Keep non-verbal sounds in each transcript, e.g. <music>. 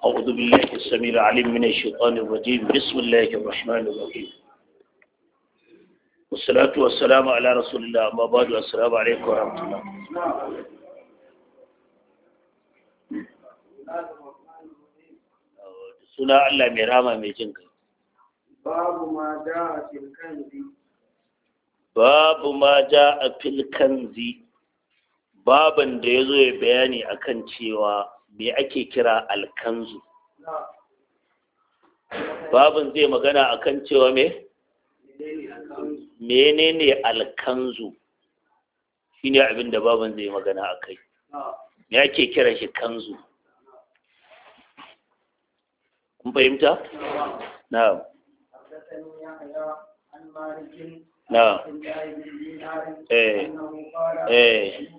أعوذ بالله السميع العليم من الشيطان الرجيم بسم الله الرحمن الرحيم والصلاة والسلام على رسول الله أما بعد والسلام عليكم ورحمة الله سنة الله mai rama باب ما جاء في ma باب ما جاء في ma ja ديزو بياني أكن da me ake kira alkanzu babin zai magana akan cewa me menene alkanzu shine abin da babin zai magana akai me ake kira shi kanzu kun fahimta Na. Na. Eh. Eh.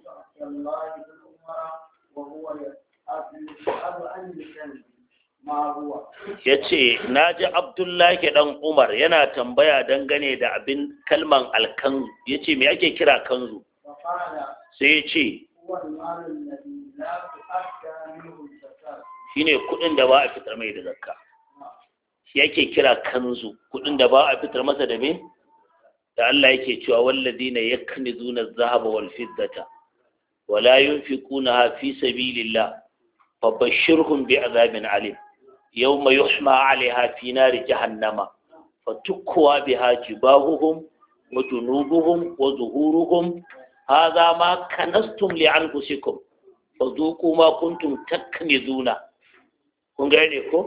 ya ce na ji abdullahi dan umar yana tambaya dangane da abin kalman alkanzu ya ce me ake kira kanzu sai ya ce ne kudin da ba a fitar mai da zakka shi yake kira kanzu kudin da ba a fitar masa da min da Allah yake cewa walladina yaknizuna adh-dhahaba wal fiddata wala yunfiqunaha fi sabilillah فبشرهم بعذاب عليم يوم يحمى عليها في نار جهنم فتكوى بها جباههم وجنوبهم وظهورهم هذا ما كنستم لأنفسكم فذوقوا ما كنتم تكنزون kun gane ko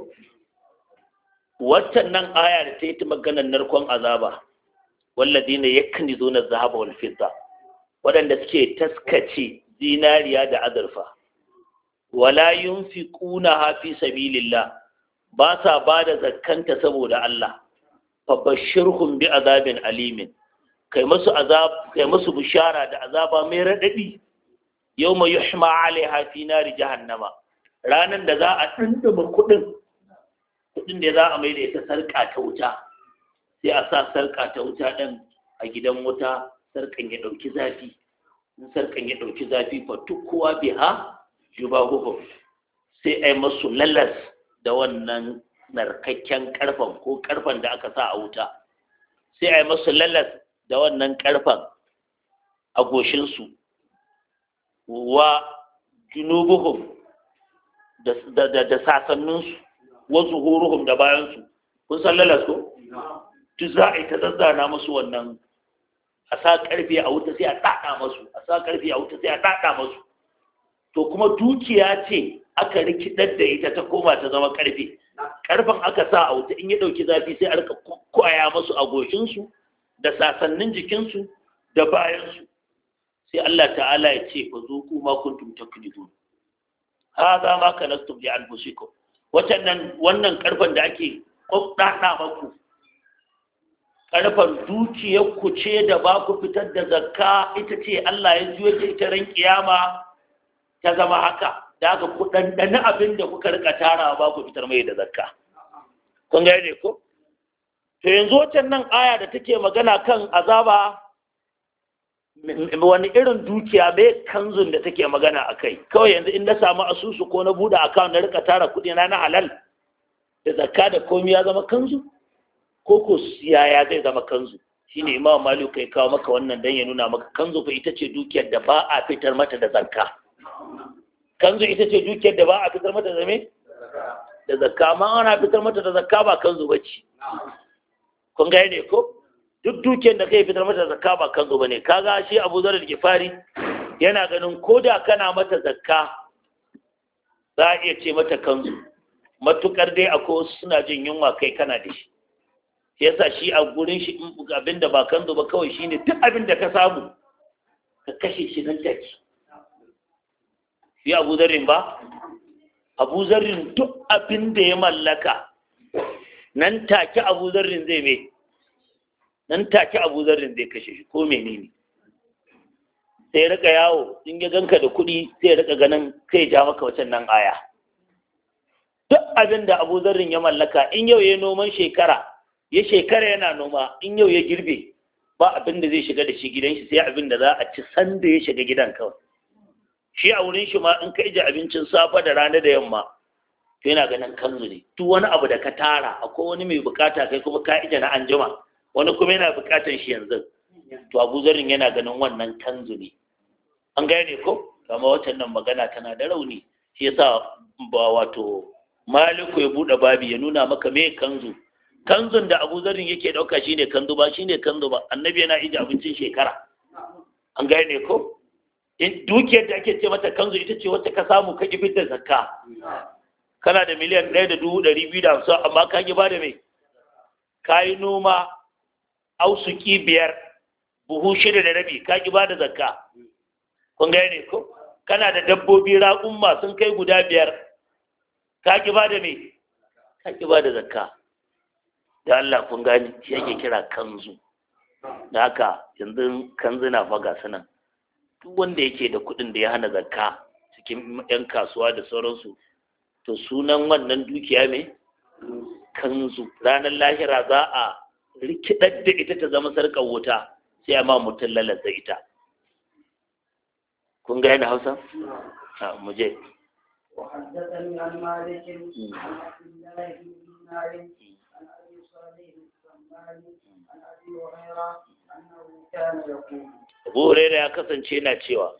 waccan nan aya da ta yi ta maganar narkon azaba wallazi ne yakan zo na zahaba wal fidda waɗanda suke taskace zinariya da azurfa wala ƙuna fi sabilillah ba sa ba da zakkanta saboda Allah fa bashirhum bi azabin alimin kai masu azab kai musu bishara da azaba mai radadi yawma yuhma alaiha fi nar jahannama ranan da za a dindima kudin kudin da za a mai da ita sarka ta wuta sai a sa sarka ta wuta din a gidan wuta sarkan ya dauki zafi in sarkan ya dauki zafi fa tukwa biha yubahuhum sai ai masu lalas da wannan narkakken karfan ko karfan da aka sa a wuta sai ai masu lalas da wannan karfan a goshinsu wa junubuhum da sasanninsu wa zuhuruhum da bayansu kun san lalas ko duk za a yi ta zazzana musu wannan a sa karfe a wuta sai a ɗaɗa masu a sa karfe a wuta sai a tsada masu to kuma dukiya ce aka rikidar da ita ta koma ta zama karfe karfen aka sa a wuta in ya dauki zafi sai a rika kwaya masu goshinsu da sasannin jikinsu da bayansu sai Allah ta'ala ya ce ba zo kuma kuntum takdibun za ma kanastum li anfusikum wannan wannan karfen da ake kokdada maku karfan dukiyar ku ce da ba ku fitar da zakka ita ce Allah ya juye ta ran kiyama ta zama haka da aka ku abin da kuka rika tara ba ku fitar mai da zakka kun ne ko to yanzu wacan nan aya da take magana kan azaba wani irin dukiya bai kanzun da take magana a kai kawai yanzu in na samu asusu ko na buɗe akawun na rika tara kuɗi na na halal da zakka da komi ya zama kanzu ko ko yaya zai zama kanzu shine imam malik kai kawo maka wannan dan ya nuna maka kanzu fa ita ce dukiyar da ba a fitar mata da zakka kanzu ita ce dukiyar da ba a fitar mata zame da zakka ma ana fitar mata da zakka ba kanzu bace kun ga ne ko duk dukiyar da kai fitar mata da zakka ba kanzu bane kaga shi Abu Zar al-Gifari yana ganin koda kana mata zakka za a iya ce mata kanzu matukar dai akwai wasu suna jin yunwa kai kana da shi yasa shi a gurin shi abinda ba kanzu ba kawai shine duk abinda ka samu ka kashe shi nan take fi abu zarrin ba abu zarrin duk abin da ya mallaka nan take abu zarrin zai me nan take abu zarrin zai kashe shi ko menene sai rika yawo in ya ganka da kuɗi sai rika ganin sai ja maka wacan nan aya duk abin da abu zarrin ya mallaka in yau ya noman shekara ya shekara yana noma in yau ya girbe ba abin da zai shiga da shi gidan shi sai abin da za a ci sanda ya shiga gidan kawai shi a wurin shi ma in ka ije abincin safa da rana da yamma to yana ganin kanzu ne duk wani abu da ka tara akwai wani mai bukata kai kuma ka ije na anjima wani kuma yana bukatan shi yanzu to abu zarin yana ganin wannan kanzu ne an gane ko Kamar watan nan magana tana da rauni shi yasa ba wato maliku ya bude babi ya nuna maka me kanzu kanzun da abu zarin yake ɗauka shine kanzu ba shine kanzu ba annabi yana ije abincin shekara an gane ko dukiyar da ake ce mata kanzu ita ce wacce ka samu ka ƙi da zakka kana da miliyan ɗaya da dubu ɗari biyu da hamsin amma ka ƙi ba da mai ka yi noma ausuki biyar buhu shida da rabi ka ƙi ba da zakka kun gaya ne ko kana da dabbobi raƙumma sun kai guda biyar ka ƙi ba da mai ka ƙi ba da zakka da Allah kun gani shi yake kira kanzu da haka yanzu kanzu na faga sanan duk wanda yake da kuɗin da ya hana zakka cikin 'yan kasuwa da sauransu to sunan wannan dukiya ne kanzu ranar lahira za a rikidar da ita ta zama sarkar wuta sai a ma mutum lalata ita kun ga yana hausa? a muje وحدثني عن مالك عن عبد الله بن مالك عن ابي صالح السمان عن ابي هريره Abu Huraira ya kasance yana cewa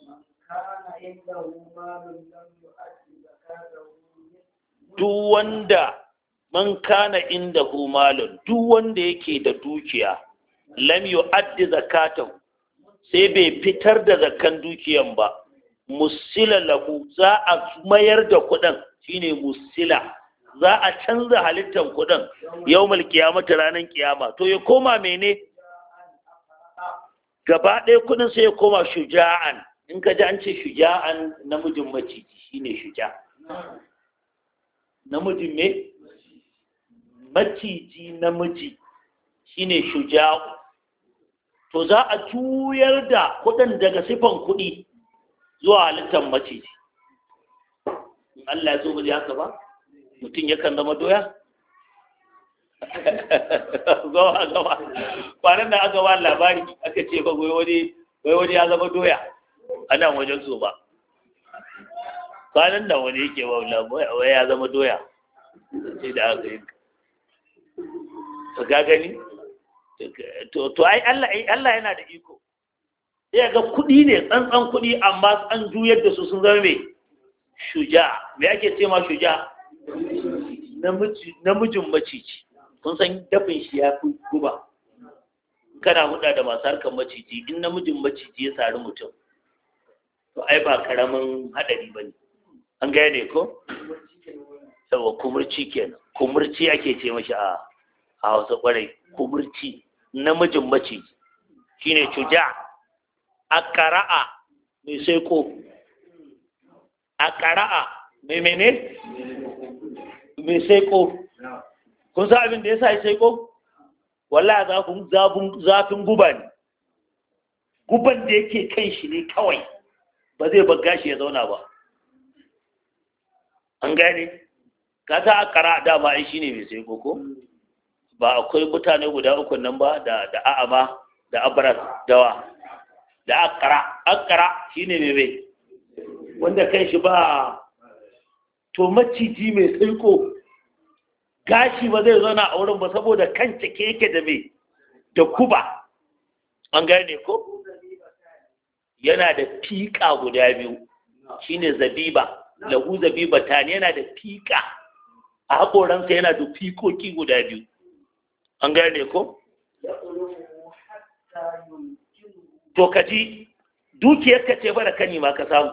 duk wanda man kana inda humalun duk wanda yake da dukiya lam yu'addi zakatahu sai bai fitar da zakan dukiyan ba musila lahu za a mayar da kuɗin shine musila za a canza halittar kuɗin yau mata ranar kiyama to ya koma mene gaba ɗaya kudin sai ya koma shuja'an in ka ji an ce shuja'an namijin maciji shine shuja namijin me maciji namiji shine shuja'u to za a tuyar da kudin daga sifan kudi zuwa halittar maciji in Allah ya zo ba haka ba mutum yakan zama doya gawa <laughs> gawa kwanan da aka ba labari Ka ce ba wai wani wani ya zama doya a nan wajen so ba kwanan da wani yake ba wai ya zama doya sai da aka yi ka gani to ai Allah yana da iko ya ga kuɗi ne tsantsan kuɗi amma an juyar da su sun zama mai shuja me ake ce ma shuja namijin maciji. kun san dafin shi ya fi guba kana huda da masu harkar maciji in namijin maciji ya sari mutum to ai ba karamin haɗari ba ne an gaya ne ko yawa kumurci kenan kumurci ake ce mashi a a wasu kwarai kumurci namijin maciji shine cuja a ƙara'a mai sai ko a ƙara'a mai mene mai sai ko kun sa abin da ya sa ya sai ko wallahi zafin guba ne guban da yake kan shi ne kawai ba zai bar gashi ya zauna ba an gane ka ta akara dama ai shine mai sai koko ba akwai mutane guda uku nan ba da da a'ama da abras dawa da akara akara shine mai mai wanda kan shi ba to maciji mai saiko gashi ba zai zauna a wurin ba saboda kan cike yake da me da kuba an gane ko yana da fiƙa guda biyu shine zabiba lahu zabiba tani yana da fiƙa a haƙoransa yana da fiƙoƙi guda biyu an gane ko to ka ji dukiyarka ce bara kani ma ka samu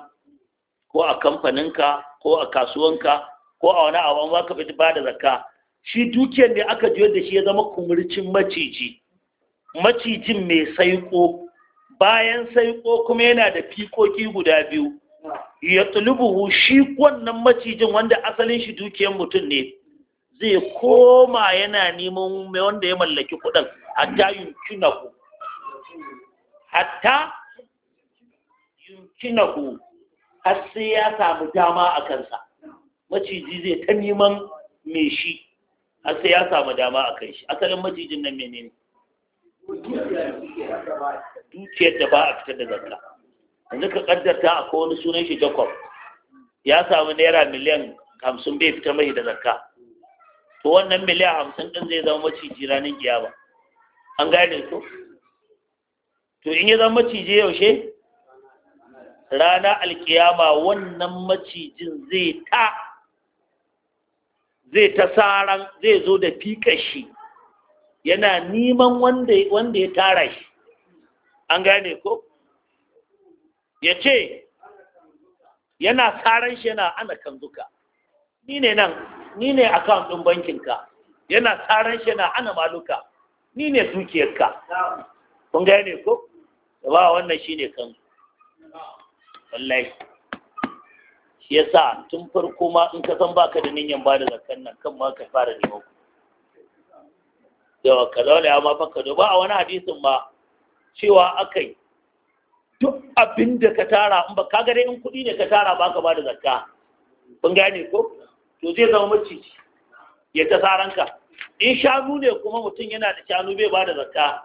ko a kamfaninka ko a kasuwanka ko a wani abu ba ka fita ba da zakka shi dukiyar da aka jiyar da shi ya zama kumurcin maciji macijin mai saiko bayan saiko kuma yana da fikoki guda biyu ya tulubuhu shi wannan macijin wanda asalin shi dukiyar mutum ne zai koma yana neman mai wanda ya mallaki kudin hatta yunkinahu hatta yunkinahu har sai ya samu dama a kansa maciji zai ta neman mai shi har sai ya samu dama a kai shi asalin macijin nan menene dukiyar da ba a fitar da zakka yanzu ka kaddarta a kowane sunan shi jacob ya samu naira miliyan hamsin bai fitar mai da zakka to wannan miliyan hamsin din zai zama maciji ranar kiyama an gane su to in yi zama maciji yaushe rana alkiyama wannan macijin zai ta zai ta saran zai zo da fikar shi yana neman wanda ya tara shi an gane ko ya ce yana saran shi yana ana kan duka ni ne nan ni ne akawun ɗin bankinka yana saran shi yana ana maluka ni ne dukiyarka kun gane ko ba wannan shi ne kan wallahi yasa tun farko ma in ka san baka da niyyar ba da zakkan nan kan ma ka fara neman ku yawa ka zaune ya ma baka ba a wani hadisin ma cewa akai duk abin da ka tara in ba ka dai in kuɗi ne ka tara baka ba da zakka kun gane ko to zai zama maciji ya ta saranka in shanu ne kuma mutum yana da shanu bai ba da zakka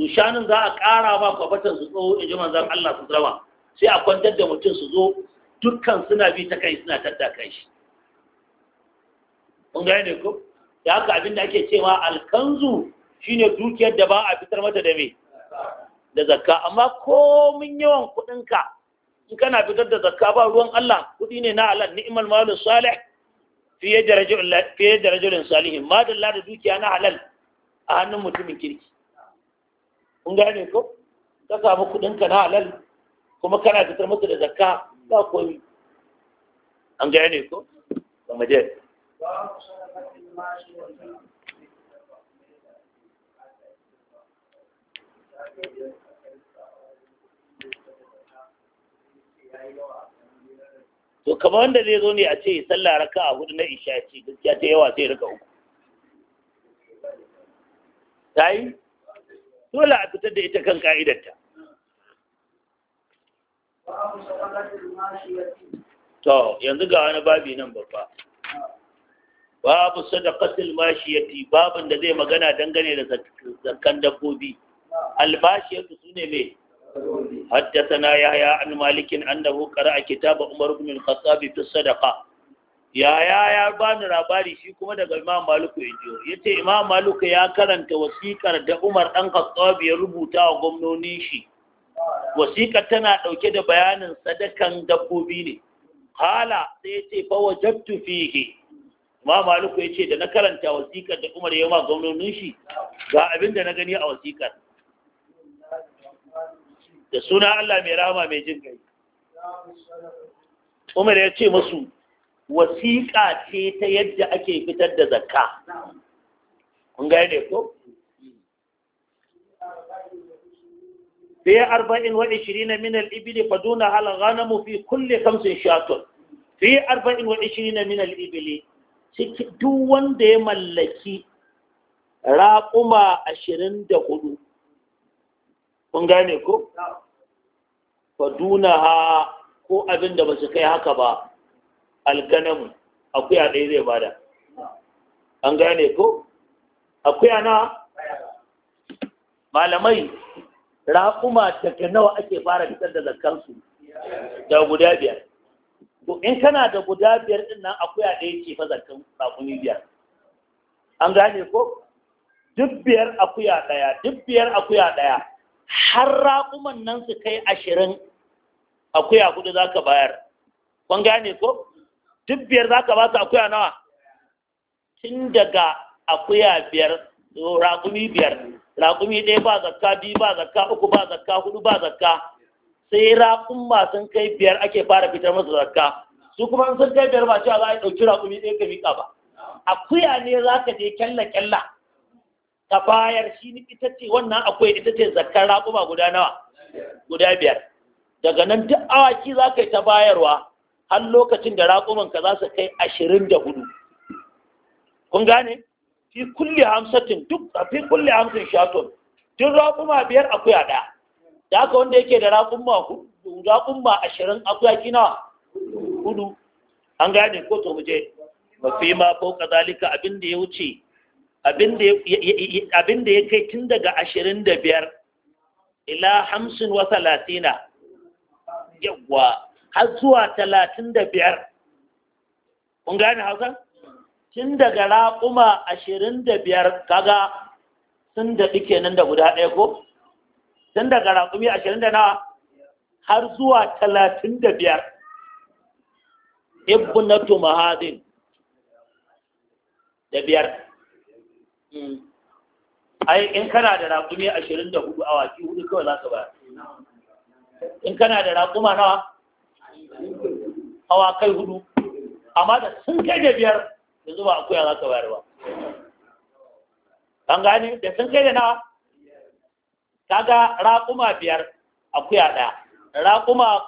to shanun za a ƙara ma kwabatan su tsoho ijiman zan manzan Allah su zama sai a kwantar da mutum su zo dukkan suna bi ta kai suna kai shi kun gane ko da haka abinda ake cewa alkanzu shine dukiyar da ba a fitar mata da me da zakka amma komin yawan kuɗinka in kana fitar da zakka ba ruwan Allah kuɗi ne na Allah ni'mal malus salih fiye da rajulin salih ma da da dukiya na halal a hannun mutumin kirki kun gane ko ka samu kuɗinka na halal kuma kana fitar mata da zakka ba komi an gaya ne ko ba to kamar wanda zai zo ne a ce sallah raka a hudu na isha ce gaskiya ta yawa sai raka uku ta yi dole a fitar da ita kan ka'idarta to yanzu ga wani babi nan babba babu sadaqatul mashiyati babin da zai magana dangane da zakkan dabbobi albashiyatu sune me حدثنا يحيى عن مالك انه قرأ كتاب Umar بن al في الصدقه ya ya ya bani labari shi kuma daga Imam Maliku ya jiyo yace Imam Maliku ya karanta wasikar da Umar dan Khattab ya rubuta wa gwamnonin shi wasiƙar tana ɗauke da bayanin sadakan dabbobi ne hala sai ce fa wajabtu fihi ma maluku ya ce da na karanta wasiƙar da umar ya ma gwamnonin shi ga abin da na gani a wasiƙar da suna Allah mai rama mai jin gai umar ya ce masu wasiƙa ce ta yadda ake fitar da zakka kun gane ko بي arba'in wa ishirina min al-ibli faduna hal ghanamu fi kulli khamsin shatun fi arba'in wa ishirina min al duk wanda ya mallaki raƙuma ashirin da hudu kun gane ko faduna ha ko abin da ba su kai haka ba alganamu akuya ɗaya zai bada an gane ko akuya na malamai raƙuma daga nawa ake fara fitar da zakkansu da guda biyar to in kana da guda biyar din nan akuya ɗaya ce fa zakkan raƙumi biyar an gane ko duk biyar akuya ɗaya duk biyar akuya ɗaya har raƙuman nan su kai ashirin akuya huɗu za ka bayar kun gane ko duk biyar za ka ba su akuya nawa tun daga akuya biyar raƙumi biyar raƙumi ɗaya ba zakka biyu ba zakka uku ba zakka hudu ba zakka sai raƙumma sun kai biyar ake fara fitar masu zakka su kuma sun kai biyar ba cewa za a ɗauki raƙumi ɗaya ka miƙa ba akuya ne za ka je kyalla kyalla ka bayar shi ni ita ce wannan akwai ita ce zakkar raƙuma guda nawa guda biyar daga nan duk awaki za ka yi ta bayarwa har lokacin da ka za su kai ashirin da hudu kun gane fi kulli hamsatin duk fi kulli hamsin shatun duk raƙuma biyar akuya ɗaya da haka wanda yake da raƙuma ashirin akuya kina hudu an gane ko to muje mafi ma ko kazalika abin da ya wuce abin da ya kai tun daga ashirin da biyar ila hamsin wa talatina yawwa har zuwa talatin da biyar kun gane hausa tun daga raƙuma ashirin da biyar kaga sun daɗi kenan da guda ɗaya ko tun daga raƙumi ashirin da nawa har zuwa talatin da biyar ibnatu mahadin da biyar hmm. ai in kana da raƙumi ashirin da hudu awaki hudu kawai za ka ba in kana da raƙuma nawa awakai hudu amma da sun kai da biyar yanzu ba akuya za ka bayar ba an gani da sun kai da nawa kaga raƙuma biyar akuya ɗaya raƙuma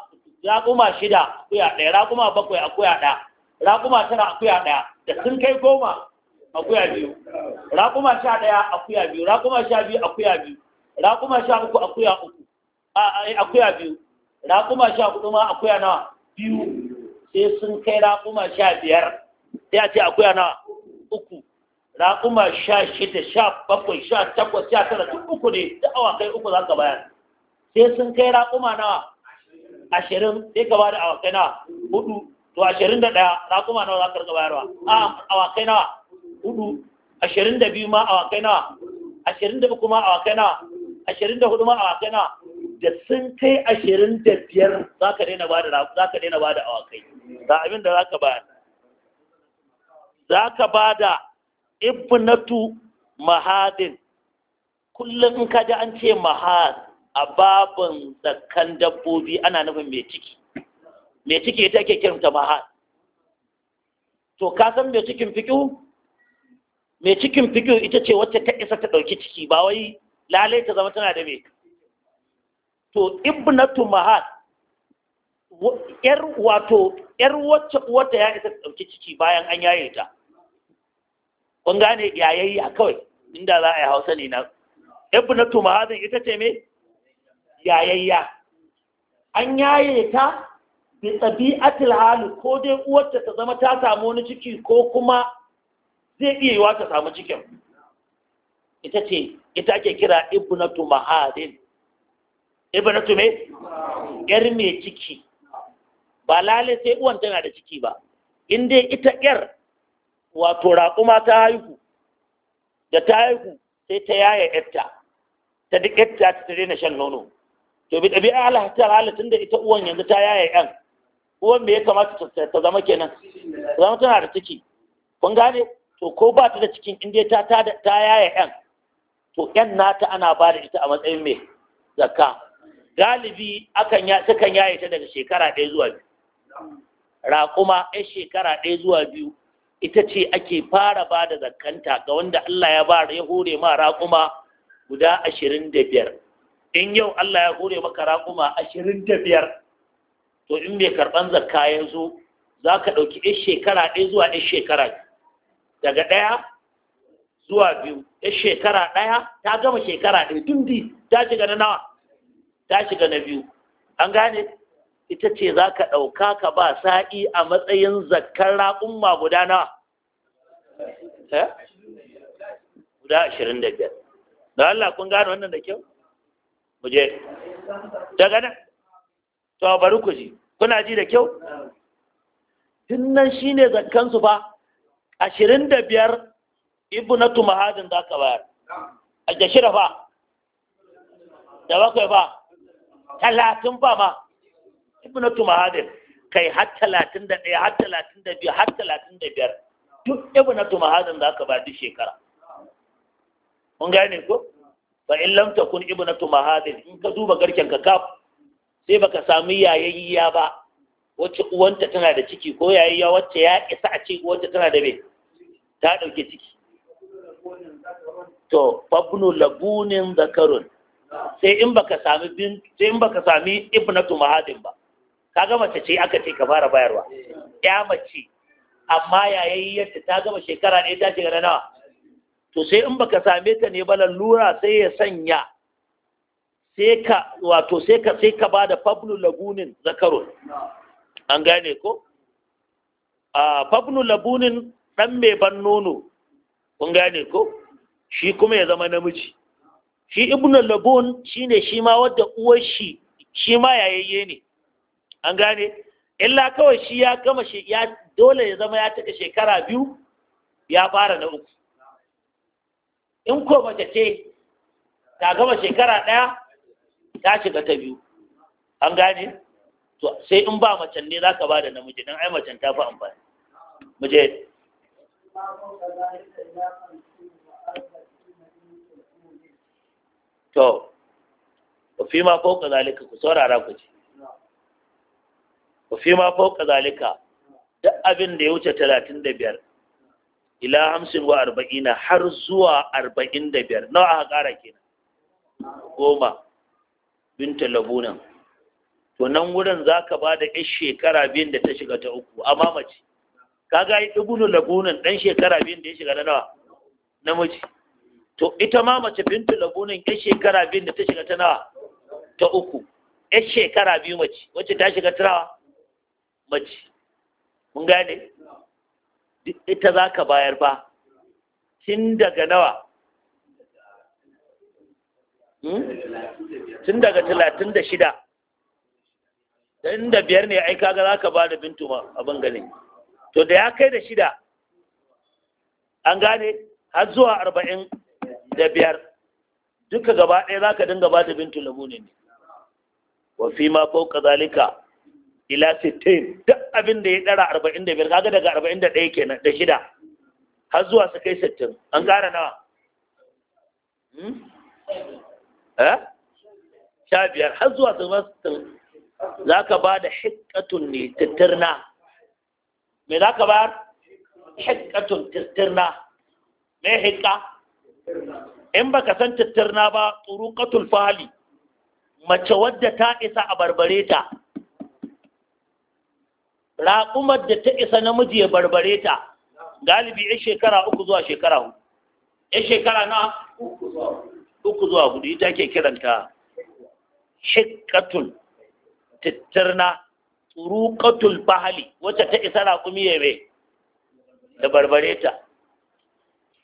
raƙuma shida akuya ɗaya raƙuma bakwai akuya ɗaya raƙuma tara akuya ɗaya da sun kai goma akuya biyu raƙuma sha ɗaya akuya biyu raƙuma sha biyu akuya biyu raƙuma sha uku akuya uku eh, akuya biyu raƙuma sha hudu ma akuya nawa biyu sai sun kai raƙuma sha biyar ya ce akuya ana uku raƙuma sha shida sha bakwai sha takwas sha tara duk uku ne da awakai uku za ka bayar sai sun kai raƙuma nawa ashirin sai ka ba da awakai nawa hudu to ashirin da ɗaya raƙuma nawa za ka rika bayarwa a awakai nawa hudu ashirin da biyu ma awakai nawa ashirin da uku ma awakai nawa ashirin da hudu ma awakai nawa da sun kai ashirin da biyar za ka daina ba da awakai ga abin da za ka bayar za ka ba da ibnatu mahadin kullum in ka ji an ce mahad a babin tsakan dabbobi ana nufin mai ciki mai ciki ita ake kiranta mahad to ka san mai cikin fikihu mai cikin fikihu ita ce wacce ta isa ta ɗauki ciki ba wai lalai ta zama tana da mai to ibnatu mahad yar wato yar wacce uwarta ya isa ta ɗauki ciki bayan an yaye ta kun gane yayayya kawai inda za a yi hausa ne na na tumahazin ita ce me yayayya an yaye ta bi tabi'atil hali ko dai uwarta ta zama ta samu wani ciki ko kuma zai iya yiwa ta samu cikin ita ce ita ake kira tumahazin mahazin na tume yar mai ciki ba lalai sai uwan tana da ciki ba in dai ita yar wato raƙuma ta haihu da ta haihu sai ta yaya yarta ta duk yarta ta daina shan nono to bi ɗabi'a halatta tun da ita uwan yanzu ta yaya yan uwan me ya kamata ta zama kenan zama tana da ciki kun gane to ko ba ta da cikin inda ta ta yaya yan to yan nata ana ba da ita a matsayin mai zakka galibi akan ya sukan yaye ta daga shekara ɗaya zuwa biyu raƙuma ɗaya shekara ɗaya zuwa biyu ita ce ake fara ba da zakanta ga wanda Allah ya ba ya hore ma raƙuma guda ashirin da biyar in yau Allah ya hore maka raƙuma ashirin da biyar to in mai karɓan zakka ya zo za ka ɗauki ɗan shekara ɗaya zuwa ɗan shekara daga ɗaya zuwa biyu ɗan shekara ɗaya ta gama shekara ɗaya di ta shiga na nawa ta shiga na biyu an gane ita ce za ka ɗauka ka ba sa'i a matsayin zakkar raƙumma guda nawa Eh? guda ashirin da biyar da Allah kun gano wannan da kyau mu je daga nan to bari ku ji kuna ji da kyau tun nan shine zakkansu fa ashirin da biyar ibnatu mahadin za ka bayar a da fa da bakwai fa talatin fa ma ibnatu mahadin kai har talatin da ɗaya har talatin da biyu har talatin da biyar duk tuma mahadin da aka ba duk shekara mun gane ko fa in ibu na tuma mahadin in ka duba garken ka kaf sai baka sami yayayya ba wacce uwanta tana da ciki ko yayayya wacce ya isa a ce uwanta tana da me ta dauke ciki to fabnu labunin zakarun sai in baka sami bin sai in baka sami ibnatu mahadin ba ka kaga mace ce aka ce ka fara bayarwa ya mace amma yayayi yadda ta gama shekara ne ta shiga nawa to sai in baka same ta ne ba lura sai ya sanya sai ka wato sai ka sai ka bada fablu labunin zakarun an gane ko a fablu labunin dan mai ban nono kun gane ko shi kuma ya zama namiji shi ibnu labun shine shi ma wadda uwar shi shi ma yayayye ne an gane illa kawai shi ya gama shi ya dole ya zama ya cika shekara biyu ya fara na uku in ko mace ce ta gama shekara ɗaya ta shiga ta biyu an gane to sai in ba macen ne za ka ba da namiji don ai macen ta fi amfani muje to fi ma ka zalika ku saurara ku ce fi ma ka zalika duk abin da ya wuce talatin da biyar ila hamsin wa arba'ina har zuwa arba'in da biyar nawa aka ƙara kenan goma binta labunan to nan wurin za ka ba da ƴan shekara biyun da ta shiga ta uku amma mace ka ga yi ɗigunin labunan ɗan shekara biyun da ya shiga na nawa namiji to ita ma mace binta labunan ƴan shekara biyun da ta shiga ta nawa ta uku Ƴan shekara biyu mace wacce ta shiga ta nawa mace mun gane duk ita za ka bayar ba tun daga nawa hmm? tun daga talatin da shida tun da biyar ne ai kaga za ka ba da bintu ma abin gane to da ya kai da shida an gane har zuwa arba'in da biyar duka gaba ɗaya za ka dinga ba da bintu labu ne wa fi ma fauka zalika ila sittin da abin da ya ɗara arba'in da biyar kaga daga arba'in da ɗaya kenan da shida har zuwa su kai sittin an ƙara nawa hmm? eh? sha biyar har zuwa su sittin za ka ba da hikatun ne titirna me za ka bayar hikatun titirna me hikka in baka san titirna ba tsurukatun fali mace wadda ta isa a barbare ta raƙumar da ta isa namiji ya barbare ta galibi ya shekara uku zuwa shekara hudu ya shekara na uku zuwa hudu ita ke kiranta shikkatun tattarna rukatul fahali wacce ta isa raƙumi ya bai da barbare ta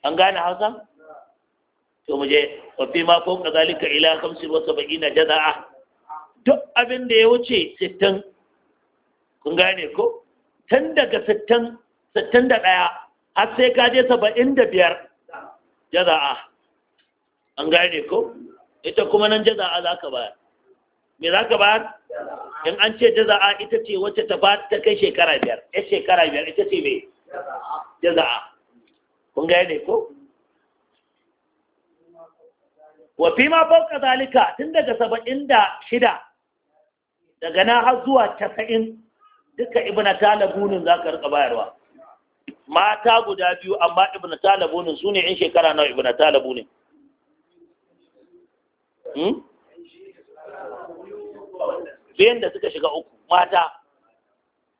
an gane hausa to mu je wafi ma ko zalika ila kamsi wasu baƙi na jaza'a duk abin da ya wuce sittin kun gane ko tun daga sittin da ɗaya har sai ka je saba'in da biyar jaza'a an gane ko ita kuma nan jaza'a za ka bayar me za ka bayar in an ce jaza'a ita ce wacce ta ba ta kai shekara biyar ya shekara biyar ita ce mai jaza'a kun gane ko wa fi ma fauka zalika tun daga saba'in da shida daga na har zuwa casa'in duka ibn talabunin za ka rika bayarwa mata guda biyu amma ibn talabunin su ne in shekara nawa ibn talabunin hmm? biyan da suka shiga uku mata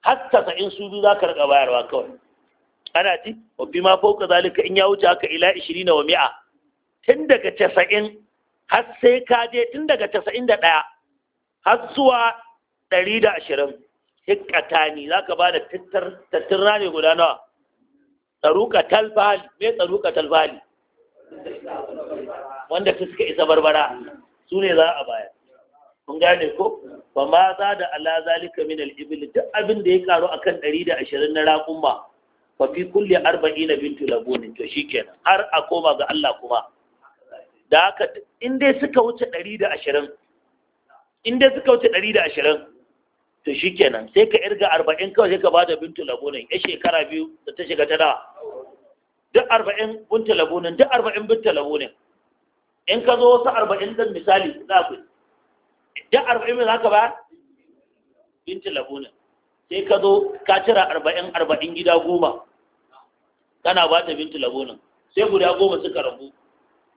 har tasa'in su biyu za ka rika bayarwa kawai ana ji wa bi ma fauka zalika in ya wuce haka ila 20 wa mi'a tun daga 90 har sai ka je tun daga 91 har zuwa 120 hikatani za ka ba da tattara ne guda nawa tsaruka talfali me tsaruka talfali wanda suka isa barbara su ne za a baya kun gane ko ba ma za da ala zalika min al-ibil duk abin da ya karo akan 120 na raƙumma fa fi kulli 40 bintu labunin to shikenan har a koma ga Allah kuma da haka in dai suka wuce 120 in dai suka wuce 120 to shi kenan sai ka irga arba'in kawai sai ka ba da bintu labunin ya shekara biyu da ta shiga ta da duk arba'in bintu labunin duk arba'in bintu labunin in ka zo wasu arba'in zan misali za ku duk arba'in mai za ka ba bintu labunin sai ka zo ka cira arba'in arba'in gida goma kana ba ta bintu labunin sai guda goma suka rabu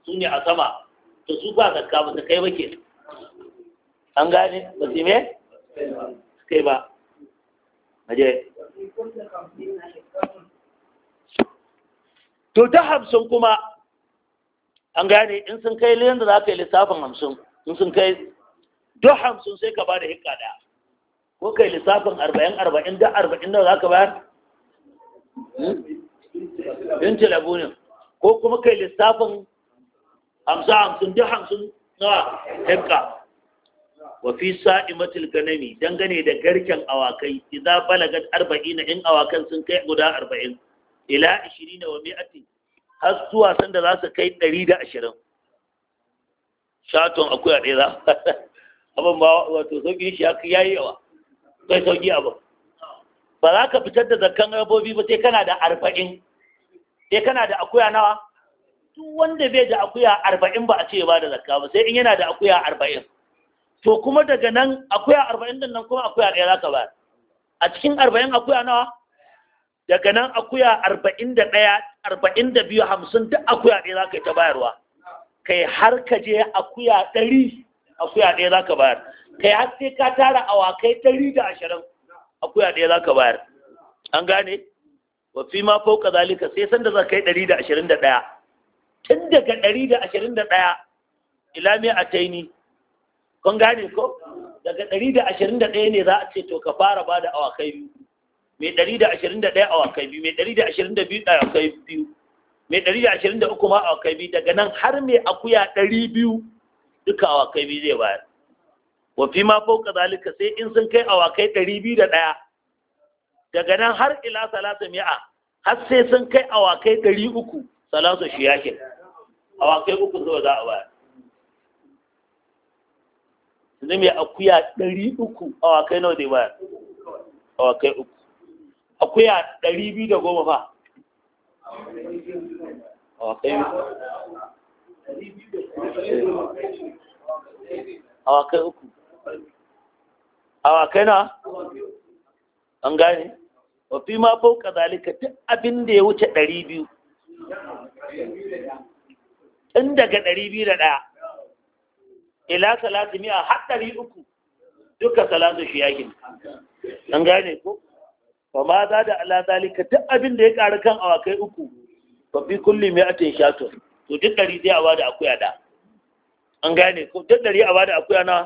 su ne a sama to su ba ka ba su kai ba ke an gane ba su me kai ba aje to ta hamsin kuma an gane in sun kai liyan da za ka yi lissafin hamsin in sun kai do hamsin sai ka ba da hikka da ko kai lissafin arba'in arba'in da arba'in da za ka bayar hmm? in tilabu ne ko kuma kai lissafin hamsin hamsin duk hamsin na hikka wa fi sa'imatil ganami dangane da garken awakai idza balagat arba'ina in awakan sun kai guda arba'in ila ishirina wa mi'ati har zuwa sanda za su kai ɗari da ashirin shaton akwai a ɗaya za abin ba wato sauƙin shi haka ya yi yawa kai sauƙi abu. ba za ka fitar da zakkan rabobi ba sai kana da arba'in sai kana da akuya nawa duk wanda bai da akuya arba'in ba a ce ba da zakka ba sai in yana da akuya arba'in to kuma daga nan akwai arba'in din nan kuma akwai a ɗaya za ka bayar a cikin arba'in akwai a nawa daga nan akuya arba'in da ɗaya arba'in da biyu hamsin duk akuya ɗaya za ka yi ta bayarwa kai har ka je akuya ɗari akuya ɗaya za ka bayar kai har sai ka tara awakai ɗari da ashirin akuya ɗaya za ka bayar an gane wa fi ma ka zalika sai sanda za ka yi ɗari da ashirin da ɗaya tun daga ɗari da ashirin da ɗaya ila mai taini kun gane ko daga 121 ne za a ce to ka fara ba da awakai biyu mai 121 awakai biyu mai 122 awakai biyu mai 123 ma awakai biyu daga nan har mai akuya 200 duka awakai biyu zai bayar wafi ma fauka zalika sai in sun kai awakai 201 daga nan har ila salasa mi'a har sai sun kai awakai 300 salasa shi yake awakai uku zuwa za a bayar yanzu mai akuya ɗari uku awakai nawa bayan a awakai uku akuya ɗari biyu da goma fa awakai wakai uku awakai na an gane wafi ma fauka zalika duk abin da ya wuce ɗari biyu ɗin daga ɗari biyu da ɗaya ila salati mi'a haɗari uku duka salatu shi yakin an gane ko fa ma za da ala zalika duk abin da ya ƙara kan awakai uku fa bi kulli mi'atin shatun to duk ɗari zai awa da akuya da an gane ko duk ɗari awa da akuya na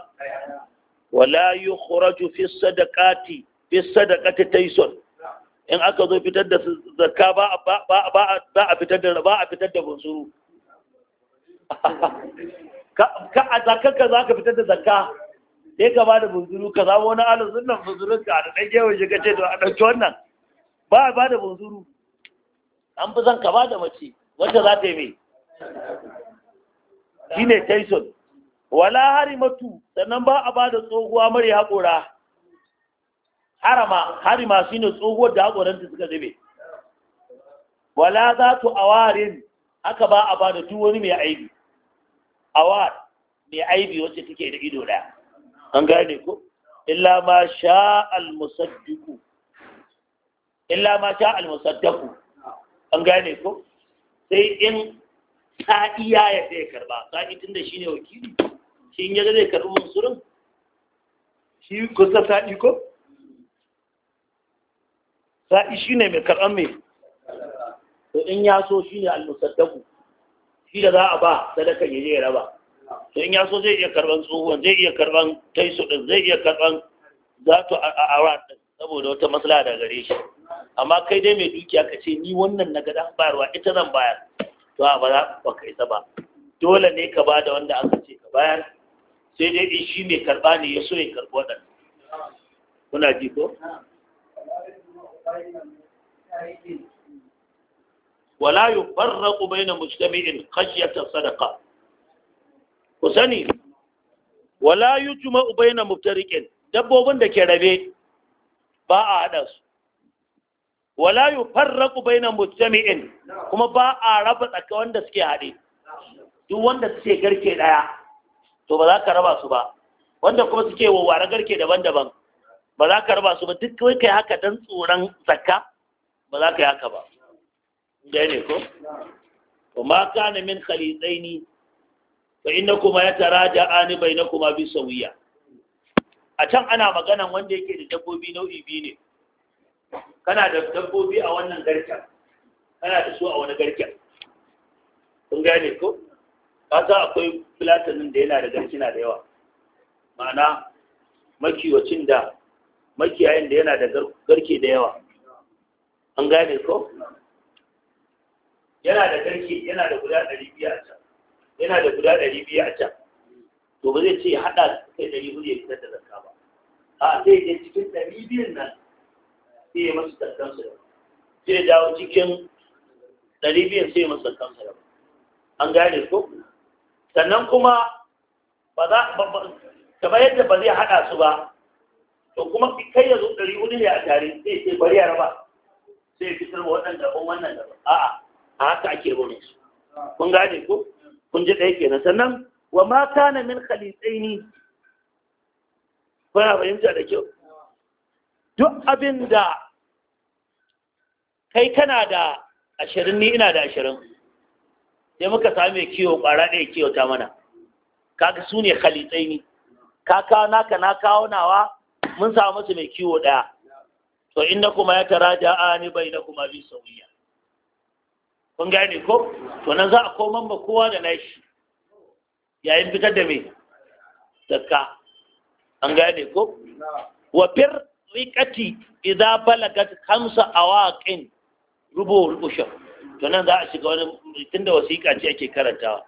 wala yukhraju fi sadaqati fi sadaqati taysun in aka zo fitar da zakka ba ba ba a fitar da ba a fitar da bunsuru <laughs> ka a ka za ka fitar da zakka sai ka ba da bunzuru ka za wani ala sunan bunzurun ka da ɗan gefen shiga ce da a ɗauki wannan ba a ba da bunzuru an fi son ka ba da mace wacce za ta yi mai shi ne tension wala matu, sannan ba a ba da tsohuwa mare haƙora harama harima shi ne tsohuwar da haƙoranta suka zube wala za tu awarin aka ba a ba da duk wani mai aibi awar mai aibi wacce take da ido daya an gane ko illa ma sha al-musaddiqu illa ma sha al-musaddaqu an gane ko sai in sa'i ya yadda Sa'i karba sa'i tunda shine wakili shi in yaga zai karbi mansurin shi kusa sa'i ko sa'i shine mai karban mai to in ya so shine al-musaddaqu shi da za a ba sadaka ya je raba to in ya so zai iya karban tsohuwan zai iya karban taiso din zai iya karban zato a awa saboda wata matsala da gare shi amma kai dai mai dukiya ka ce ni wannan na gada bayarwa ita zan bayar to a ba ba ka isa ba dole ne ka ba da wanda aka ce ka bayar sai dai in shi mai karba ne ya so ya karbi waɗanda kuna ji ko? wala yufarraqu baina mujtami'in khashyata sadaqa ku sani wala yujma'u baina muftariqin dabbobin da ke ba a hada su wala yufarraqu baina mujtami'in kuma ba a raba tsaka wanda suke hade duk wanda suke garke daya to ba za ka raba su ba wanda kuma suke wawware garke daban-daban ba za ka raba su ba duk kai haka dan tsoron zakka ba za ka yi haka ba ɗaya ne ko wa ma kana min khalitsaini fa innakuma yataraja'ani bainakuma bi sawiya a can ana magana wanda yake da dabbobi nau'i biyu ne kana da dabbobi a wannan garken kana da su a wani garken kun gane ko ka sa akwai filatanin da yana da garkina da yawa ma'ana makiwacin da makiyayin da yana da garke da yawa an gane ko yana da garke yana da guda ɗari biyu a can yana da guda ɗari biyu a can to ba zai ce haɗa kai ɗari biyu ya fitar da zakka ba a sai ya cikin ɗari biyun nan sai ya masu zakkan su da sai ya dawo cikin ɗari biyun sai ya masu zakkan su an gane ko sannan kuma ba za kamar yadda ba zai haɗa su ba to kuma kai ya zo ɗari biyu ne a tare sai sai bari ya raba sai fitar waɗanda ban wannan da a'a a haka ake barin su kun gane ko kun ji ɗaya kenan sannan wa ma kana min khalitsaini kuna ta da kyau duk abin da kai kana da ashirin ni ina da ashirin sai muka same kiwo ƙwara ɗaya kiwo ta mana kaga su ne khalitsaini ka kawo naka na kawo nawa mun samu su mai kiwo ɗaya to inda kuma ya tara ja'a ni bai na kuma bi sauya kun gane ko to nan za a koman ba kowa da nashi yayin fitar da me daga an gane ko wa fir riqati idza balagat khamsa awaqin rubu al to nan za a shiga wani tunda wasiƙa ce ake karantawa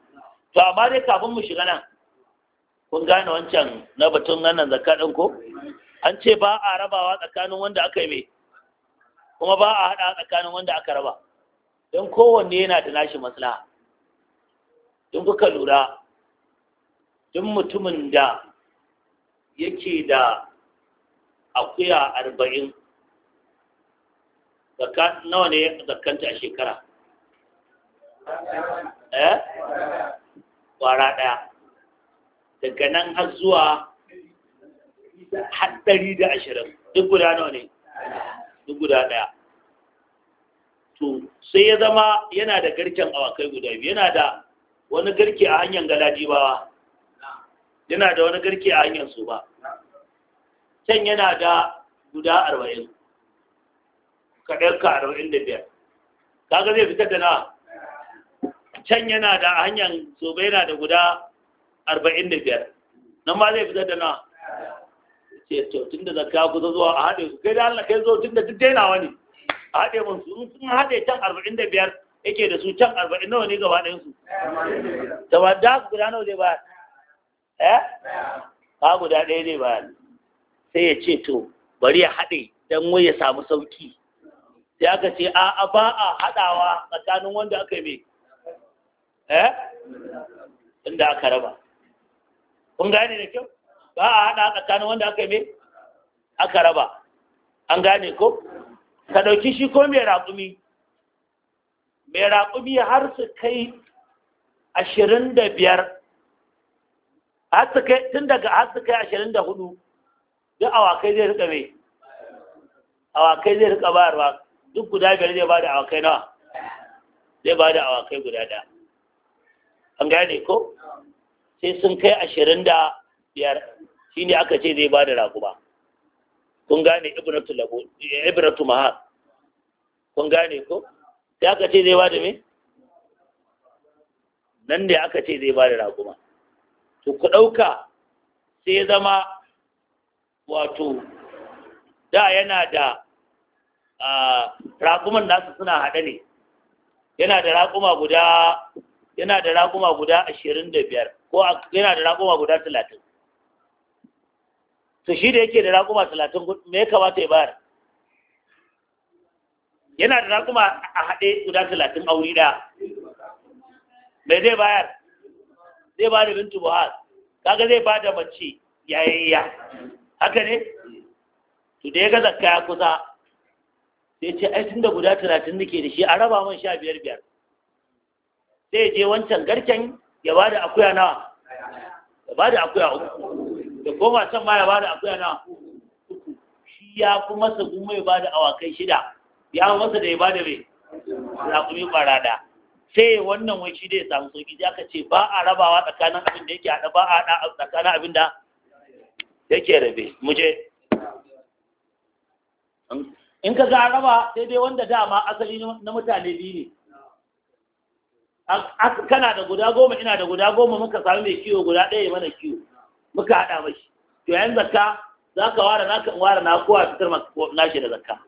to amma dai kafin mu shiga nan kun gane wancan na batun nan zakka din ko an ce ba a rabawa tsakanin wanda aka yi mai kuma ba a hada tsakanin wanda aka raba don kowanne yana da nashi maslaha in kuka lura duk mutumin da yake da akuya arba'in nawa ne zakanta a shekara ƙwara eh? kwara ɗaya daga nan har zuwa haɗari da ashirin duk guda nawa ne duk guda ɗaya sai ya zama yana da garken awakai guda biyu yana da wani garke a hanyar galadibawa yana da wani garke a hanyar su ba can yana da guda arba'in kaɗarka arba'in da biyar kaga zai fitar da na can yana da a hanyar ba yana da guda arba'in da biyar nan ma zai fitar da na ce to tun da zakka kusa zuwa a haɗe su kai da Allah kai zo tun da duk dainawa ne a haɗe mun su sun haɗe can arba'in da biyar yake da su can arba'in nawa ne gaba ɗayansu? da gaba da su guda nawa zai bayar eh Ba guda ɗaya zai bayar sai ya ce to bari ya haɗe don wai ya samu sauki sai aka ce a ba a haɗawa tsakanin wanda aka yi eh inda aka raba kun gane da kyau ba a haɗa tsakanin wanda aka yi aka raba an gane ko ka ɗauki shi ko mai raƙumi mai raƙumi har su kai ashirin da biyar har su kai tun daga har su kai ashirin da hudu duk awakai zai rika mai awakai zai rika bayarwa duk guda biyar zai ba da awakai nawa zai ba da awakai guda da? an gane ko sai sun kai ashirin da biyar shi ne aka ce zai ba da raƙuma kun gane ibnatu labo eh, ibratu mahal kun gane ko sai aka ce zai bada me nan da aka ce zai bada raguma to ku dauka sai ya zama wato da yana da raguman nasu suna haɗe ne yana da raguma guda yana da raguma guda ashirin da biyar ko yana da raguma guda talatin to shi da yake da raƙuma talatin me ya kamata ya bayar yana da raƙuma a haɗe guda talatin a wuri ɗaya me zai bayar zai ba da bintu buhar kaga zai ba da mace yayayya haka ne to da ya ga zakka ya kusa sai ce ai tunda guda talatin nake da shi a raba man sha biyar biyar sai je wancan garken ya ba da akuya nawa ya ba da akuya uku da koma can ma ya bada akuya na uku shi ya fi masa kuma ya bada awakai shida ya fi masa da ya bada mai zaƙumi barada sai wannan wai shi dai samu sauki sai aka ce ba a rabawa tsakanin abin da yake haɗa ba a haɗa tsakanin abin da yake rabe mu je in ka ga raba sai dai wanda dama asali na mutane biyu ne kana da guda goma ina da guda goma muka sami mai kiwo guda ɗaya mana kiwo muka haɗa mashi to yayin zakka za ka ware naka ware na kowa fitar nashi da zakka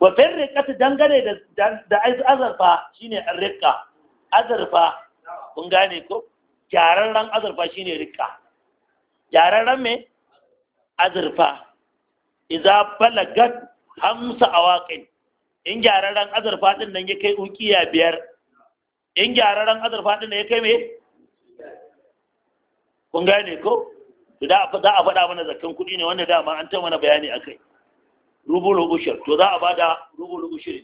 wa fin ta dangane da azurfa shine rikka azurfa kun gane ko gyararren azurfa shine rikka gyararren me azurfa idza balagat hamsa awaqin in gyararren azurfa din nan ya kai ukiya biyar in gyararren azurfa ɗin da ya kai me kun gane ko za a faɗa mana zakan kuɗi ne wanda dama an ta mana bayani a kai rubulu ushir to za a ba da rubulu ushir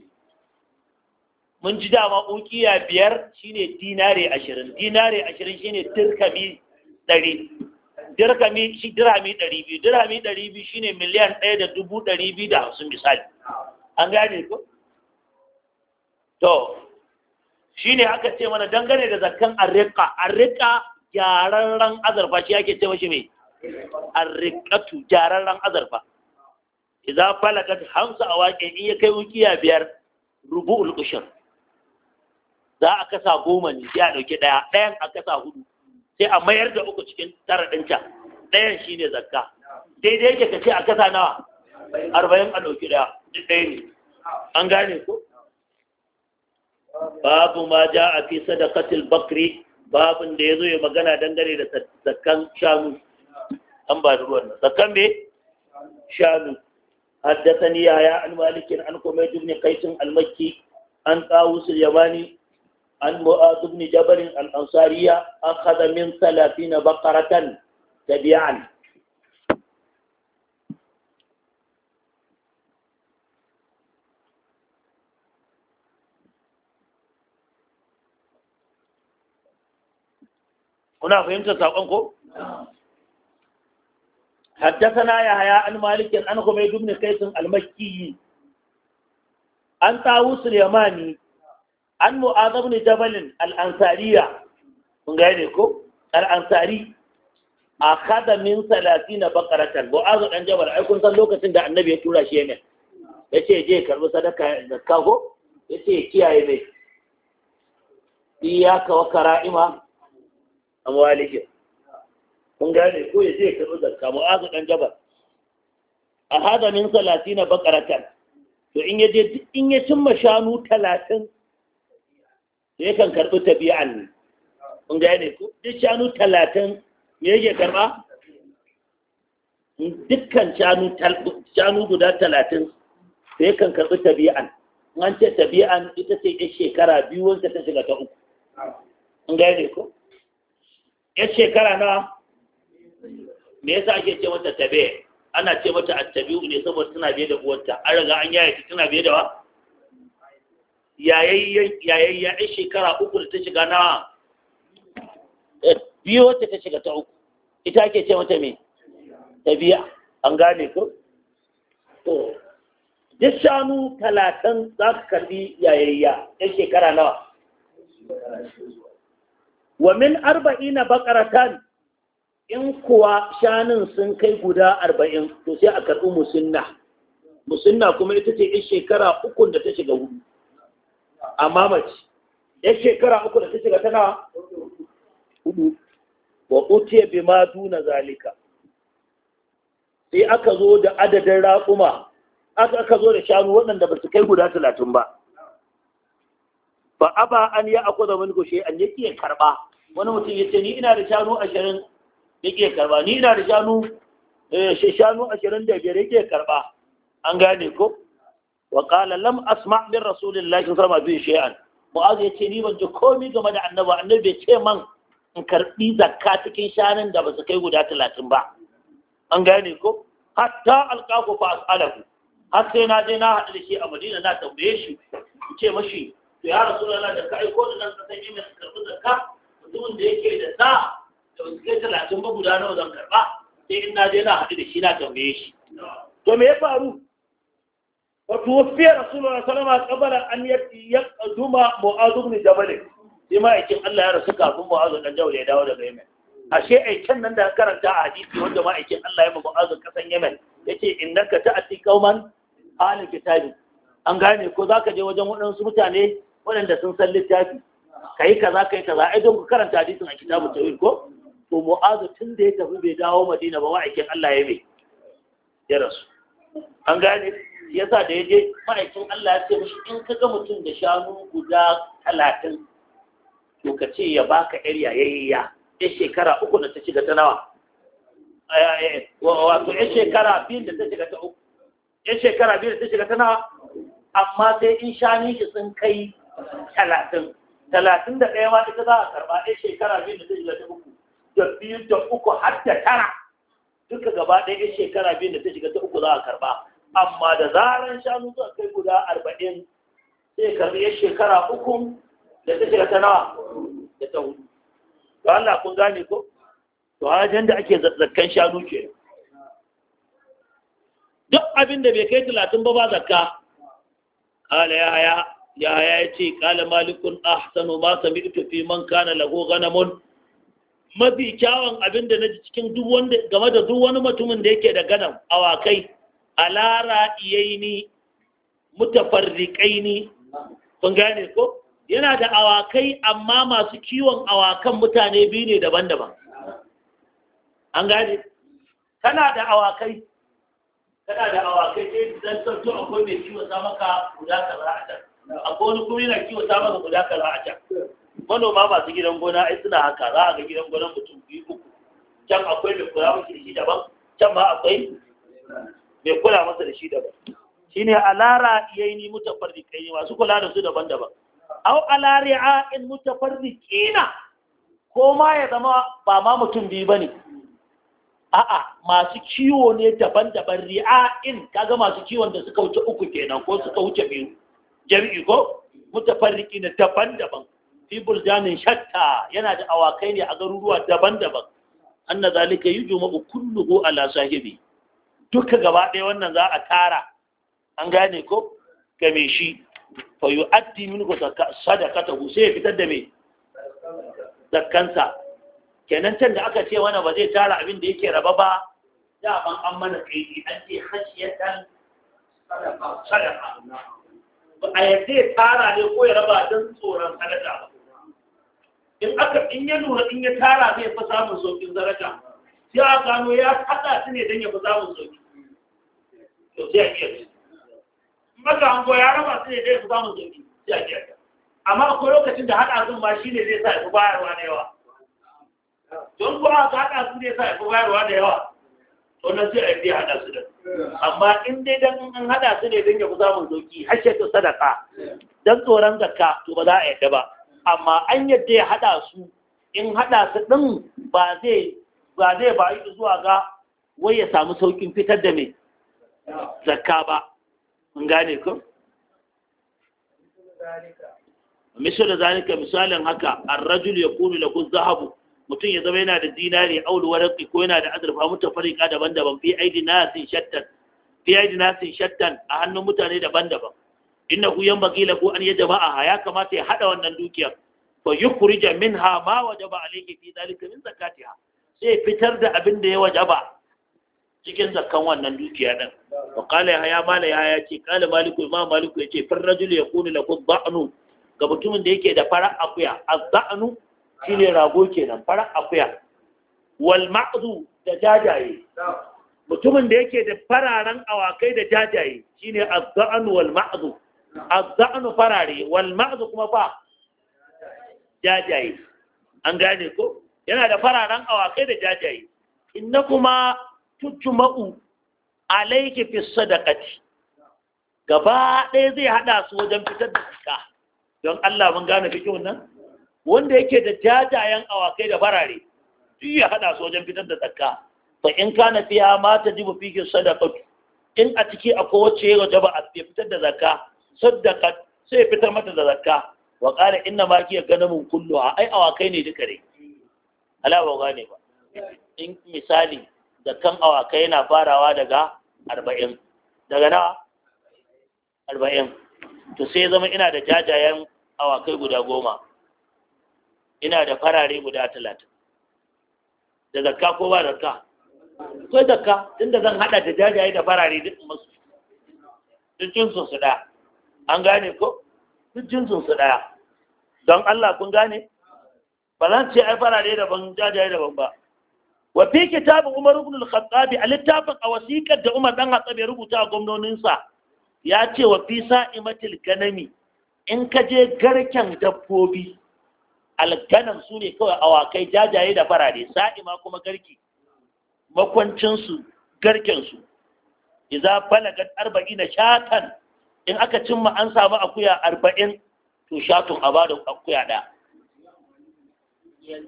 mun ji dama ukiya biyar shine dinare ashirin dinare ashirin shine dirkami ɗari dirhami shi dirami ɗari biyu dirami ɗari biyu shine miliyan ɗaya da dubu ɗari biyu da hamsin misali an gane ko to Shi ne aka ce mana dangane da zakkan arriqa arriqa gyararren azarfa shi ake ce mashi mai gyaran gyararren azarfa idza falakat hamsa a in ya kai ukiya biyar rubu ulkushin za a kasa goma ne sai a dauki daya dayan a kasa hudu sai a mayar da uku cikin tara din Ɗayan shi ne zakka daidai yake kace a kasa nawa Arba'in a dauki daya ɗaya ne an gane ko babu ma ja a fi katil bakri babin da ya zo ya magana dangane da tsakan shanu an ba da ruwan tsakan shanu ya ya an malikin an kuma ya dubni kaisin almakki an tsawo sulyamani an mu'adubni jabarin al an kada min talafi na bakaratan tabi'an kuna fahimtar saƙonku? haddasana ya haya an malikin an kuma yi dubni kai sun almakiyi an tsawo sulemani an mu'azabu ne jabalin al'ansariya kun gaya ne ko al'ansari a kada min salati na bakaratar mu'azabu ɗan jabal ai kun san lokacin da annabi ya tura shi ne ya ce je karɓi sadaka da ko? ya ce kiyaye ne iyaka wa kara'ima amwalihim kun gane ko ya je karɓi zakka azu dan jabal a hada min salatina bakaratan to in ya je in ya cimma shanu talatin sai kan karɓi tabi'an ne kun gane ko duk shanu talatin me yake karɓa dukkan shanu guda talatin sai kan karɓi tabi'an an ce tabi'an ita ce ya shekara biyu wanda ta shiga ta uku an gane ko yan shekara na me yasa ake ce mata tabe ana ce mata attabi'u ne saboda tana biye da uwarta an riga an yaya ta tana biye da wa yayayya yan shekara uku da ta shiga na biyu wata ta shiga ta uku ita ake ce mata me tabiya an gane ko to duk shanu talatin za ka karbi yayayya yan shekara nawa wa min arba'ina baqaratan in kuwa shanun sun kai guda arba'in to sai a karɓi musinna musinna kuma ita ce in shekara uku da ta shiga hudu amma mace yan shekara uku da ta shiga tana hudu wa utiya bi ma duna zalika sai aka zo da adadin raƙuma aka zo da shanu waɗanda ba su kai guda talatin ba Ba a ba an ya akwada min gushe an yi iya karba wani mutum ya ce ni ina da shanu ashirin ya iya karba ni ina da shanu eh, shanu ashirin da biyar ya karba an gane ko wa qala lam asma min rasulillahi sallallahu alaihi wasallam shay'an mu'az ya ce ni ban ji komai game da annabi annabi bai ce man in karbi zakka cikin shanun da ba su kai guda talatin ba an gane ko hatta alqaku fa as'alahu har sai na je na haɗu da shi a madina na tambaye shi ce mashi to ya rasu lana da ka aiko da nan ka mai yemen karɓi zakka mutumin da yake da sa da ba su talatin ba guda nawa zan karba? sai in na je na haɗu da shi na tambaye shi to me ya faru وتوفي رسول الله صلى الله عليه وسلم قبل أن يقدم معاذ بن جبل Allah ya rasu kafin أبو معاذ بن جبل يداو daga Yemen ashe aikin nan da karanta a hadisi wanda ma aikin Allah ya mabu azun kasan Yemen yace innaka ta'ati qauman ahli kitabi an gane ko zaka je wajen waɗansu mutane waɗanda sun san littafi ka yi kaza yi kaza ai don ku karanta hadisin a kitabun tawhid ko to mu'azu tun da ya tafi bai dawo madina ba ma'aikin Allah ya mai ya rasu an gane yasa da ya je ma'aikin Allah ya ce mishi in ka ga mutum da shanu guda talatin to ka ce ya baka yar yayayya ya shekara uku da ta shiga ta nawa wato ya shekara biyu da ta shiga ta uku ya shekara biyu da ta shiga ta nawa amma sai in shani shi sun kai talatin talatin da ɗaya ma ita za a karɓa ɗaya shekara biyu da ta shiga ta uku da biyu da uku har da tara duka gaba ɗaya ɗaya shekara biyu da zai shiga ta uku za a karɓa amma da zaran shanu zuwa kai guda arba'in sai karɓi ɗaya shekara uku da ta shiga ta nawa da ta hudu to Allah kun gane ko to hajjan da ake zakkan shanu ke duk abin da bai kai talatin ba ba zakka قال يا هيا ya ya ce kala malikun ahsanu ma sami'tu fi man kana lahu ghanamun mafi kyawun abin da ji cikin duk wanda game da duk wani mutumin da yake da ganam awakai alara iyaini mutafarriqaini kun gane ko yana da awakai amma masu kiwon awakan mutane biyu ne daban-daban an gane kana da awakai kana da awakai sai zan tattu akwai mai kiwon maka guda ka a akwai wani kuma yana kiwo kiwata masa guda kaza a can manoma masu gidan gona ai suna haka za a ga gidan gona mutum biyu uku can akwai mai kula masa da shi daban can ma akwai mai kula masa da shi daban shine alara yayi mutafarriqai ne masu kula da su daban-daban aw alari'a in mutafarriqina ko ma ya zama ba ma mutum biyu bane a'a masu kiwo ne daban-daban ri'a'in kaga masu kiwon da suka wuce uku kenan ko suka wuce biyu jami'i ko mutafarriki na daban-daban fi burjanin shatta yana da awakai ne a garuruwa daban-daban an na zalika yi juma'u kulluhu ala sahibi duka gaba ɗaya wannan za a tara an gane ko game shi fa addi min ko sadaka ta ya fitar da me zakkansa kenan can da aka ce wani ba zai tara abin da yake raba ba da ban an mana kai an ce hashiyatan sadaka a yadda ya tara ne ko ya raba don tsoron sadaka ba in aka in ya lura in ya tara zai fi samun saukin zarata sai a gano ya haɗa su ne don ya fi samun sauƙi. to sai a kiyar Maka hango ya raba su ne don ya fi samun sauƙi. sai a kiyar amma akwai lokacin da haɗa sun ma shi ne zai sa ya fi bayarwa da yawa don kuma aka haɗa sun ne sa ya fi bayarwa da yawa wannan sai a yi haɗa su da amma in dai dan an haɗa su ne don ya fi samun sauki hashe ta sadaka don tsoron zakka to ba za a yadda ba amma an yadda ya haɗa su in haɗa su ɗin ba zai ba zai yi zuwa ga wai ya samu saukin fitar da mai zakka ba mun gane ku zalika misalin haka ar-rajul da kun zahabu mutum ya zama yana da zinari aulu warqi ko yana da azurfa mutafarriqa daban-daban fi aidi nasin shattan fi aidi shattan a hannun mutane daban-daban innahu bakila ko an jama'a ya kamata ya hada wannan dukiyar fa jamin ha ma wajaba alayhi fi dhalika min zakatiha sai fitar da abin da ya wajaba cikin zakkan wannan dukiya din wa qala ya ya mala ya ya ce qala maliku imam maliku ya fir rajul yakunu ga mutumin da yake da fara akuya azza'nu ne rago nan farar akuya wal da jajaye mutumin da yake da fararen awakai da jajaye shine azza'an wal ma'zu azza'an farare wal kuma ba jajaye an gane ko yana da fararen awakai da jajaye inna kuma tujma'u alayki fi sadaqati gaba ɗaya zai hada su wajen fitar da zakka don Allah mun gane fikihun nan wanda yake da jajayen awakai da farare duk ya hada su wajen fitar da zakka fa in kana fiya ma jibu fiki sadaqatu in a ciki akwai wacce ya wajaba a fitar da zakka sadaqa sai fitar mata da zakka wa qala inna ma kiya ganamun kulluha ai awakai ne duka dai ala ba gane ba in misali da kan awakai yana farawa daga 40 daga na 40 to sai zama ina da jajayen awakai guda goma ina da farare guda talatin da zakka ko ba zakka ko zakka Tunda zan haɗa da jajaye da farare duk masu duk jinsun su ɗaya an gane ko duk jinsun su ɗaya don Allah kun gane ba zan ce ai farare daban jajaye daban ba wa fi kitabin Umar ibn al-Khattab a littafin a wasiƙar da Umar dan Khattab ya rubuta a gwamnoninsa ya ce wa fi sa'imatil ganami in ka je garken dabbobi alganan su ne kawai awakai jajaye da farare sa'ima kuma garki makwancinsu garkensu iza balagat arba'ina shatan in aka cimma an samu akuya arba'in to shatun a bada akuya ɗaya ya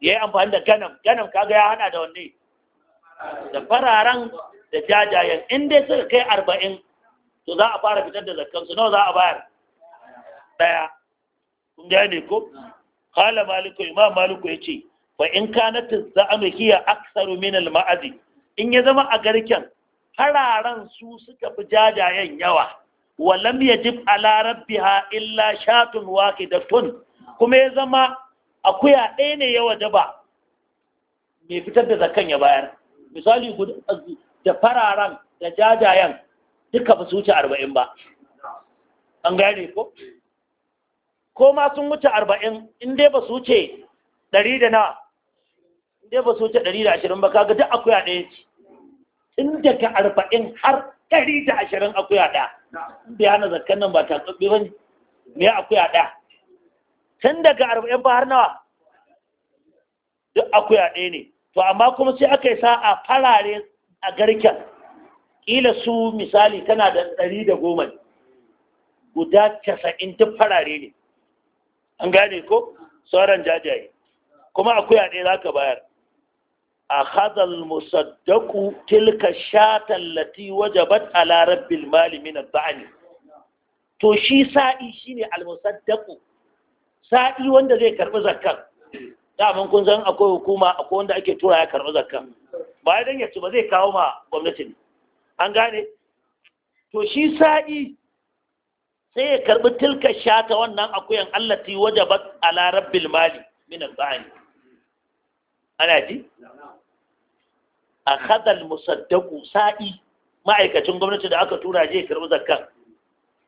yi amfani da ganam ganam kaga ya hana da wanne da fararen da jajayen in dai suka kai arba'in to za a fara fitar da zakkansu nawa za a bayar ɗaya kun gane ko qala maliku imam ya yace wa in kanat az-za'mu hiya aktsaru min al in ya zama a garken fararen su suka fi jajayen yawa wa lam yajib ala rabbiha illa shatun tun kuma ya zama akuya ɗaya ne ya ba, mai fitar da zakan ya bayar misali da fararen da jajayen duka ba su arba'in ba an gane ko ko ma sun wuce arba'in in dai ba su wuce ɗari da na in dai ba su wuce ɗari da ashirin ba kaga duk akuya ɗaya ce in daga arba'in har ɗari da ashirin akuya ɗaya in biya na zakkan nan ba ta tsubbe ba ne akuya ɗaya tun daga arba'in ba har nawa duk akuya ɗaya ne to amma kuma sai aka yi sa'a farare a garken ƙila su misali tana da ɗari da goma guda casa'in duk farare ne an gane ko sauran jajaye kuma a ɗaya za ka bayar a hadal musaddaku tilka shatan lati wajabat ala rabbil mali min ba'ani to shi sa'i shine al musaddaku sa'i wanda zai karbi zakkan daman kun san akwai hukuma akwai wanda ake tura ya karbi zakkan ba dan ya ba zai kawo ma gwamnati an gane to shi sa'i sai ya karbi tilka shata wannan akuyan Allah allati wajabat ala rabbil mali min al-bani ana ji akhadha al-musaddaqu sa'i ma'aikacin gwamnati da aka tura je karbi zakka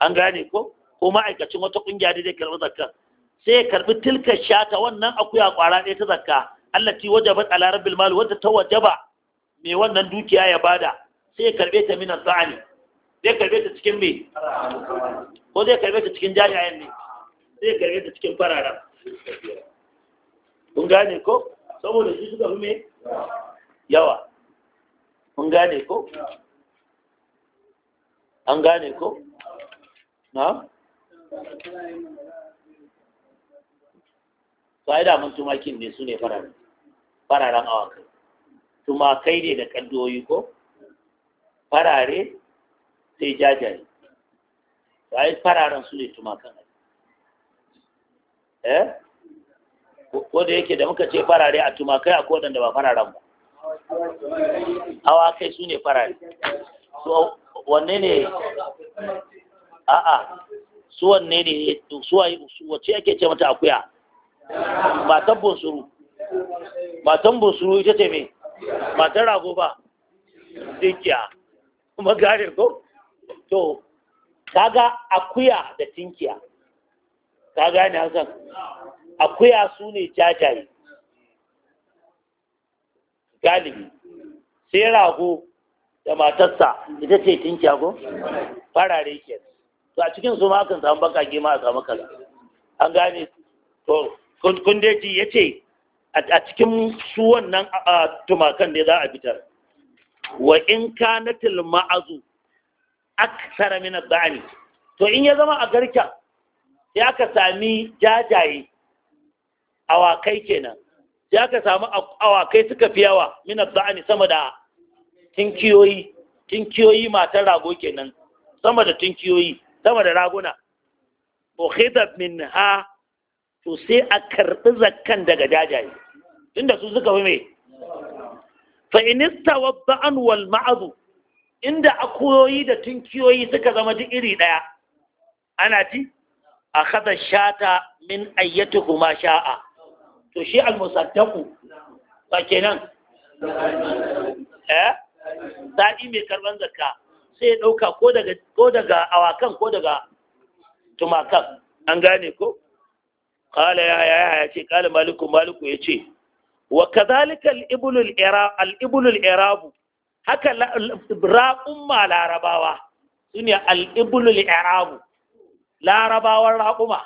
an gane ko ko ma'aikacin wata kungiya da zai karbi zakka sai ya karbi tilka shata wannan akuya kwara ɗaya ta zakka Allah waje ba ala rabbil mali wadda ta ba, mai wannan dukiya ya bada sai ya karbe ta min al-bani zai karbe ta cikin me ko zai karbe ta cikin jajayen ne zai karbe ta cikin fararen kun gane ko saboda shi suka fi mai yawa kun gane ko an gane ko na sai mun tumakin ne su ne fararen fararen awakai tumakai ne da kaddoyi ko farare sai jajaye ai fararen su ne tumakan eh ko da yake da muka ce farare a tumakai a kodan da ba fararen ba awakai su ne farare so wanne ne a'a su wanne ne su wace ake ce mata akuya matan bunsuru matan bunsuru ita ce me matan rago ba dinkiya kuma gare ko to kaga akuya da tinkiya ka gane hakan akuya su ne jajaye galibi sai rago da matarsa ita ce tinkiya ko farare ke to a cikin su ma kan samu bakage ma a samu kaza an gane to kun ya ce a cikin su wannan tumakan ne za a fitar wa in kanatil ma'azu aksara min ad to in ya zama a garka ya ka sami jajaye awakai kenan ya ka samu awakai suka fi yawa min ad sama da tinkiyoyi tinkiyoyi matan rago kenan sama da tinkiyoyi sama da raguna ukhidat minha to sai a karbi zakkan daga jajaye tunda su suka fi mai fa inista wabba'an wal ma'adu inda akuyoyi da tunkiyoyi suka zama duk iri ɗaya ana ji a kada shata min ayyatu kuma sha'a to shi almusaddaku ba kenan eh zaɗi mai karban zakka sai ya ɗauka ko daga awakan ko daga tumakan an gane ko kala ya ya ya ce kala maliku maliku ya ce wa kazalika al-ibnul irabu haka ma larabawa su ne al'ibulul arabu larabawan raƙuma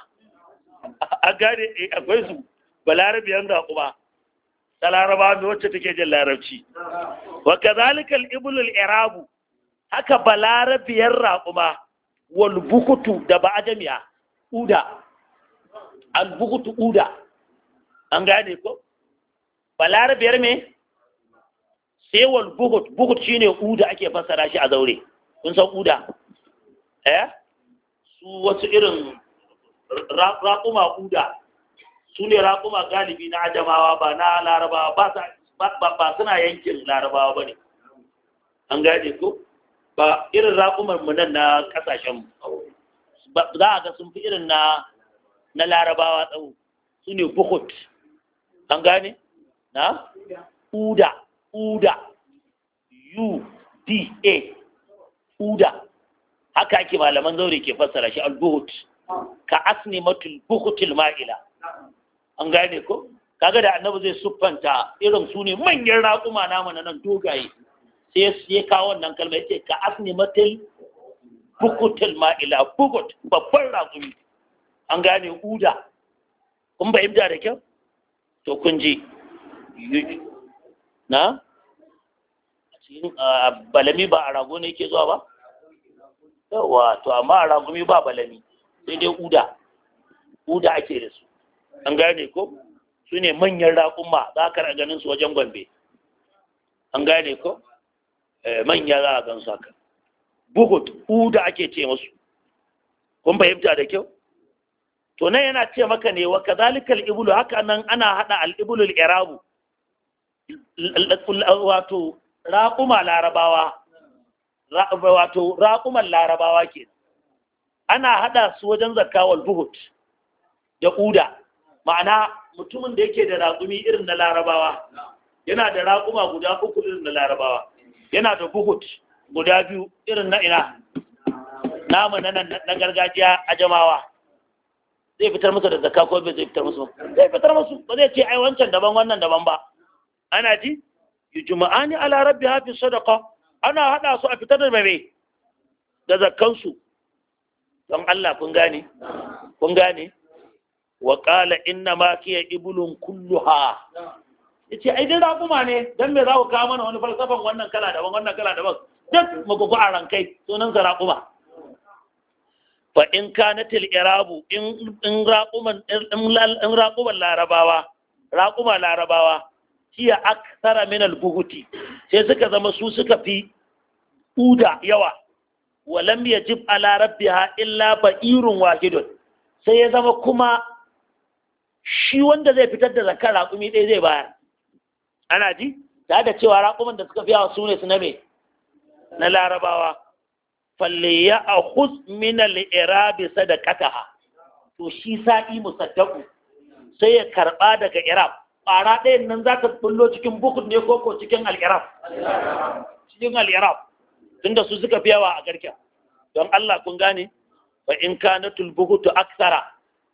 <laughs> a gane eh, akwai su ba larabiyan raƙuma ta laraba mai wacce take jin larabci wa kazalika al'ibulul arabu haka ba larabiyan raƙuma wal bukutu da ba jami'a uda al bukutu uda an gane ko ba larabiyar me sai wal buhut buhut shine uda ake fassara shi a zaure kun san uda eh su wasu irin raƙuma uda su ne raƙuma galibi na adamawa ba na larabawa ba suna yankin larabawa ba ne an gane ko ba irin raƙumar mu nan na ba za a ga sun fi irin na na larabawa tsawo su ne Buhut, an gane na uda uda u d a uda haka ake malaman zaure ke fassara shi al-buhut ka matul, buhutil ma'ila an gane ko kaga da annabi zai suffanta irin su ne manyan raƙuma namu na nan dogaye sai ya kawo wannan kalma yace ka matul, buhutil ma'ila buhut babban raƙumi an gane uda kun bayyana da kyau to kun ji na balami ba a rago ne ke zuwa ba yawa to amma a ragumi ba balami sai dai uda uda ake da su an gane ko su ne manyan raƙumma za ka ganin su wajen gombe an gane ko eh, manya za a gan su haka Bukut, uda ake ce masu. kun fahimta da kyau to nan yana ce maka ne wa kazalikal ibulu haka nan ana hada al ibulu al irabu wato raƙuma larabawa wato raƙuman larabawa ke ana haɗa su wajen zakawar buhut da ƙuda ma'ana mutumin da yake da raƙumi irin na larabawa yana da raƙuma guda uku irin na larabawa yana da buhut guda biyu irin na ina namu na na gargajiya a jamawa zai fitar musu da zakka bai zai fitar musu zai fitar musu ba zai ce ai wancan daban wannan daban ba ana ji ni ala rabbi hafi sadaka ana hada su a fitar da mai da zakkansu don Allah kun gane kun gane wa qala inna ma kiya ha kulluha ce ai dai raƙuma ne don me za ku kawo mana wani falsafan wannan kala daban wannan kala daban duk magugu a rankai sunan sa raƙuma fa in ka na in in in larabawa larabawa Jiya akthara min al-buhuti sai suka zama su suka fi uda yawa wa lam yajib ala rabbiha illa ba'irun wahidun sai ya zama kuma shi wanda zai fitar da zakar raƙumi ɗaya zai bayar ana ji ta da cewa raƙuman da suka fiya su ne su na me na larabawa falle ya a hus min al-irabi sadaqataha to shi sa'i musaddaqu sai ya karɓa daga irab ƙwara ɗayan nan za ka bullo cikin bukun ne ko ko cikin al'iraf cikin al'iraf tunda su suka fi yawa a garken don Allah kun gane ba in kana ta aksara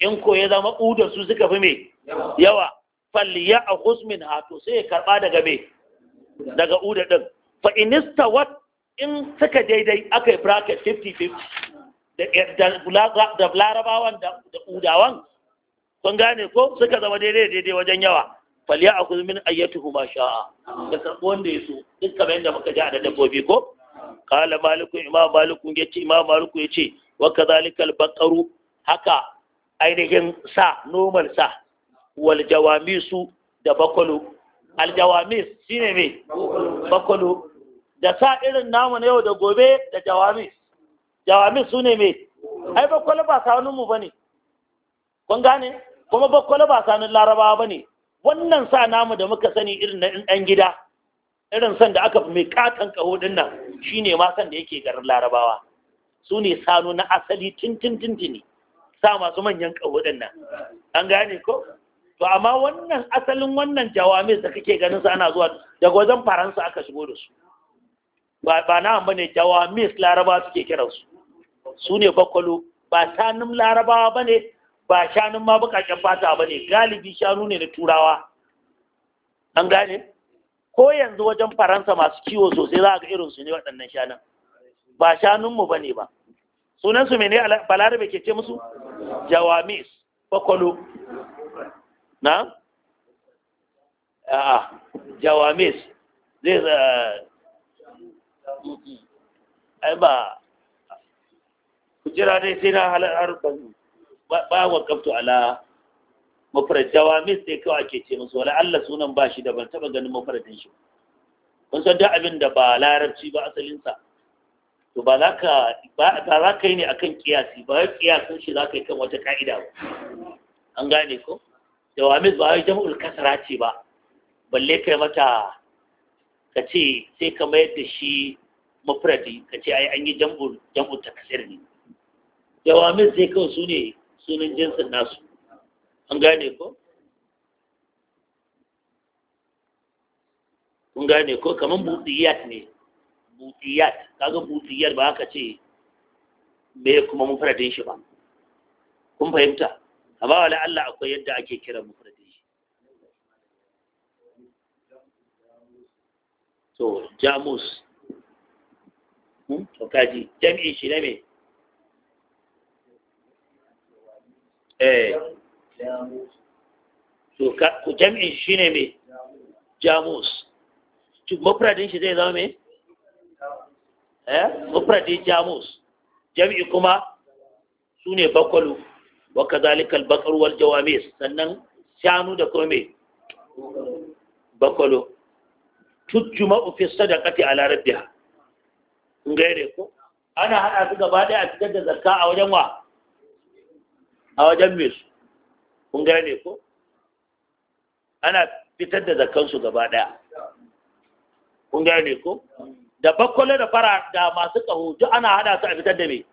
in ko ya zama udar su suka fi mai yawa falliya a husmin ha to sai ya karɓa daga mai, daga udar ɗin fa inista wat in suka daidai aka yi bracket 50-50 da larabawan da ƙudawan kun gane ko suka zama daidai daidai wajen yawa falya a kuzmin ayyatuhu ma sha'a da karɓi wanda ya so duk kamar yadda muka ji a da dabbobi ko kala malikun imam malikun ya ce imam malikun ya ce wa kazalikal bakaru haka ainihin sa normal sa wal jawamisu da bakwalo al jawamis ne me bakwalo da sa irin namu na yau da gobe da jawamis jawamis sune me ai bakwalo ba sanin mu bane kun gane kuma bakwalo ba sanin larabawa bane wannan sa namu da muka sani irin na ɗan gida irin san da aka fi mai katon kaho ɗin nan ne ma san da yake garin larabawa su ne sanu na asali tintintintini sa masu manyan kaho ɗin nan an gane ko to amma wannan asalin wannan jawamis da kake ganin su ana zuwa daga wajen faransa aka shigo da su ba na ba ne jawamis laraba suke kiransu su ne bakwalo ba sanin larabawa ba ne ba shanun ma bukaken fata ba ne galibi shanu ne na turawa an gane ko yanzu wajen faransa masu kiwo sosai za a ga irinsu ne waɗannan shanun ba shanunmu ba ne ba sunansu mene balarabe ke ce musu jawamis bakwalo na? a'a jawamis zai ai ba kujira dai sai na halar harkar ba wa kaftu ala mafarad jawamis sai kawai ake ce musu wala Allah sunan ba shi da ban taba ganin mafaradin shi kun san da abin da ba larabci ba asalinsa to ba za ka ba za ka yi ne akan kiyasi ba kiyasin shi za ka yi kan wata ka'ida ba an gane ko jawamis ba wai jam'ul kasra ce ba balle kai mata ka ce sai ka mayar da shi mafradi ka ce ai an yi jam'ul jam'ul takasir ne jawamis sai kawai su ne sunan jinsin nasu an gane ko kun gane ko kamar butiyat ne butiyat kaga butiyar ba aka ce me kuma mufradin shi ba kun fahimta amma wala Allah akwai yadda ake kira mufradin shi to jamus hmm? to kaji jami'in shi ne me eh to jam'in shi ne mai jamus mafradin shi zai zama mai eh? mafradin jamus jam'i kuma su ne bakwalu wa kazalikal bakar wal jawamis sannan shanu da kuma mai bakwalo tujjuma ofis sadakati a larabbiya gaire ko ana hada su gaba daya a cikin da zakka a wajen wa a wajen me su kun gane ko ana fitar da zakansu gaba daya kun gane ko da bakwale da fara da masu kaho duk ana hada su a fitar da me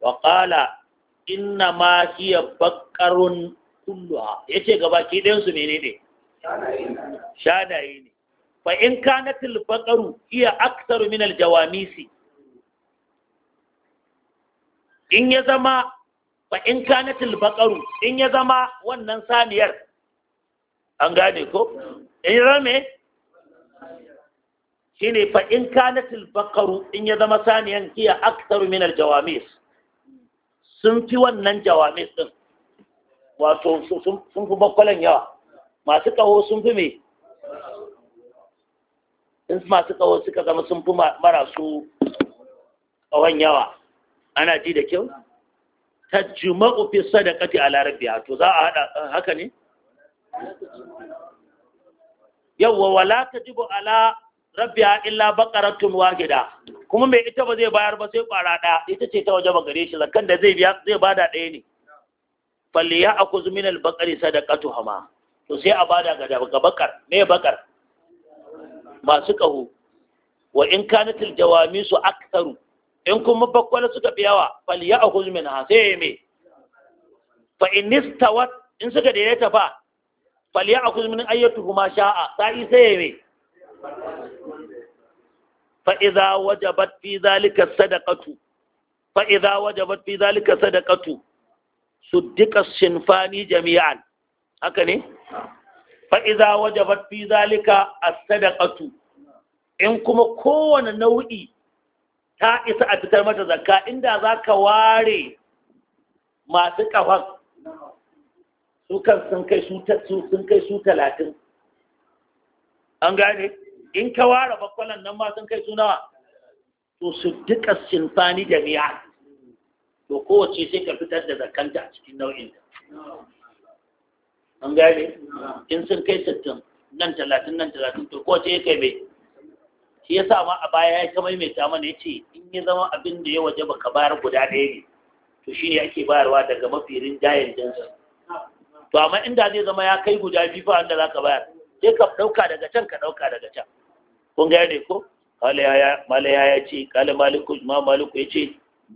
wa qala inna ma hiya baqarun kulluha yace gaba ki ɗayan su menene shanaye ne fa in kanat al baqaru iya aktaru min al jawamisi in ya zama fa in kanatil baqaru in ya zama wannan saniyar an gane ko in ya zama shine fa in kanatil baqaru in ya zama saniyan hiya aktaru min al jawamis sun fi wannan jawamis din wato sun fi bakwalan yawa masu kawo sun fi me in masu kawo suka zama sun fi marasu kawon yawa ana ji da kyau tajma'u fi sadaqati ala rabbiha to za a hada eh, haka ne yawwa wala tajibu ala rabbiha illa baqaratun wahida kuma mai ita ba zai bayar ba sai kwara daya ita ce ta waje gare shi zakkan da zai biya zai bada daya ne falli ya akuzu min al-baqari hama to sai a bada ga ga bakar me bakar masu kahu wa in kanatil jawami su aktharu in kuma bakwala suka fi yawa fal ya akhuz ha, sai me fa in istawat in suka daidaita fa fal ya akhuz min ayyatuhu ma sha'a sai sai me fa idza wajabat fi zalika sadaqatu fa idza wajabat fi zalika sadaqatu suddika sinfani jami'an haka ne fa idza wajabat fi zalika as-sadaqatu in kuma kowane nau'i ta isa a fitar mata zakka inda za ka ware masu ƙafan su kan sun kai su talatin an gane in ka ware bakwalan nan ma sun kai su nawa to su duka sinfani miya to kowace sai ka fitar da zakanta a cikin nau'in an gane in sun kai sittin nan talatin nan talatin to kowace ya kai mai shi yasa ma a baya ya ta maimaita mana ya ce in ya zama abin da ya waje baka bayar guda ɗaya ne to shi ne ake bayarwa daga mafirin jayen jinsu to amma inda zai zama ya kai guda biyu fa za ka bayar sai ka ɗauka daga can ka ɗauka daga can kun gaya ne ko kale ya ya ce kala maliku ma maliku ce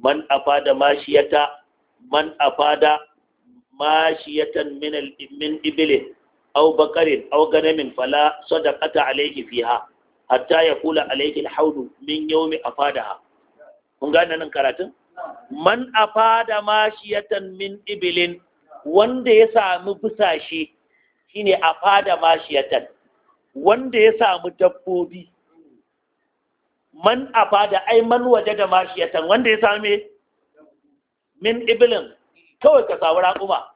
man afada mashiyata man afada mashiyatan min al min ibilin aw bakarin aw ganamin fala sadaqata alayhi fiha hatta ya kula alayki alhaudu min yawmi afadaha kun gane nan karatun man afada mashiyatan min ibilin wanda ya sami busashe shine afada mashiyatan wanda ya sami dabbobi man afada ai man waje da mashiyatan wanda ya sami min ibilin kawai ka samu raƙuma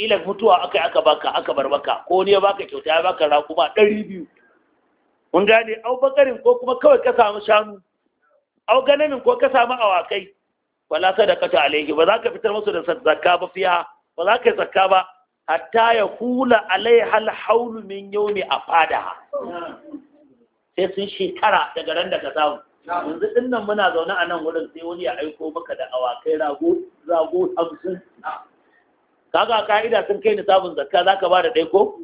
ilan mutuwa aka aka baka aka bar baka ko ne baka kyauta ya baka raƙuma ɗari biyu kun gane au bakarin ko kuma kawai ka samu shanu au ganamin ko ka samu awakai wala sadaqata alayhi ba za ka fitar musu da sadaka ba fiya ba za ka yi zakka ba hatta ya hula alaiha alhaulu min yawmi afadaha sai sun shekara daga ran da ka samu yanzu dinnan muna zaune a nan wurin sai wani ya aiko maka da awakai rago rago hamsin kaga ka'ida sun kai ni sabon zakka za ka bada ɗaya ko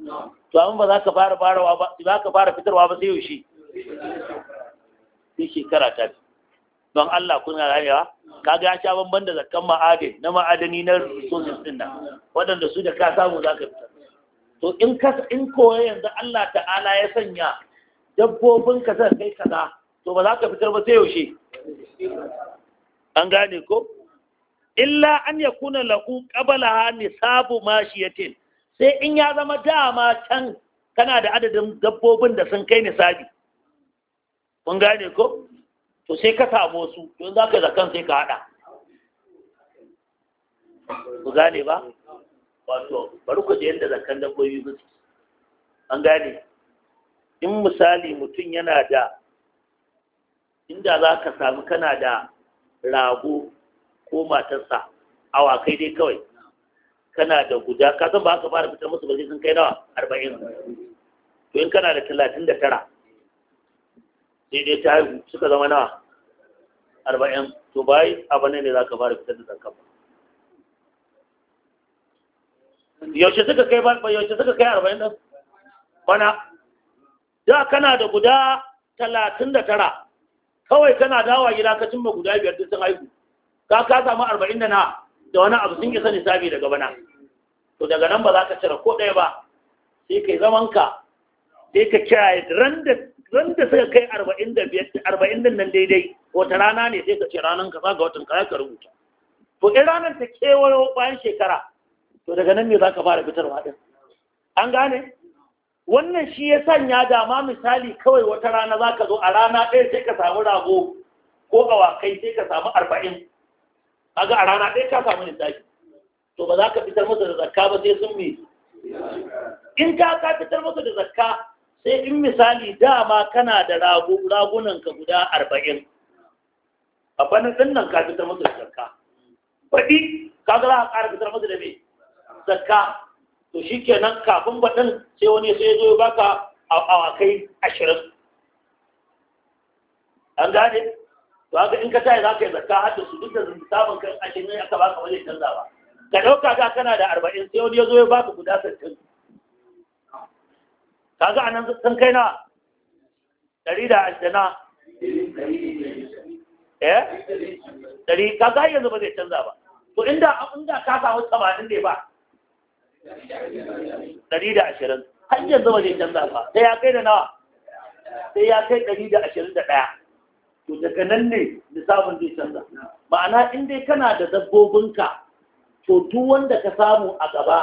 to amma ba za ka fara farawa ba za ka fara fitarwa ba sai yaushe shi shekara ta don Allah kuna rayuwa kaga ya sha bamban da zakkan ma'adin na ma'adani na resources din nan waɗanda su da ka samu za ka fitar to in ka in koyi yanzu Allah ta'ala ya sanya dabbobin ka sai kai kaza to ba za ka fitar ba sai yaushe an gane ko illa an ya kuna la'u-qabalar lahu qabalaha nisabu mashiyatin sai in ya zama dama can kana da adadin dabbobin da sun kai nisabi kun gane ko to sai ka samu su don za ka zakan sai ka hada ku gane ba wato bari ku da yadda zakan dabbobi ba an gane in misali mutum yana da inda za ka sami kana da rago ko matarsa awakai dai kawai kana da guda ka san ba ka fara fitar musu ba sun kai nawa arba'in to in kana da talatin da tara sai dai ta haihu suka zama nawa arba'in to bai abu ne za ka fara fitar da tsakar ba yaushe suka kai ba yaushe suka kai arba'in nan bana da kana da guda talatin da tara kawai kana dawa gida ka cimma guda biyar duk sun haihu ka ka samu arba'in da na da wani abu sun isa nisabi daga bana to daga nan ba za ka cire ko ɗaya ba sai kai zaman ka sai ka kiyaye ran da suka kai arba'in da biyar arba'in da nan daidai wata rana ne sai ka ce ranar ka ga watan kaya ka rubuta to in ranar ta kewayo bayan shekara to daga nan ne za ka fara fitarwa ɗin an gane wannan shi ya sanya dama misali kawai wata rana za ka zo a rana ɗaya sai ka samu rago ko awakai sai ka samu arba'in kaga a rana ɗaya ka samu littafi to ba za ka fitar masa da zakka ba sai sun me in ka ka fitar masa da zakka sai in misali dama kana da rago ragunan ka guda arba'in a fannin ɗin nan ka fitar masa da zakka baɗi ka za ka ƙara fitar masa da me zakka to shi kenan kafin baɗin sai wani sai zo ya baka awakai ashirin an gane to haka in ka taya za ka yi zakka har da su duk da samun kan ake ne aka baka wajen canza ba ka ɗauka ga kana da arba'in sai wani ya zo ya baka guda sittin kaga a nan sun kai na ɗari da ashirin eh ɗari kaga har yanzu ba zai canza ba to inda da ka samu tamanin ne ba ɗari da ashirin har yanzu ba zai canza ba sai ya kai da nawa sai ya kai ɗari da ashirin da ɗaya to daga nan ne lissafin zai canza ma'ana in dai kana da dabbobinka to duk wanda ka samu a gaba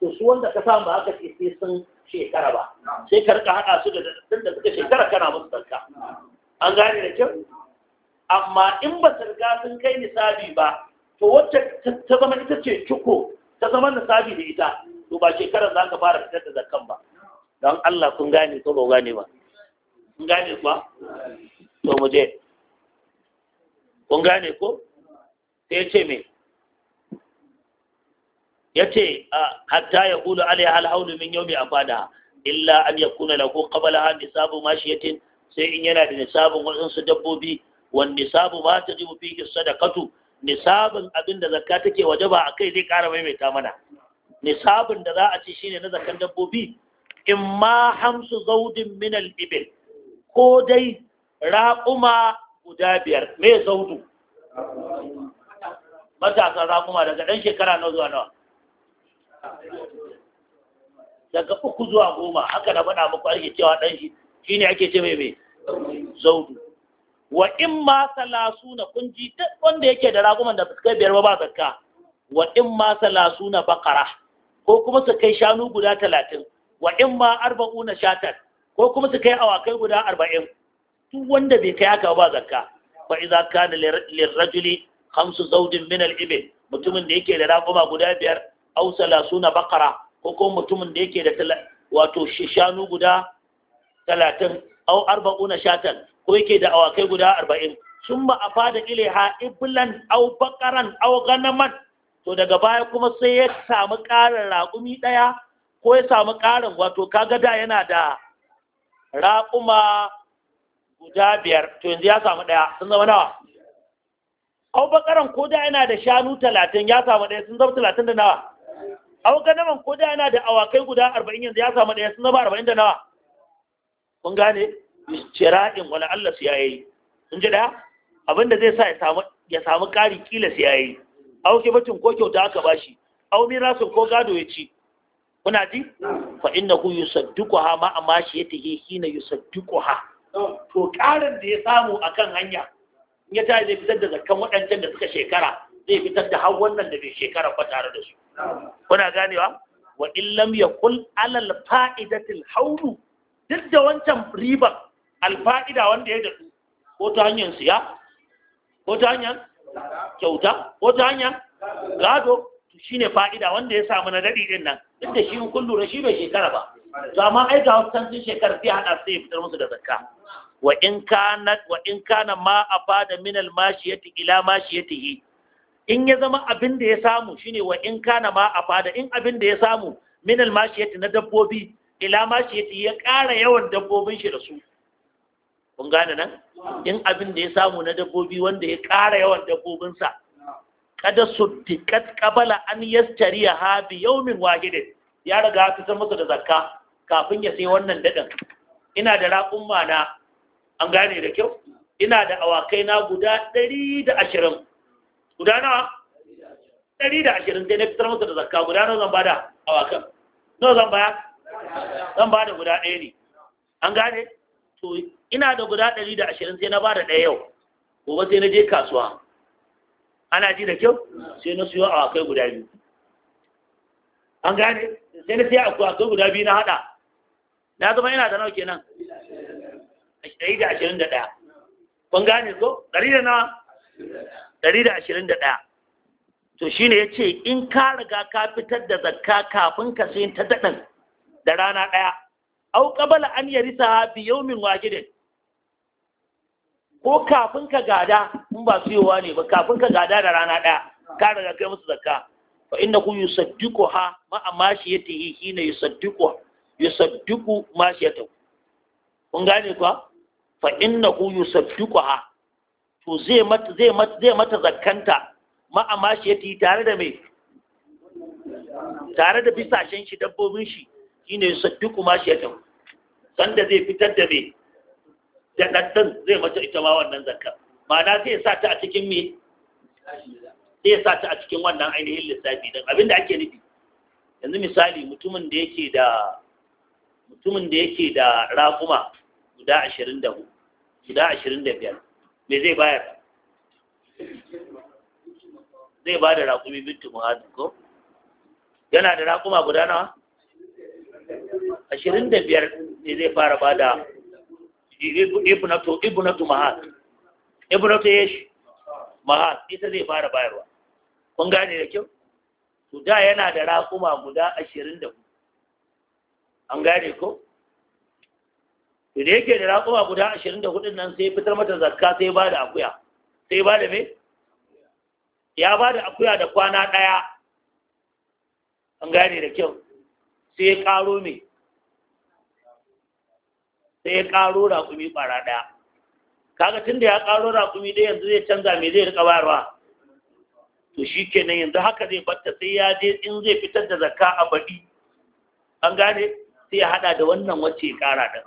to su wanda ka samu aka ce sai sun shekara ba sai ka rika haɗa su da dattin da suka shekara kana musu tsarka an gane da kyau amma in ba sarka sun kai nisabi ba to wacce ta zama ita ce cuko ta zama nisabi da ita to ba shekarar za ka fara fitar da zakan ba don Allah kun gane ko ba gane ba kun gane kuwa to mu je kun gane ko sai ce me ya ce hatta ya kulu alaiha alhaulu min yau mai afada illa an ya kuna lagu kabala ha nisabu mashiyatin sai in yana da nisabun waɗansu dabbobi wani nisabu ma ta jibu fi da katu? nisabun abin da zakka take waje ba a kai zai ƙara maimaita mana nisabun da za a ci shine na zakkan dabbobi in ma hamsu zaudin minal ibil ko dai raƙuma guda biyar me zaudu matasan raƙuma daga ɗan shekara na zuwa nawa daga uku zuwa goma haka na faɗa muku ake cewa ɗan shi shi ne ake ce mai mai zaudu wa in ma salasu na kunji duk wanda yake da raƙuma da fuskai biyar ba ba zakka wa in ma salasu na bakara ko kuma su kai shanu guda talatin wa in ma arba'u na shatar ko kuma su kai awakai guda arba'in duk wanda bai kai haka ba zakka fa idza kana lirrajuli khamsu zawjin min al-ibil mutumin da yake da raƙuma guda biyar aw salasuna baqara ko kuma mutumin da yake da wato shanu guda 30 aw arba'una shatan ko yake da awakai guda 40 summa afada ilaiha iblan aw baqaran aw ganaman to daga baya kuma sai ya samu ƙarin raƙumi ɗaya ko ya samu ƙarin wato kaga da yana da raƙuma guda biyar to yanzu ya samu ɗaya sun zama nawa au bakaran ko da yana da shanu talatin ya samu ɗaya sun zama talatin da nawa au ganaman ko da yana da awakai guda arba'in yanzu ya samu ɗaya sun zama arba'in da nawa kun gane shira'in wani allah su yayi sun ji ɗaya abinda zai sa ya samu ya ƙari kila su yayi au bacin ko kyauta aka bashi au mirasin ko gado ya ci kuna ji fa innahu yusaddiquha ma amma shi yatihi hina yusaddiquha to ƙarin da ya samu a kan hanya in ya ta zai fitar da zakan waɗancan da suka shekara zai fitar da har wannan da bai shekara ba tare da su kuna ganewa wa in ya kun alal fa'idatil hawlu duk da wancan ribar alfa'ida wanda ya dadu ko ta hanyar siya ko ta hanyar kyauta ko ta hanyar gado shi ne fa'ida wanda ya samu na daɗi ɗin nan duk da shi kun lura shi bai shekara ba to amma ai ga wasu tantin shekar sai hada sai fitar musu da zakka wa in kana wa in kana ma afada min al mashiyati ila mashiyatihi in ya zama abin da ya samu shine wa in kana ma afada in abin da ya samu min al mashiyati na dabbobi ila mashiyati ya ƙara yawan dabbobin shi da su kun gane nan in abin da ya samu na dabbobi wanda ya ƙara yawan dabbobinsa kada su tikat kabala an yastariya ha bi yaumin wahidin ya riga ka san musu da zakka kafin ya sai wannan daɗin ina da raƙumma na an gane da kyau ina da awakai na guda ɗari da ashirin guda nawa ɗari da ashirin sai na fitar masa da zakka guda nawa zan bada awakan nawa zan baya zan bada guda ɗaya ne an gane to ina da guda ɗari da ashirin sai na bada ɗaya yau gobe sai na je kasuwa ana ji da kyau sai na siyo awakai guda biyu an gane sai na siya akwai guda biyu na haɗa na zama yana da nawa kenan ɗari da ashirin da ɗaya kun gane ko ɗari da nawa ɗari da ashirin da ɗaya to ne ya ce in ka riga ka fitar da zakka kafin ka sayin ta daɗin da rana ɗaya au ƙabala an yari sa bi min wajidin ko kafin ka gada in ba su yiwuwa ne ba kafin ka gada da rana ɗaya ka riga kai musu zakka fa inna kun yusaddiqu ha ma amma shi yatihi hina yusaddiqu yusaddiqu ma shatahu kun gane kuwa fa innahu yusaddiquha to zai mata zai mata zai mata zakkanta ma amma shi tare da me tare da bisashen shi dabbobin shi shine yusaddiqu ma shatahu sanda zai fitar da me da daddan zai mata ita ma wannan zakka ma'ana zai sa ta a cikin me zai sa ta a cikin wannan ainihin lissafi din abinda ake nufi yanzu misali mutumin da yake da mutumin da yake da raƙuma guda ashirin da guda ashirin da biyar me zai bayar zai ba da raƙumi bintu muhazin ko yana da raƙuma guda nawa ashirin da biyar ne zai fara ba da ibnatu ibnatu mahal ya shi mahal ita zai fara bayarwa kun gane da kyau Guda yana da raƙuma guda ashirin da an gane ko to da yake da raƙuma guda ashirin da hudun nan sai fitar mata zakka sai ba da akuya sai ba da me ya ba da akuya da kwana ɗaya an gane da kyau sai ya ƙaro me sai ya ƙaro raƙumi ɓara ɗaya kaga tun da ya ƙaro raƙumi ɗaya yanzu zai canza me zai riƙa bayarwa to shi kenan yanzu haka zai batta sai ya je in zai fitar da zakka a baɗi an gane sai ya hada da wannan wacce ya kara da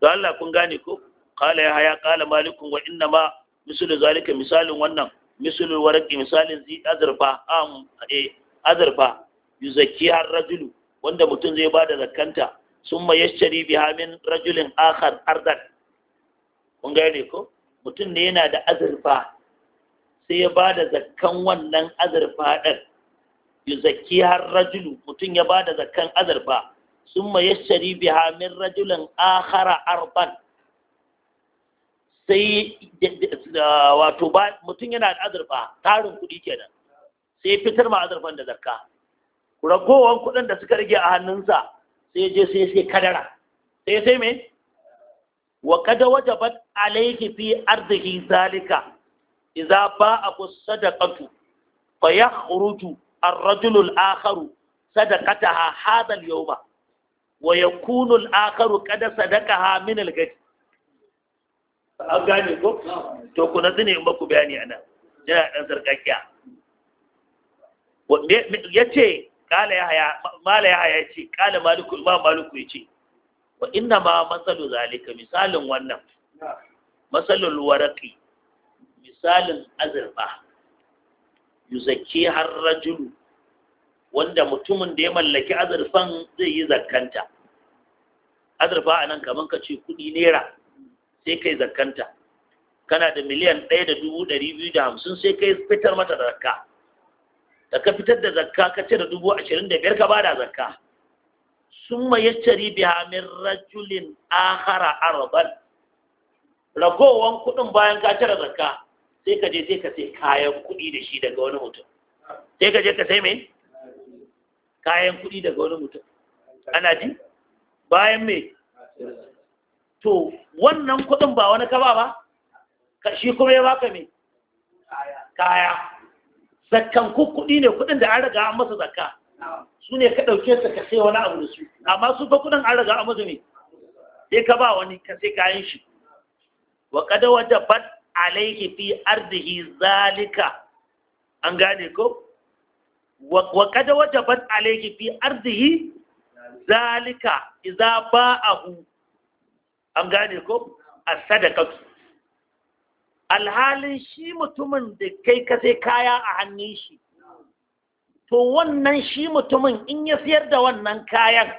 To Allah kun gane ko qala ya haya qala malikun wa inna ma mislu zalika misalin wannan mislu waraki misalin zi azrfa am eh azrfa yuzaki har rajulu wanda mutum zai bada zakanta summa yashari biha min rajulin akhar ardan kun gane ko mutum ne yana da azurfa sai ya ba da zakkan wannan azurfa din yuzaki har rajulu mutum ya ba da zakkan azurfa summa yashtari biha min rajulin akhara arban sai wato ba mutum yana da azurfa tarin kuɗi kenan sai fitar ma azurfan da zakka ragowar kuɗin da suka rage a hannunsa sai je sai sai kadara sai sai me wa kada wajabat alayhi fi ardihi zalika idza ba'a sadaqatu fa yakhruju ar-rajulu al-akharu sadaqataha hadha al-yawma wa yakunu al kada sadaka sadaqaha min al-gadi an gane ko to ku na tsine baku bayani ana yana ɗan sarkakkiya ya ce ƙala ya haya ce kala maliku imam ya ce. wa inna ma masalu zalika misalin wannan masalul waraqi misalin azurfa yuzakki har rajulu wanda mutumin da ya mallaki azurfan zai yi zakkanta azurfa a nan kamar ka ce kuɗi naira sai kai zakkanta kana da miliyan ɗaya da dubu ɗari biyu da hamsin sai kai fitar mata da zakka da ka fitar da zakka ka ce da dubu ashirin da biyar ka ba da zakka sun ma cari biya min rajulin ahara araban ragowar kuɗin bayan ka cire zakka sai ka je sai ka sai kayan kuɗi da shi daga wani mutum sai ka je ka sai mai kayan kuɗi daga wani mutum ana ji bayan mai to wannan kuɗin ba wani kaba ba shi kuma ya baka mai kaya zakkan ku kuɗi ne kuɗin da an riga an masa zakka su ne ka ɗauke su ka sai wani abu da su amma su fa kuɗin an riga an masa ne sai ka ba wani ka sai kayan shi wa kada wata bat alaihi fi ardihi zalika an gane ko وقد kada عليك في fi ذلك zalika باعه ba'ahu an gane الحال شي متمن alhalin shi mutumin da kai ka sai kaya a shi to wannan shi mutumin in ya siyar da wannan kayan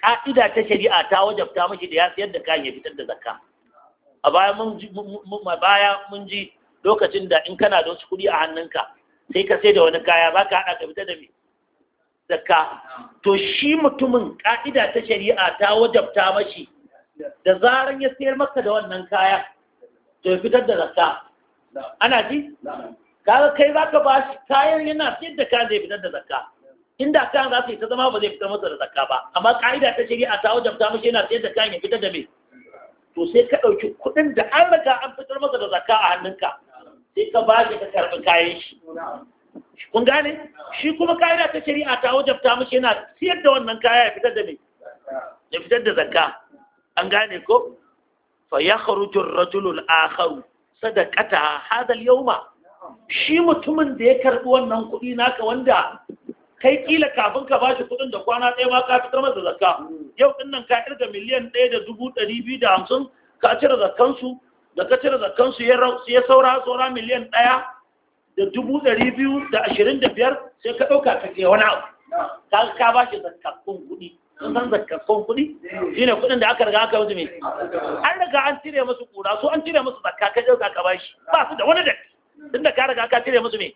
ka'ida ta shari'a ta wajabta mashi da ya siyar da kayan ya fitar da zakka a baya mun ji lokacin da in kana da wasu kuɗi a hannunka sai ka sai da wani kaya ba ka haɗa ka fita da mai zakka to shi mutumin ƙa'ida ta shari'a ta wajabta mashi da zaran ya sayar maka da wannan kaya to ya fitar da zakka ana ji kaga kai za ka ba shi kayan yana sayar da kayan zai fitar da zakka inda kayan za su yi ta zama ba zai fitar masa da zakka ba amma ƙa'ida ta shari'a ta wajabta mashi yana sayar da kayan ya fitar da mai to sai ka ɗauki kuɗin da an riga an fitar masa da zakka a hannunka sai ka ba shi ka karɓi kayan shi kun gane shi kuma kayan ta shari'a ta wajabta mashi yana siyar da wannan kaya ya fitar da mai ya fitar da zakka an gane ko fa ya kharujin rajulul akharu sadaqata hadal al-yawma shi mutumin da ya karɓi wannan kuɗi naka wanda kai kila kafin ka bashi kuɗin da kwana ɗaya ma ka fitar masa zakka yau din nan ka kirga miliyan ɗaya da dubu ɗari biyu da hamsin ka cire zakkansu da kansu cire zakkansu ya saura tsora miliyan ɗaya da dubu ɗari biyu da ashirin da biyar sai ka ɗauka ka ke wani abu ka ka ba shi zakkakkun kuɗi sun san zakkakkun kuɗi shi ne kuɗin da aka riga aka wuce mai an riga an cire musu ƙura su an cire musu zakka ka ɗauka ka ba shi ba su da wani da tun da ka riga ka cire musu mai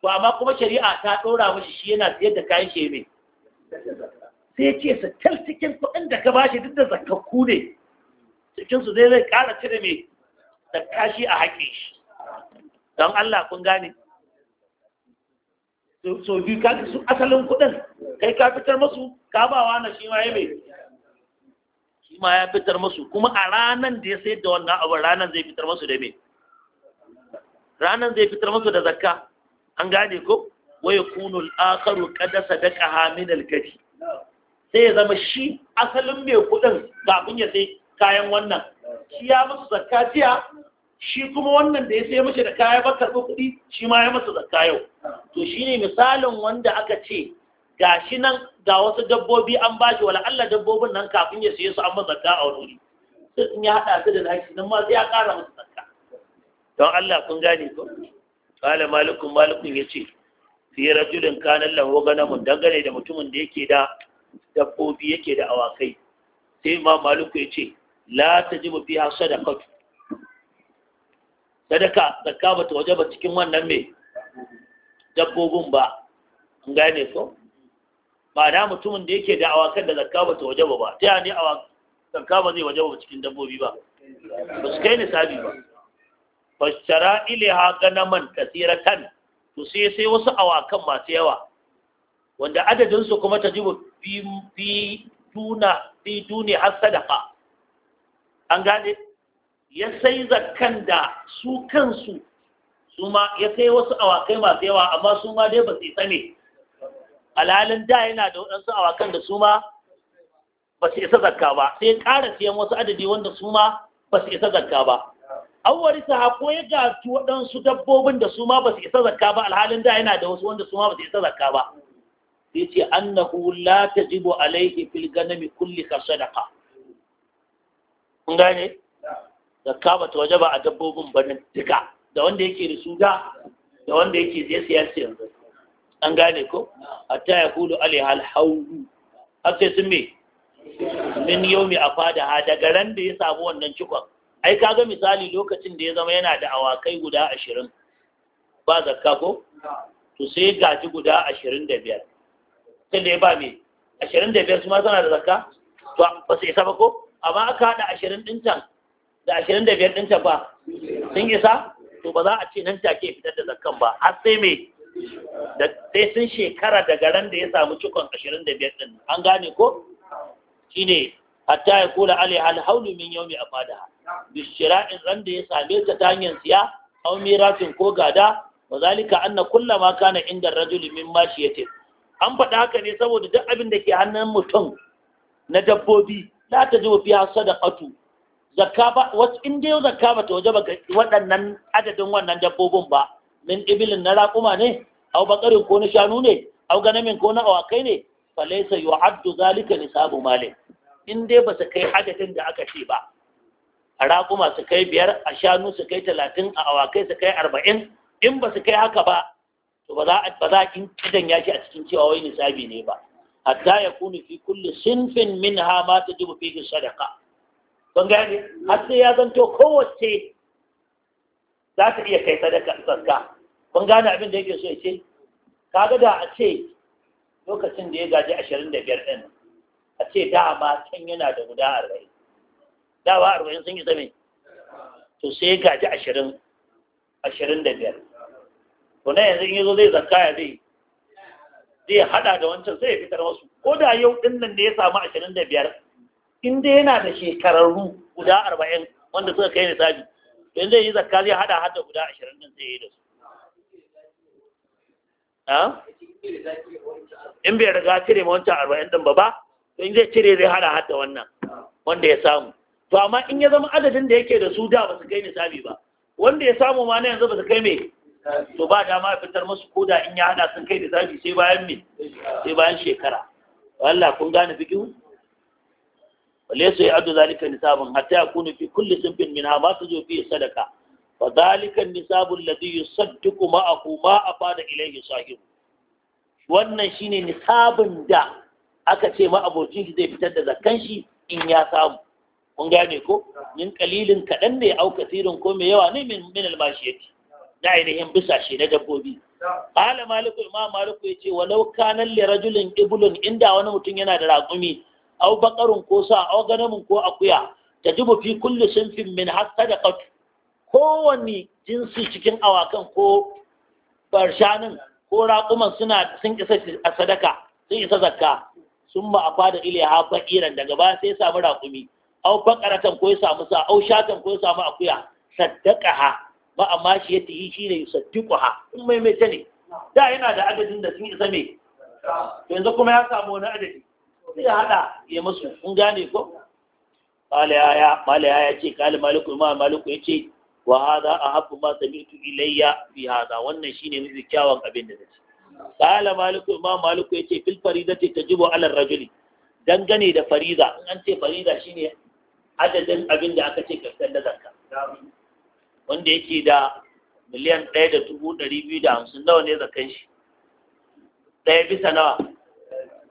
to amma kuma shari'a ta ɗora mashi shi yana siyar da kayan shi mai sai ce su cikin kuɗin da ka ba shi duk da zakkakku ne cikinsu zai zai ƙara cire mai da kashi a haƙe shi don Allah kun gane so biyu ka su asalin kuɗin kai ka fitar masu ka ba wa na shi ma ya mai shi ma ya fitar masu kuma a ranan da ya sayar da wannan abin ranan zai fitar masu da mai ranan zai fitar masu da zakka an gane ko waya kunul akharu qad sadaqaha min al-kadi sai ya zama shi asalin mai kuɗin kafin ya sai kayan wannan shi ya musu zakka jiya shi kuma wannan da ya sai mashi da kaya ba karɓi kuɗi shi ma ya masa zakka yau to shine misalin wanda aka ce ga shi nan ga wasu dabbobi an ba shi wala Allah dabbobin nan kafin ya siye su an masa zakka a wuri sai in ya haɗa su da nashi nan ma sai ya ƙara masa zakka don Allah kun gane ko qala malikun malikun yace fi rajulin kana lahu ganamun dangane da mutumin da yake da dabbobi yake da awakai sai ma maliku yace la tajibu fiha sadaqatu sadaka zakka ba ta waje ba cikin wannan mai dabbobin ba an gane ko ba da mutumin da yake da awakan da zakka ba ta waje ba ta yi ne zakka ba zai waje ba cikin dabbobi ba ba su kai nisabi ba fashara man ganaman kasiratan to sai sai wasu awakan masu yawa wanda adadinsu kuma ta jibu fi duna fi tuni har sadaka an gane ya sai zakkan da su kansu su ma ya kai wasu awakai masu yawa amma su ma dai ba su isa ne alhalin da yana da waɗansu awakan da su ma ba su isa zakka ba sai ƙara siyan wasu adadi wanda su ma ba su isa zakka ba an wari sa ko ya gaci waɗansu dabbobin da su ma ba su isa zakka ba alhalin da yana da wasu wanda su ma ba su isa zakka ba sai ce annahu la tajibu alaihi fil ganami kulli ka sadaqa kun gane zakka ba ta waje ba a dabbobin ba duka da wanda yake da su da wanda yake zai siya yanzu an gane ko ta ya kulu alihal hauru har sai sun me min yau mai afa da ha daga ran da ya samu wannan cikon ai kaga misali lokacin da ya zama yana da awakai guda ashirin ba zakka ko to sai gaji guda ashirin da biyar sai da ya ba me ashirin da biyar su ma suna da zakka to ba su isa ba ko amma aka haɗa ashirin ɗin can da ashirin da biyar ɗinta ba sun isa to ba za a ce nan take fitar da zakan ba har sai mai da sai sun shekara daga ran da ya samu cikon ashirin da biyar ɗin an gane ko ne hatta ya kula ali alhaulu min yaumi afada bishira'in ran da ya same ta ta hanyar siya aw miratin ko gada wa zalika anna ma kana inda rajuli min mashiyatin an faɗa haka ne saboda duk abin da ke hannun mutum na dabbobi la ta ji fiya sadaqatu zakka wasu in dai zakka ba ta waje baka waɗannan adadin wannan dabbobin ba min ibilin na raƙuma ne au bakarin ko na shanu ne au ganamin ko na awakai ne falaisa yu'addu zalika nisabu mali. in dai ba su kai adadin da aka ce ba a raƙuma su kai biyar a shanu su kai talatin a awakai su kai arba'in in ba su kai haka ba to ba za a kidan ya shi a cikin cewa wai nisabi ne ba hatta ya kuni fi kulli sinfin min ha ta jibu fi sadaka ban gane har sai ya zanto kowace za ta iya kai sadaka zakka ban gane abin da yake so ya ce kaga da a ce lokacin da ya gaji ashirin da biyar ɗin a ce dama can yana da guda arba'in ba arba'in sun yi zame to sai ya gaji ashirin ashirin da biyar to na yanzu in yi zo zai zakka ya zai zai haɗa da wancan sai ya fitar wasu ko da yau din nan da ya samu ashirin da biyar in yana da shekararru guda arba'in wanda suka kai nisabi don zai yi zakka zai hada hada guda ashirin ɗin sai ya yi da su in bai riga cire ma wancan arba'in din ba ba in zai cire zai hada hada wannan wanda ya samu to amma in ya zama adadin da yake da su da ba su kai nisabi ba wanda ya samu ma na yanzu ba su kai me to ba dama ya fitar musu koda in ya hada sun kai nisabi sai bayan me sai bayan shekara Allah kun gane bikin? وليس يعد ذلك نسابا حتى يكون في كل صنف منها ما تجب فيه صدقة فذلك النساب الذي يصدق معه ما أفاد إليه صاحبه wannan shine nisabin da aka ce ma abokin zai fitar da zakkan shi in ya samu kun gane ko min kalilin kaɗan ne au kasirin ko mai yawa ne min min almashiyati na ainihin bisa shi na dabbobi qala maliku imam maliku yace walau kana li rajulin iblun inda wani mutum yana da raƙumi aw baqarun ko sa aw ganamun ko akuya tajibu fi kulli sinfin min hasadaqat kowanne jinsi cikin awakan ko barshanin ko raquman suna sun isa a sadaka sun isa zakka sun ma a fada ilaiha ba'iran daga ba sai samu raqumi aw bakaratan ko ya samu sa au shatan ko ya samu akuya saddaka ha ba amma shi ya shi ne yusaddiqu ha in mai mai ne da yana da adadin da sun isa me yanzu kuma ya samu wani adadi sai ya hada ya masu kun gane ko malaya ya ce kali maliku ma maliku ya ce wa a haɓu ma sami'tu ilayya fi hada wannan shine mafi kyawun abin da nace kala maliku ma maliku ya ce fil fariza ce faridati tajibu ala rajuli dangane da fariza in an ce fariza shine adadin abin da aka ce karshen da zarka. wanda yake da miliyan ɗaya da dubu ɗari biyu da hamsin nawa ne zakan shi ɗaya bisa nawa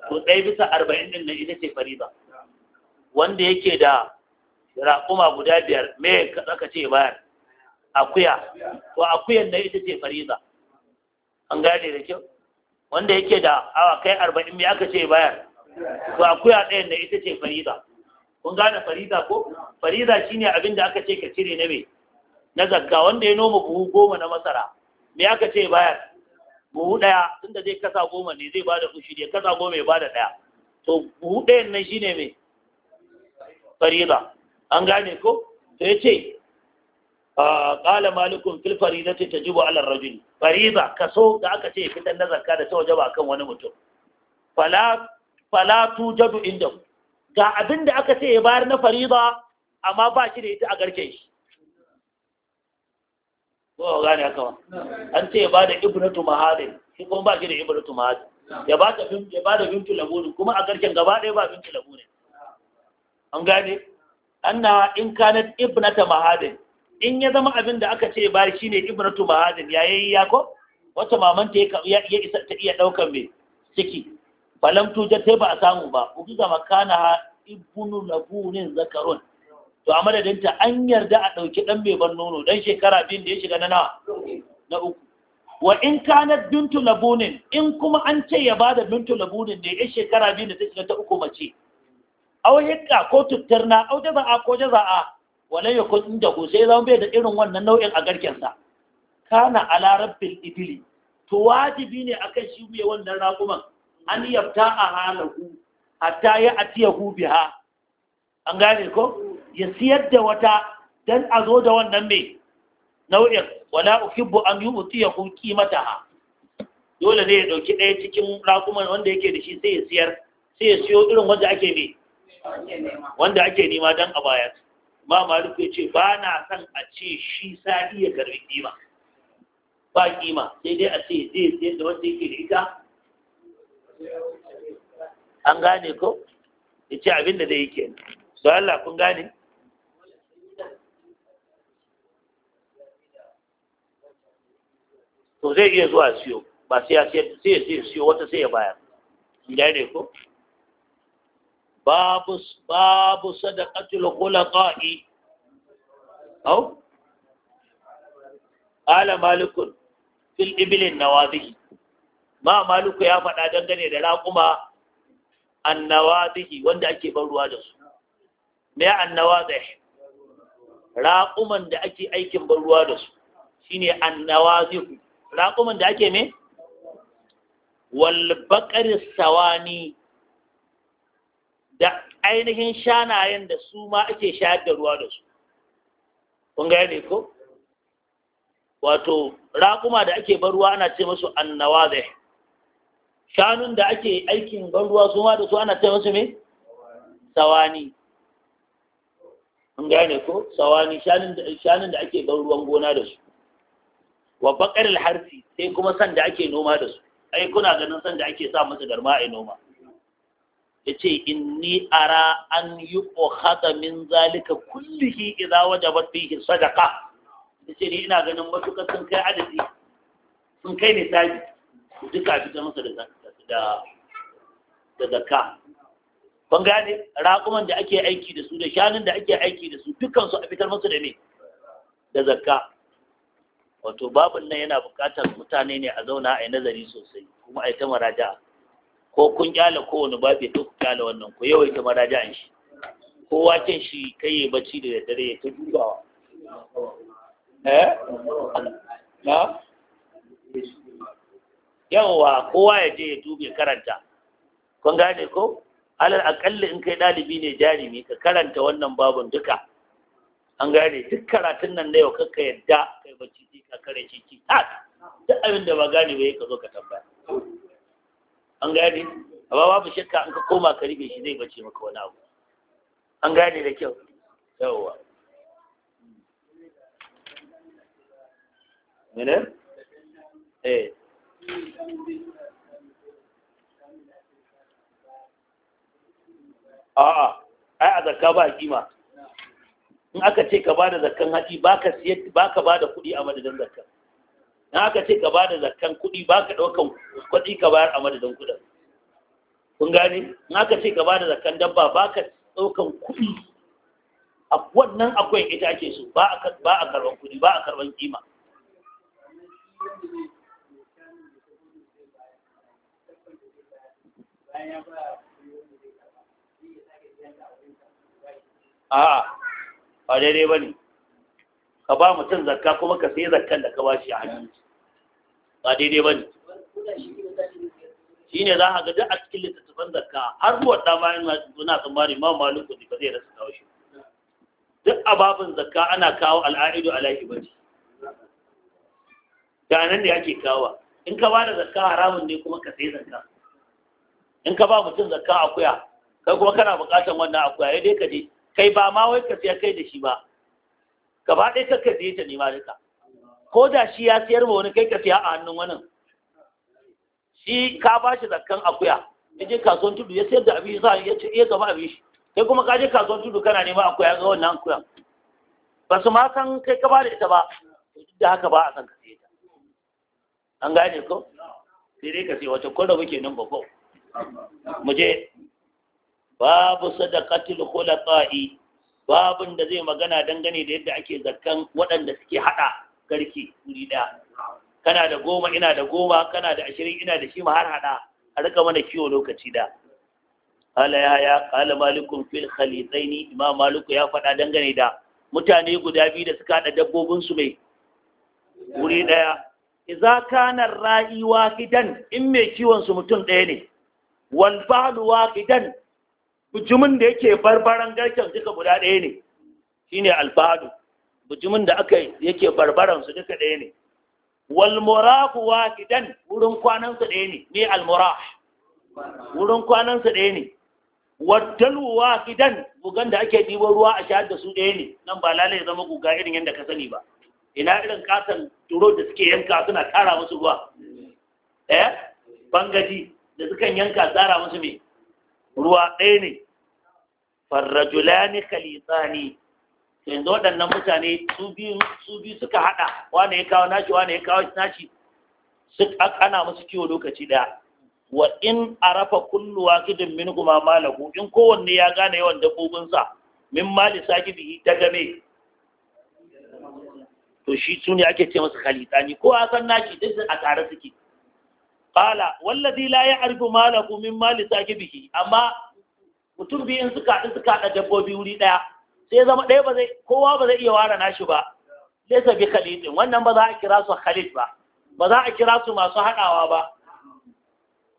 to ɗaya bisa arba'in ɗin nan ita ce fariza wanda yake da raƙuma guda biyar me aka ce bayar akuya to akuyan nan ita ce fariza an gane da kyau wanda yake da awa kai arba'in me aka ce bayar to akuya ɗayan nan ita ce fariza kun gane fariza ko fariza shine abin da aka ce ka cire na me na zakka wanda ya noma buhu goma na masara me aka ce bayar buhu ɗaya tunda zai kasa goma ne zai bada ushiri ya kasa goma ya bada ɗaya to buhu ɗayan nan shine mai fariza an gane ko to ya ce ƙala ah, malikun fil fariza ce ta jibo alar rajuli fariza kaso da aka ce fitar na zakka da ta waje ba kan wani mutum falatu jadu inda ga abin da aka ce ya bayar na fariza amma ba shi da ita a garke. shi kowa gane haka ba an ce ya bada ibnatu mahadin shi kuma ba shi da ibnatu mahadin ya bada ya da bintu labunin kuma a garken gaba ɗaya ba bintu labunin an gane na in kanat ibnata mahadin in ya zama abin da aka ce ba shi ne ibnatu mahadin yayi ya ko wata mamanta ya ya isa ta iya ɗaukar mai? ciki balam tuja sai ba a samu ba ubiza ha ibnu labunin zakarun to a madadin ta, an yarda a ɗauki ɗan mai ban nono dan shekara biyun da ya shiga na na uku wa in kana bintu labunin in kuma an ce ya bada bintu labunin da ya shekara biyu da ta shiga ta uku mace aw hikka ko tutturna aw jaza'a ko jaza'a wala yakun inda ko sai zama bai da irin wannan nau'in a garken sa kana ala rabbil ibli to wajibi ne akan shi ya wannan raƙuman an yabta a halahu hatta ya atiyahu biha an gane ko ya siyar da wata don a zo da wannan mai nau'in wala ukibbu an yu'tiyakum ha? dole ne ya dauki ɗaya cikin rakuman wanda yake da shi sai ya siyar sai ya siyo irin wanda ake ne wanda ake nema dan a bayar ba malik ya ce ba na san a ce shi sa iya karbi kima ba kima sai dai a ce zai siyar da wanda yake da ita an gane ko ya ce abin da zai yi kenan Allah kun gane to zai iya zuwa siyo ba sai ya siyar sai ya siyo siyo wata sai ya bayar in ne ko babu babu sadaqatul khulaqa'i au ala malikun fil ibilin nawazihi ma maliku ya faɗa dangane da raƙuma annawazihi wanda ake ban ruwa da su me annawazihi raƙuman da ake aikin ban ruwa da su shine annawazihu raƙumin da ake me walbaƙar sawani da ainihin shanayen da su ma ake shayar da ruwa da su kun gane ko wato raƙuma da ake bar ruwa ana ce masu annawa zai shanun da ake aikin ban ruwa su ma da su ana ce masu me sawani kun gane ko sawani shanun da ake ban ruwan gona da su wa baƙar harsi sai kuma san da ake noma da su ai kuna ganin san da ake sa musu garma a noma ya ce inni ara an yi ƙohata min zalika kullihi idza wajabat fihi sadaqa ya ce ni ina ganin matukar sun kai adadi sun kai ne taji duka a fita masa da da zakka kun gane raƙuman da ake aiki da su da shanun da ake aiki da su dukansu a fitar masa da ne da zakka wato babin nan yana buƙatar mutane ne a zauna a yi nazari sosai kuma a yi ta maraja ko kun kyala kowane babi to ku kyala wannan ku yawaita maraja'an shi kowa kin shi kai ya bacci da daddare ya ta dubawa eh na yawa kowa ya je ya dube karanta kun gane ko alal akalli in kai ɗalibi ne jarimi ka karanta wannan babin duka an gane duk karatun nan da yau kakka yadda kai ba ciki ka kare ciki ki tak duk abin da ba gane ba ka zo ka tambaya an gane amma babu shakka an ka koma ka rike shi zai bace maka wani abu an gane da kyau yawwa mene eh a'a ai a zarka ba kima in aka ce ka bada zakkan hatsi baka siyar baka bada kuɗi a madadin zakkan in aka ce ka bada zakkan kuɗi baka ɗaukan kuɗi ka bayar a madadin kuɗin kun gane in aka ce ka bada zakkan dabba baka ɗaukan kuɗi a wannan akwai ita ake so ba a ba a karban kuɗi ba a karban kima a'a ba daidai ba ne ka ba mutum zakka kuma ka sai zakkan da ka ba shi a hannun ba daidai ba ne shi ne za a ga a cikin littattafan zakka har zuwa ta bayan na tsammani ma malu kudi ba zai rasa kawo shi duk a babin zakka ana kawo al'a'idu ala hibaji da nan da ake kawo in ka ba da zakka haramun ne kuma ka sai zakka in ka ba mutum zakka akuya kai kuma kana buƙatar wannan akuya ya dai ka je kai ba ma wai ka siya kai da shi ba gaba ɗaya ka siye ta da ka. ko da shi ya siyar ma wani kai ka siya a hannun wani shi ka ba shi zakkan akuya ya je kasuwan tudu ya sayar da abin sa ya ce iya gaba abin shi kai kuma ka je kasuwan tudu kana nema akuya ga wannan akuya ba su ma san kai ka ba da ita ba duk da haka ba a san ka siye ta an gane ko sai dai ka siya wacce ko da muke nan ba ko mu je babu sadaqatul khulafa'i babun da zai magana dangane da yadda ake zakkan waɗanda suke hada garki guri da kana da goma ina da goma kana da ashirin ina da shi ma har hada a rika mana kiwo lokaci da qala ya ya qala malikum fil khalitaini imam malik ya faɗa dangane da mutane guda biyu da suka hada dabbobin su mai guri daya idza kana ra'i wahidan in mai kiwon su mutum ɗaya ne wal fa'lu wahidan bujumin da yake barbaran garken duka guda ɗaya ne shine alfadu bujumin da aka yake barbaran su duka ɗaya ne Walmora kuwa idan wurin kwanan su ɗaya ne me almora? wurin kwanan su ɗaya ne waddalu idan bugan da ake dibo ruwa a shahar da su ɗaya ne nan ba lalai zama guga irin yadda ka sani ba ina irin katon turo da suke yanka suna tara musu ruwa eh bangaji da sukan yanka tsara musu mai ruwa ɗaya ne farrajulani khalisani to yanzu waɗannan mutane su biyu suka haɗa wane ya kawo nashi wane ya kawo nashi su ana musu kiwo lokaci ɗaya wa in a rafa kulluwa kullu min kuma malaku in kowanne ya gane yawan dabbobin sa min mali sakibi ta game to shi sune ake ce masa ne ko a san nashi duk a tare suke qala wallazi la ya'rifu malahu min mali biki. amma mutum biyu suka haɗu suka haɗa dabbobi wuri ɗaya sai zama ɗaya ba zai kowa ba zai iya ware nashi ba sai sabi khalidin wannan ba za a kira su khalid ba ba za a kira su masu haɗawa ba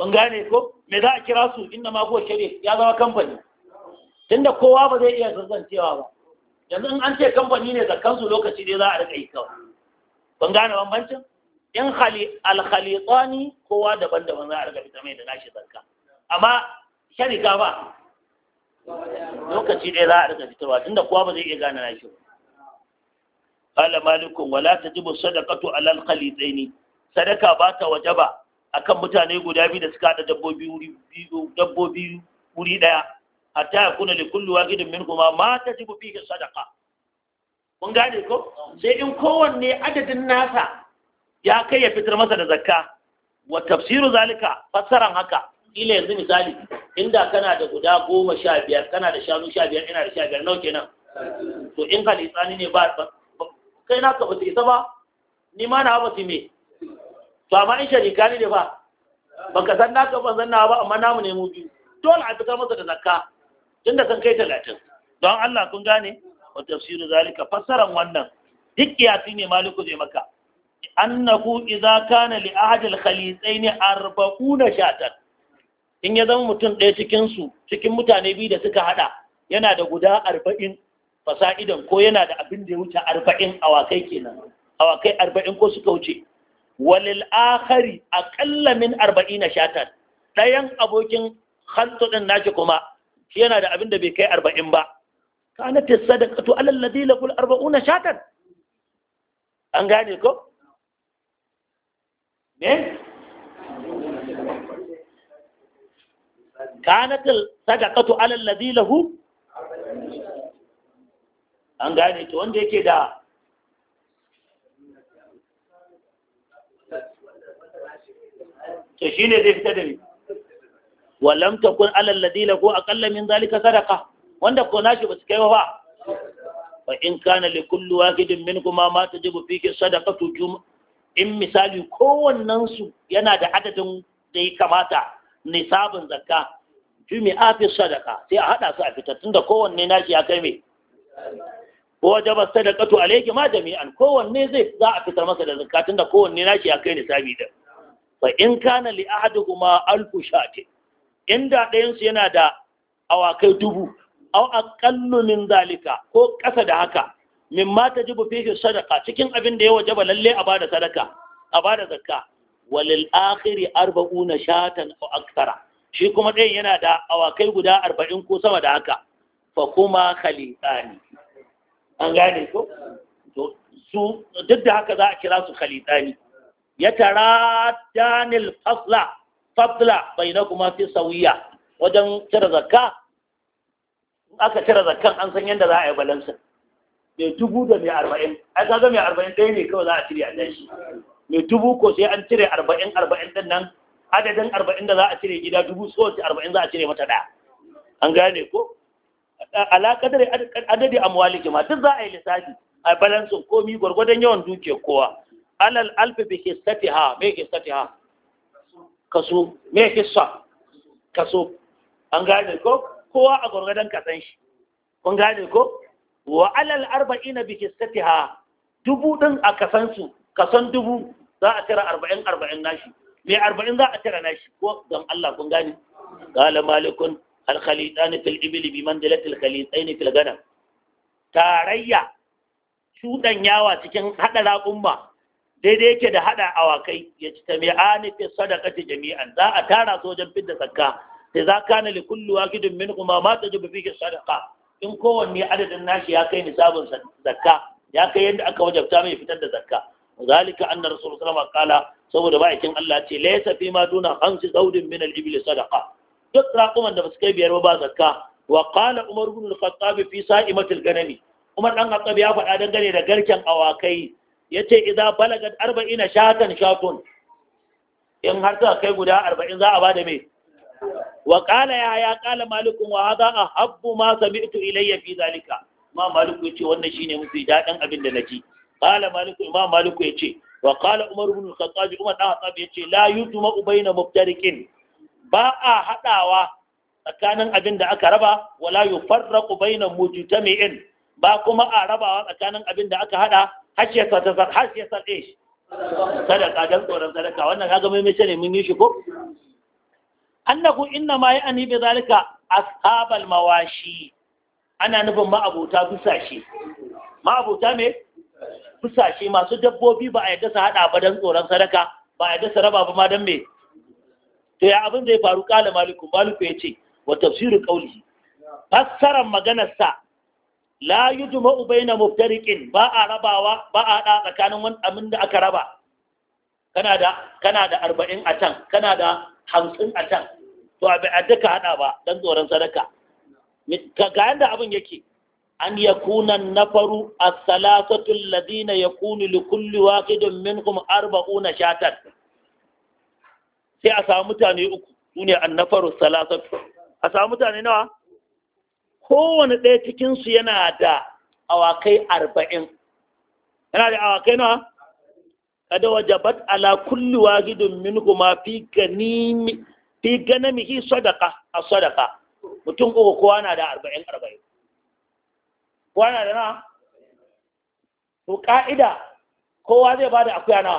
Ban gane ko me za a kira su inda ma kuwa shari ya zama kamfani tunda kowa ba zai iya zazzancewa ba yanzu in an ce kamfani ne zakkansu lokaci dai za a riƙa yi kawai Ban gane bambancin in alkhalitani kowa daban-daban za a riga fita mai da nashi zarka amma sharika ba lokaci ɗaya za a riga fitarwa tunda kowa ba zai iya gane nashi ba qala malikun wala tajibu sadaqatu ala alkhalitaini sadaka ba ta wajaba akan mutane guda biyu da suka haɗa dabbobi wuri biyu dabbobi wuri daya hatta kuna li kullu waqidin minhum ma tajibu fihi sadaqa kun gane ko sai in kowanne adadin nasa ya kai ya fitar masa da zakka wa tafsiru zalika fasaran haka ila yanzu misali inda kana da guda goma sha biyar kana da shanu sha biyar ina da sha biyar nau kenan to in litsani ne ba kai na ka bata isa ba ni ma na bata me to amma in sharika ne ba baka san naka ban san ba amma namu ne mu biyu dole a fitar masa da zakka tunda kan kai talatin don Allah kun gane wa tafsiru zalika fassaran wannan duk kiyasi ne maliku zai maka annahu idza kana li ahad al khalisaini 40 shatan in ya zama mutum ɗaya cikin su cikin mutane biyu da suka hada yana da guda 40 fasa'idan ko yana da abin da ya wuce 40 awakai kenan awakai 40 ko suka wuce walil akhari aqalla min 40 shatan ɗayan abokin khaltu din nashi kuma yana da abin da bai kai 40 ba kanat sadaqatu alal 40 shatan an gane ko ne kanatul sadaqatu ala allazi lahu an gane to wanda yake da to shine zai fita da ni walam takun ala allazi lahu aqalla min zalika sadaqa wanda ko nashi ba su kai ba fa in kana li kulli wahidin minkum ma tajibu fihi sadaqatu in misali kowannensu yana da adadin da ya kamata nisabin zakka fi mai afi sadaka sai a haɗa su a fitar tun da kowanne nashi ya kai mai wajen ba sadaka to alaiki ma jami'an kowanne zai za a fitar masa da zakka tun da kowanne nashi ya kai nisabi da fa in kana li ahaduhuma alfu shati inda ɗayansu yana da awakai dubu aw aqallu min zalika ko ƙasa da haka mimma jibu fihi sadaqa cikin abin da ya wajaba lalle a bada sadaka a bada zakka walil akhiri arba'una shatan aw akthara shi kuma ɗayan yana da awakai guda arba'in ko sama da haka fa kuma khalitani an gane ko to su duk da haka za a kira su khalitani ya tara danil fasla fadla bainakuma fi sawiya wajen cire zakka aka cire zakkan an san yadda za a yi balansin mai dubu da mai arba'in ai kaga mai arba'in ɗaya ne kawai za a cire a tashi mai dubu ko sai an cire arba'in arba'in ɗin nan adadin arba'in da za a cire gida dubu tsohonci arba'in za a cire mata ɗaya an gane ko alaƙadar adadi amwaliki ma duk za a yi lissafi a balansin komi gwargwadon yawan duke kowa alal alfi bi hissati ha me hissati ha kaso me hissa kaso an gane ko kowa a gwargwadon kasan shi kun gane ko wa alal arba'ina bi hissatiha dubu din a kasan su kasan dubu za a tara arba'in arba'in nashi mai arba'in za a tara nashi ko don Allah kun gane qala malikun al khalidani fil ibli bi manzilati al khalitaini fil Gana. tarayya shudan yawa cikin hada raƙumma daidai yake da hada awakai ya ci ta mai anifi sadaqati jami'an za a tara su wajen fidda zakka sai za kana li kullu wahidin minhum ma ta jibu fihi sadaqa in kowanne adadin nashi ya kai nisabin zakka ya kai yadda aka wajabta mai fitar da zakka zalika anna rasul sallallahu alaihi saboda ba'ikin Allah ce laysa fi ma duna khamsi zawdin min al sadaka. sadaqa duk raquman da basu kai biyar ba zakka wa qala umar ibn al-khattab fi al umar dan khattab ya faɗa dangane da garken awakai yace idza balagat arba'ina shatan shatun in har ta kai guda arba'in za a bada mai? wa qala ya ya qala malikun wa hadha ahabbu ma sami'tu ilayya fi zalika ma maliku yace wannan shine mafi daɗin abin da naji qala maliku imam maliku ce wa qala umar ibn al-khattab umar dan khattab yace la yutma na mubtariqin ba a haɗawa tsakanin abin da aka raba wala yufarraqu baina mujtami'in ba kuma a rabawa tsakanin abin da aka haɗa hasiyasa ta sadaka dan tsoron sadaka wannan kaga mai mace ne mun yi shi ko annahu inna ma ya ani bi zalika ashabal mawashi ana nufin ma'abota busashe ma'abota me busashe masu dabbobi ba a yadda su hada ba dan tsoron sadaka ba a yadda su raba ba ma dan me to ya abin zai faru kala maliku maliku ya ce wa tafsiru qawlihi fassarar maganarsa la yi juma'u bai muftarikin ba a rabawa ba a haɗa tsakanin wani abin da aka raba kana da arba'in a can kana da hamsin a can to a bai ka haɗa ba don tsoron sadaka ga yadda abin yake an ya kuna faru a salasatun ladina ya kuni likulli kuma arba'u arba'una shatan sai a samu mutane uku su ne an faru salasatu a samu mutane nawa kowane ɗaya cikinsu yana da awakai arba'in yana da awakai nawa kada wajabat ala kulli wahidin ma fi ganimi fi ganamihi sadaqa a sadaqa mutum uku kowa na da arba'in arba'in kowa na da na to ka'ida kowa zai bada akuya na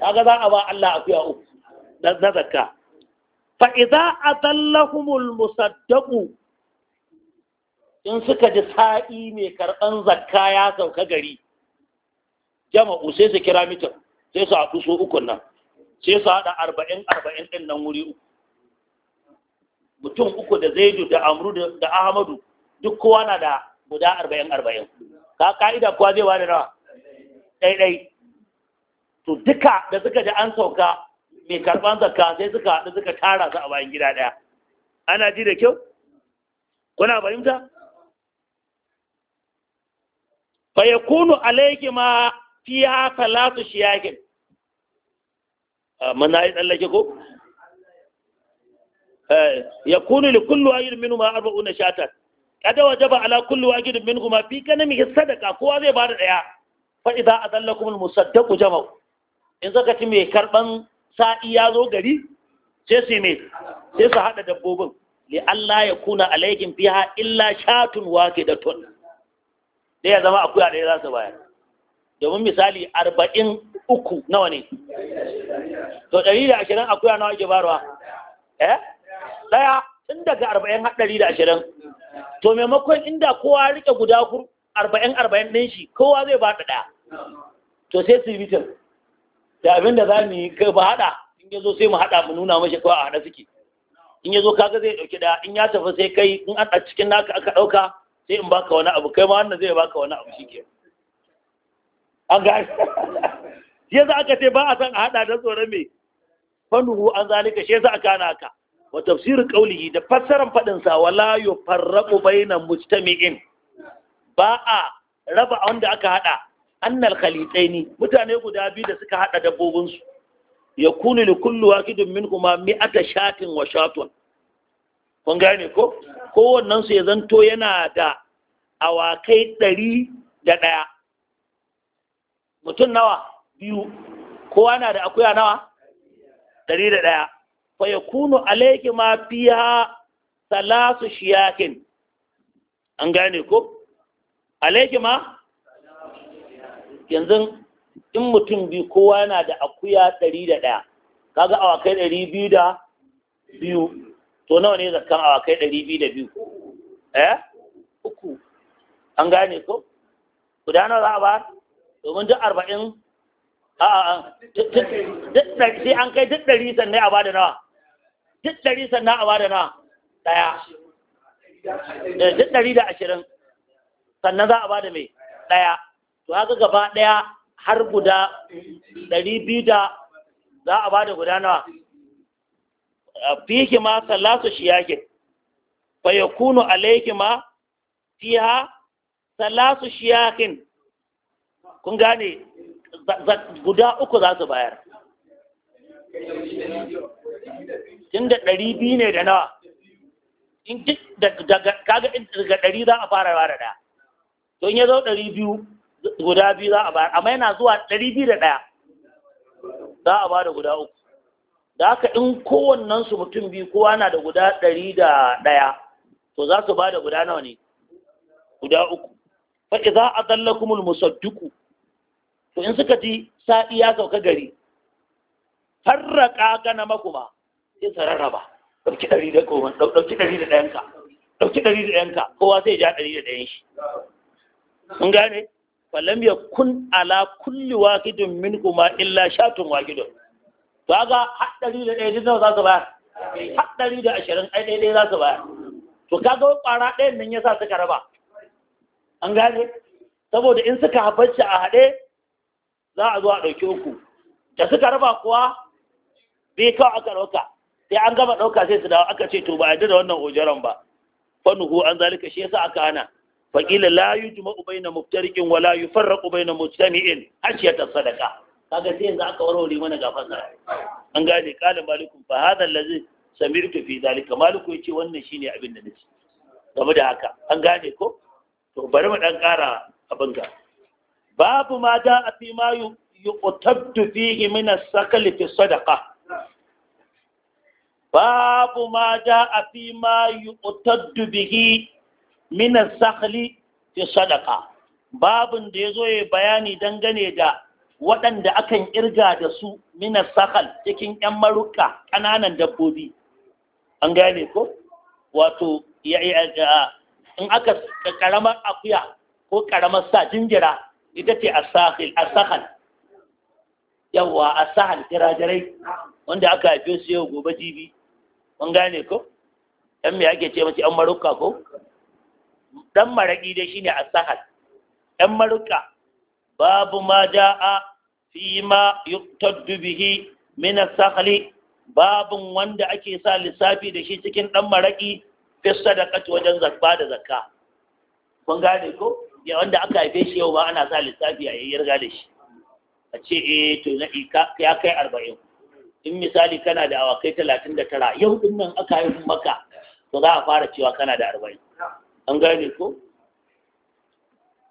kaga za a ba Allah akuya uku da na zakka fa idza adallahumul musaddaqu in suka ji sa'i mai karɓan zakka ya sauka gari jama'u sai su kira mitin sai su haɗu so ukun nan sai su haɗa arba'in arba'in ɗin nan wuri uku mutum uku da zaidu da amru da ahmadu duk kowa na da guda arba'in arba'in ka ka'ida kowa zai wani nawa ɗaiɗai to duka da suka ji an sauka mai karɓan zakka sai suka haɗu suka tara su a bayan gida ɗaya ana ji da kyau kuna fahimta fa yakunu alayki ma fiha Salatu shiyakin Ah, mana yi tsallake ko eh, ya kunu li kullu ma minhum arba'una shata kada wajaba ala kullu wahidin minhum fi kanamihi sadaka kowa zai bada daya fa idza adallakum al musaddaqu jama'u in zaka ci mai karban sa'i ya zo gari sai su mai sai su hada dabbobin li Allah ya kuna alaikin fiha illa shatun waqidatun da ya zama akuya da ya za su bayar domin misali arba'in uku nawa ne to ɗari da ashirin akuya nawa ake barwa eh ɗaya tun daga arba'in haɗari da ashirin to maimakon inda kowa rike guda arba'in arba'in ɗin shi kowa zai ba ɗaya to sai su yi da abin da za mu yi kai ba haɗa in ya zo sai mu haɗa mu nuna mashi kawai a haɗa suke in ya zo kaga zai ɗauki ɗaya in ya tafi sai kai in a cikin naka aka ɗauka sai in baka wani abu kai ma wannan zai baka wani abu shi kenan an ga <laughs> shi za aka ce ba a san a haɗa da tsoron mai. fanuhu an zalika shi za a kana haka wa tafsirin qawlihi da fassaran fadin sa wala yufarraqu baina mujtami'in ba a raba wanda aka haɗa. annal khalitaini mutane guda biyu da suka hada dabbobin su yakunu li min kuma minhuma mi'ata shatin wa shatun kun gane ko Kowannensu ya zanto yana da awakai ɗari da ɗaya mutum nawa biyu kowa na da akuya nawa ɗari da ɗaya fa ya kunu alaiki ma fiya salasu shiyakin an gane ko alaiki ma yanzu in mutum biyu kowa na da akuya ɗari da ɗaya kaga awakai ɗari biyu da biyu to nawa ne zakkan awakai ɗari biyu da biyu eh uku an gane ko guda nawa za a ba domin duk arba'in a a sai an kai duk ɗari sannan a bada nawa duk ɗari sannan a bada nawa ɗaya eh, duk ɗari da ashirin sannan za a bada mai ɗaya to haka gaba ɗaya har guda ɗari biyu da za a bada guda nawa fihi ma salasu shiyakin fa yakunu alaikima ma fiha salasu shiyakin kun gane guda uku za su bayar da ɗari biyu ne da nawa in kaga daga ɗari za a fara bayar da ɗaya to in ya zo ɗari biyu guda biyu za a bayar amma yana zuwa ɗari biyu da ɗaya za a ba da guda uku da haka in kowannensu mutum biyu kowa na da guda ɗari da ɗaya to za su ba da guda nawa ne guda uku fa a tsallakumul musadduku to in suka ji sa'i ya sauka gari farraka gana makuma ya su rarraba ɗauki ɗari da goma ɗauki ɗari da ɗayanka da ɗayanka kowa sai ja ɗari da ɗayan shi Sun gane falam ya kun ala kulli min kuma illa shatun wakidun, Ba ga haɗari da ɗaya nawa za su bayar haɗari da ashirin ai ɗaya za su bayar to kaga ƙwara ɗayan nan ya sa suka raba an gane saboda in suka habarci a haɗe za a zo a ɗauki uku da suka raba kuwa bai kawai aka ɗauka sai an gama ɗauka sai su dawo aka ce to ba a da wannan ojaran ba fanuhu an zalika shi yasa aka hana faƙila la ubai baina muftarikin wa la ubai na mujtami'in hashiyata sadaka kaga sai yanzu aka warware mana ga fasa an gane qala malikum fa hadha allazi sami'tu fi zalika maliku ce wannan ne abin da nace game da haka an gane ko to bari mu ɗan ƙara abin ga babu ma da a fi ma yuqtabtu fihi min as-sakal fi sadaka, babu ma da a fi ma yuqtabtu bihi min as-sakal fi sadaqa babun da yazo ya bayani dangane da waɗanda akan irga da su minas sakal cikin 'yan maruka ƙananan dabbobi an gane ko wato ya yi in aka ƙaramar akuya ko ƙaramar sa jingira ita ce asahil asahal yawa asahal tirajirai wanda aka haife su yau gobe jibi wani gane ko ɗan mai ake ce mace ɗan marukka ko ɗan maraƙi dai shine asahal ɗan marukka babu ma a fi ma yuqtaddu bihi min asahali babun wanda ake sa lissafi da shi cikin ɗan maraƙi fi sadaqati wajen zakka da zakka kun gane ko ya wanda aka haife shi yau ba ana sa lissafi a yayyar gane shi a ce e to na ika ya kai arba'in in misali kana da awakai talatin da tara yau din nan aka haifin maka to za a fara cewa kana da arba'in an gane ko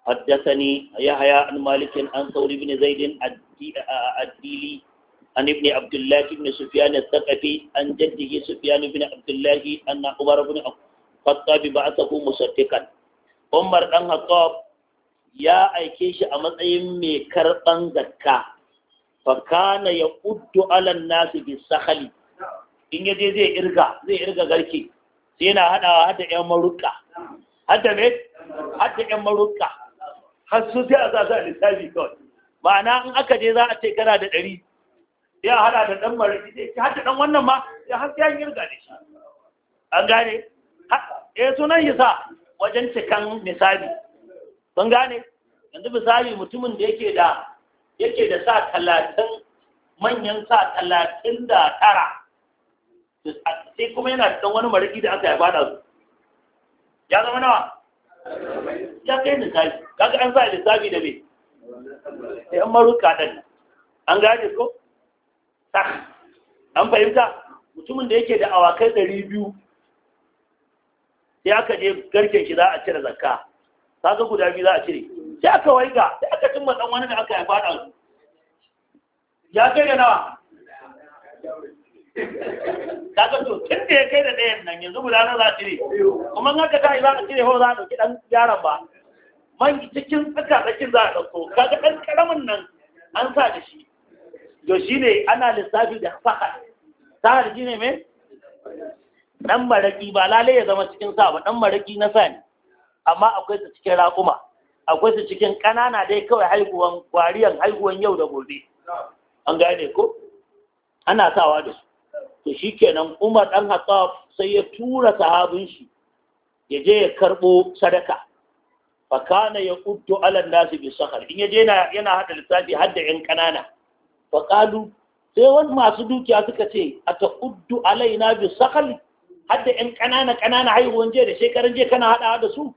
haddasani ya haya an malikin an sauri bin zaidin addili an ibn abdullahi ibn Sufiyani al-thaqafi an jaddihi sufyan ibn abdullahi anna umar ibn khattab ba'athahu musaddiqan Umar ɗan Hattab ya aike shi a matsayin mai karɓan zakka fakana ya uddu alan nasu bi sahali in ya je zai irga zai irga garke sai yana haɗawa hada ƴan maruka hada me hada ƴan maruka har su sai a zasa lissafi kawai ma'ana in aka je za a ce kana da ɗari sai a haɗa da ɗan maruki sai ki hada ɗan wannan ma ya har sai an irga da shi an gane eh sunan yasa wajen cikan misali ban gane yanzu misali mutumin da yake da yake da sa talatin manyan sa talatin da tara sai kuma yana cikin wani mariki da aka yaba da su ya zama nawa ya kai lissafi kaga an sa lissafi da me sai an maruka ɗan an gane ko an fahimta mutumin da yake da awakai ɗari biyu ya kaɗe je garken shi za a cire zakka kaga guda biyu za a cire sai aka waiga sai aka cimma dan wani da aka haifa da su ya kai da nawa kaga to tun da ya kai da ɗayan nan yanzu guda na za a cire kuma in aka tashi za a cire ko za a ɗauki ɗan yaron ba man cikin tsaka tsakin za a ɗauko kaga ɗan ƙaramin nan an sa da shi to shi ne ana lissafi da sahar sahar shi ne mai ɗan maraƙi ba lalai ya zama cikin sa ba ɗan maraƙi na sa ne amma akwai su cikin raƙuma akwai su cikin ƙanana dai kawai haihuwan kwariyan haihuwan yau da gobe an gane ko ana sawa da su to kenan Umar ɗan Hattab sai ya tura sahabin shi ya je ya karbo sadaka fa kana ya ƙuddo Alan nasu bi sahar in ya je yana haɗa hada lissafi har da yan ƙanana fa sai wani masu dukiya suka ce a ta uddu alaina bi sahar har da yan ƙanana ƙanana haihuwan je da shekaran je kana hada da su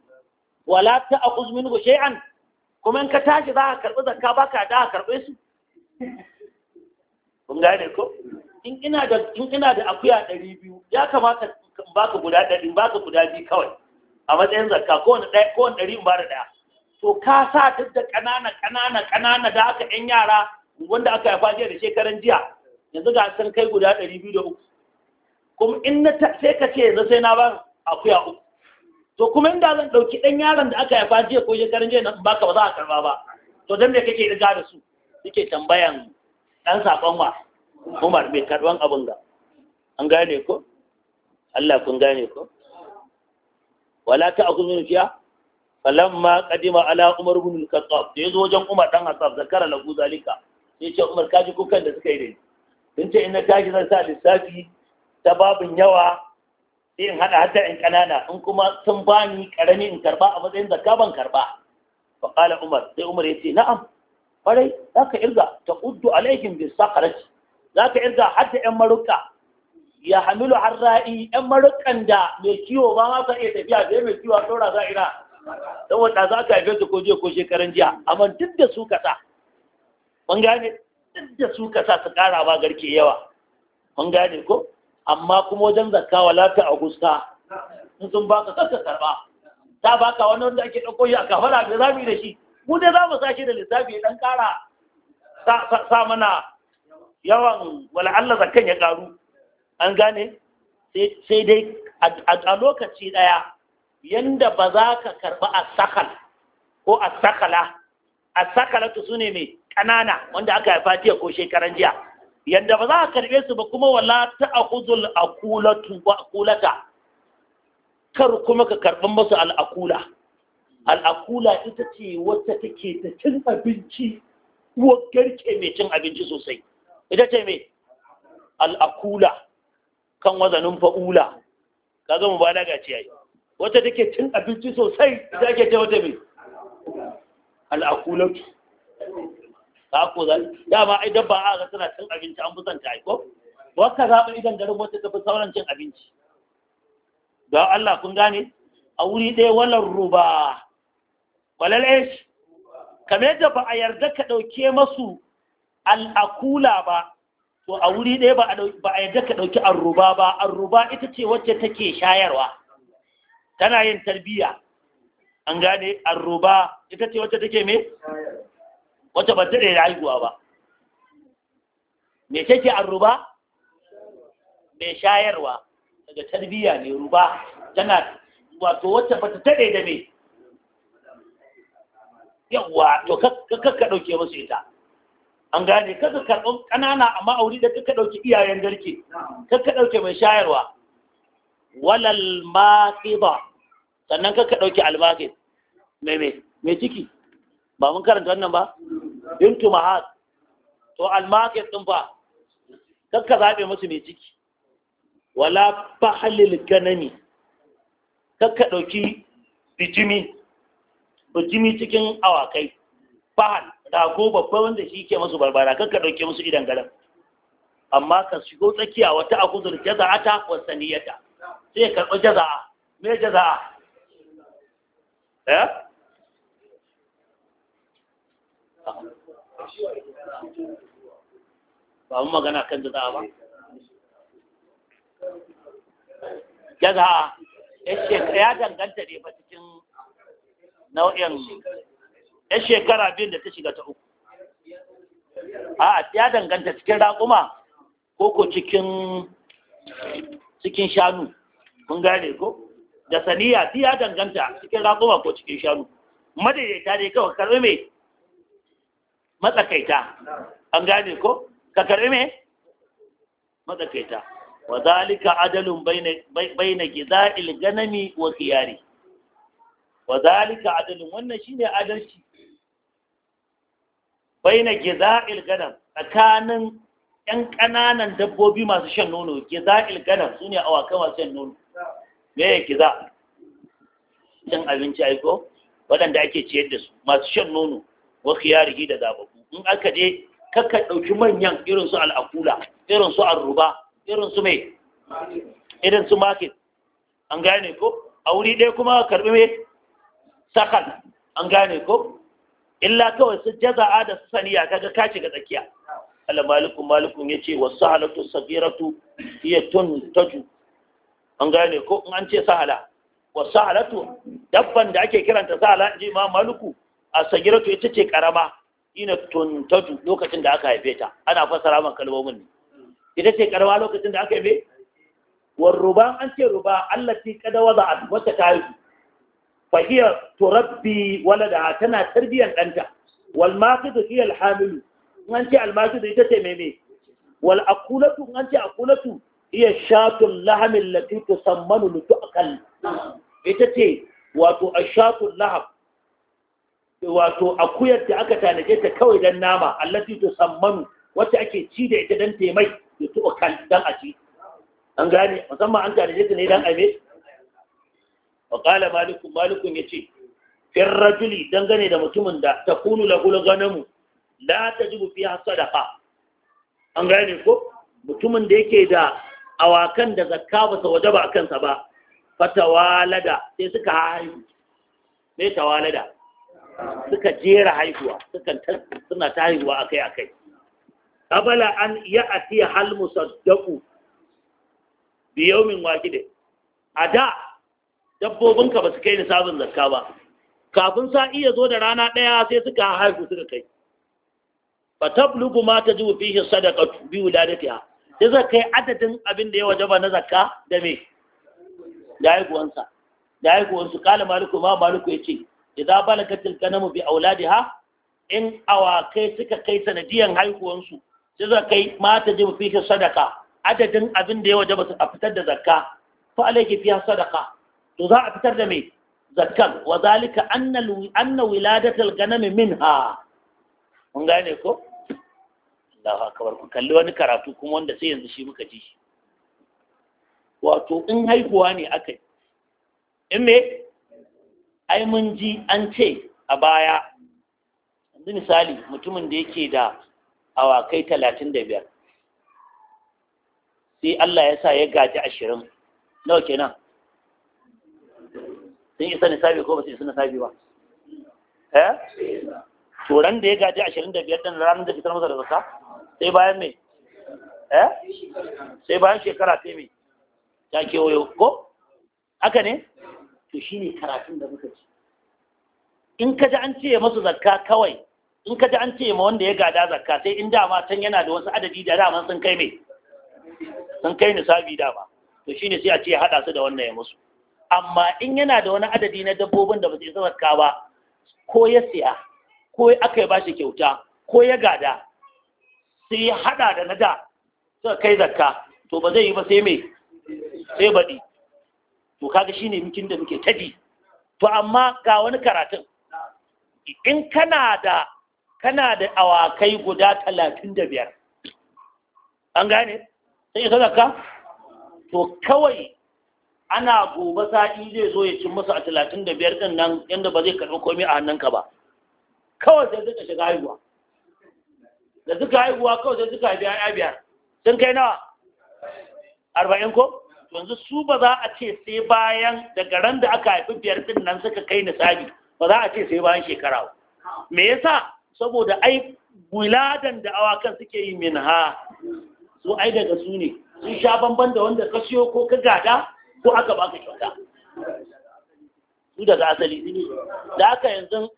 wala ta aquz minhu shay'an kuma in ka tashi za ka karɓi zakka baka da ka karɓe su kun gane ko in ina da in ina da akuya 200 ya kamata in baka guda 100 in baka guda biyu kawai a matsayin zakka ko wani ɗaya ko wani 100 in ba da ɗaya to ka sa duk da ƙanana ƙanana ƙanana da aka ɗan yara wanda aka haifa jiya da shekaran jiya yanzu ga san kai guda ɗari biyu da uku kuma in na sai ka ce yanzu sai na ba akuya uku to kuma inda zan ɗauki ɗan yaron da aka haifa jiya ko shekarun jiya na baka ba za a karba ba to dan da kake riga da su suke tambayan ɗan saƙon wa Umar mai karɓan abin ga an gane ko Allah kun gane ko wala ta aku min fiya falamma qadima ala Umar ibn al-Khattab da yazo wajen Umar dan Khattab zakara lahu zalika sai ce Umar kaji kukan da suka yi da ni sun ce in na zan sa lissafi ta babin yawa sai in hada hatta in kanana in kuma sun bani karami in karba a matsayin zakka ban karba fa qala umar sai umar yace na'am kwarai zaka irga ta taquddu alaihim bis saqarati zaka irga hatta yan maruka ya hamilu harra'i yan marukan da mai kiwo ba ma ka iya tafiya sai mai kiwo dora za ina saboda za ka haife su ko je ko shekaran jiya amma duk da su kasa mun gane duk da su kasa su kara ba garke yawa mun gane ko amma kuma wajen zakka wala ta agusta in sun baka karka karba ta baka wani wanda ake ɗauko shi a kafara da zamu da shi mu dai za mu sa shi da lissafi ya ɗan ƙara sa mana yawan wala Allah zakkan ya ƙaru an gane sai dai a lokaci ɗaya yanda ba za ka karba a sakal ko a sakala a sakalatu su ne mai ƙanana wanda aka haifa jiya ko shekaran jiya yadda ba za a karɓe su ba kuma wala ta a akulatu al'akulata, akulata kar kuma ka karɓi musu al'akula al'akula ita ce wata take ta cin abinci garke mai cin abinci sosai ita ce mai al'akula kan wazanin fa'ula ka zama ba daga ce yayi Wata take cin abinci sosai ita ke ce wata mai al'akulatu ka ko zai dama ai dabba a ga tana cin abinci an busanta ai ko wakka zaɓa idan garin wata ta fi sauran cin abinci don Allah kun gane a wuri ɗaya wannan ruba walal ish kamar da ba a yarda ka ɗauke masu al'akula ba to a wuri ɗaya ba a yarda ka ɗauki arruba ba arruba ita ce wacce take shayarwa tana yin tarbiyya an gane arruba ita ce wacce take me wata ba tare da haihuwa ba me take arruba mai shayarwa daga tarbiyya ne ruba tana wato wata ba ta tare da me yawwa to kakka ɗauke musu ita an gane kakka karɓar ƙanana amma auri da kakka ɗauki iyayen garke kakka ɗauke mai shayarwa walal maƙiba sannan kakka ɗauke albaƙi Me mai mai ciki ba mun karanta wannan ba bintu mahad to almarket din fa kakka zaɓe musu mai ciki wala fahalil ganami kakka ɗauki bijimi bijimi cikin awakai fahal rago babba wanda shi ke musu barbara kakka ɗauke musu idan garan amma ka shigo tsakiya wata akuzur jaza'ata wa saniyata sai ka karɓi jaza'a me jaza'a eh ba mu magana kan jaza ba jaza ya danganta ne ba cikin nau'in ya shekara biyun da ta shiga ta uku a ya danganta cikin raƙuma ko ko cikin cikin shanu mun gane ko da saniya ya danganta cikin raƙuma ko cikin shanu madaidaita ne kawai karɓi mai matsakaita an gane ko ka karbi me matsakaita wa zalika adalun baina gida'il ganami wa khiyari wa zalika adalun wannan shine adalci baina gida'il ganam tsakanin yan kananan dabbobi masu shan nono gida'il ganam sune awakai masu shan nono me ya gida cin abinci aiko waɗanda ake ciyar da su masu shan nono wa khiyarihi da zaɓaɓɓu in aka je kaka ɗauki manyan irin su al'akula irin su arruba irin su mai irin su market an gane ko a wuri ɗaya kuma karɓi mai sakal an gane ko illa kawai su jaza'a da saniya kaga ka ga tsakiya ala malikun malikun ya ce wasu Halattu sagiratu iya tun taju an gane ko in an ce sahala wasu Halattu, dabban da ake kiranta sahala in ji ma maluku a sagiratu ita ce karama ina tuntatu lokacin da aka haife ta ana fassara man kalmomin ne ita ce karwa lokacin da aka haife war ruba an ce ruba Allah allati kada wada wata ta haihu fa hiya turabbi walada tana tarbiyan danta wal maqidu hiya al hamilu an ce al maqidu ita ce meme wal aqulatu an ce aqulatu hiya shatul lahamin lati tusammanu lutuqal ita ce wato ashatul lahab wato akuyar da aka tanaje ta kawai dan nama allati tusammanu wacce ake ci da ita dan taimai da kan dan a an gane musamman an tanaje ta ne dan aime wa qala maliku maliku yace fir rajuli dangane da mutumin da takunu lahu ganamu la tajibu fiha sadaqa an gane ko mutumin da yake da awakan da zakka ba ta waje ba kansa ba fatawalada sai suka haihu sai tawalada suka jera haihuwa suka suna ta haihuwa akai akai abala an ya'ti hal musaddaqu bi yawmin wajide a da dabbobinka ba su kai nisabin zakka ba kafin sa iya zo da rana ɗaya sai suka haihu suka kai fa tablugu ma ta tajibu fihi sadaqatu bi wuladatiha sai zai kai adadin abin da ya wajaba na zakka da me da haihuwansa da haihuwansu kala maliku ma maliku yace idza balagatil kanamu bi auladiha in kai suka kai sanadiyan haihuwansu sai za kai mata jibu fi sadaka adadin abin da ya waje su a fitar da zakka fa alayki fiha sadaqa to za a fitar da me zakkan wa zalika anna anna wiladatul ganami minha mun gane ko Allahu akbar ku kalli wani karatu kuma wanda sai yanzu shi muka ji wato in haihuwa ne aka yi in me ai mun ji an ce a baya yanzu misali mutumin da yake da awakai talatin da biyar sai Allah ya sa ya gaji ashirin nawa kenan sun isa nisabi ko ba su isa nisabi ba eh turan da ya gaji ashirin da biyar ɗin ranar da fitar masa da zaka sai bayan me eh sai bayan shekara sai me ta kewayo ko haka ne to ne karatun da muka ci in ka ji an ce masu zakka kawai in ka ji an ce ma wanda ya gada zakka sai in dama can yana da wasu adadi da dama sun kai mai sun kai nisabi dama to ne sai a ce haɗa su da wannan ya musu amma in yana da wani adadi na dabbobin da ba su isa zakka ba ko ya siya ko aka yi ba shi kyauta ko ya gada sai ya haɗa da na da suka kai zakka to ba zai yi ba sai mai sai baɗi to kaga shine mutum da muke taji to amma ga wani karatun in kana da kana da awakai guda talatin da biyar an gane sai ka zaka to kawai ana gobe sa'i zai zo ya cin masa a talatin da biyar ɗin nan yadda ba zai karɓi komai a hannunka ba kawai sai suka shiga haihuwa da suka haihuwa kawai sai suka biya ya biyar sun kai nawa arba'in ko yanzu su ba za a ce sai bayan daga ran da aka haifi biyar din nan suka kai nisabi ba za a ce sai bayan shekara me yasa saboda ai wiladan da awakan suke yi min ha su ai daga su ne sun sha bamban da wanda ka siyo ko ka gada ko aka baka kyauta su daga asali ne da aka yanzu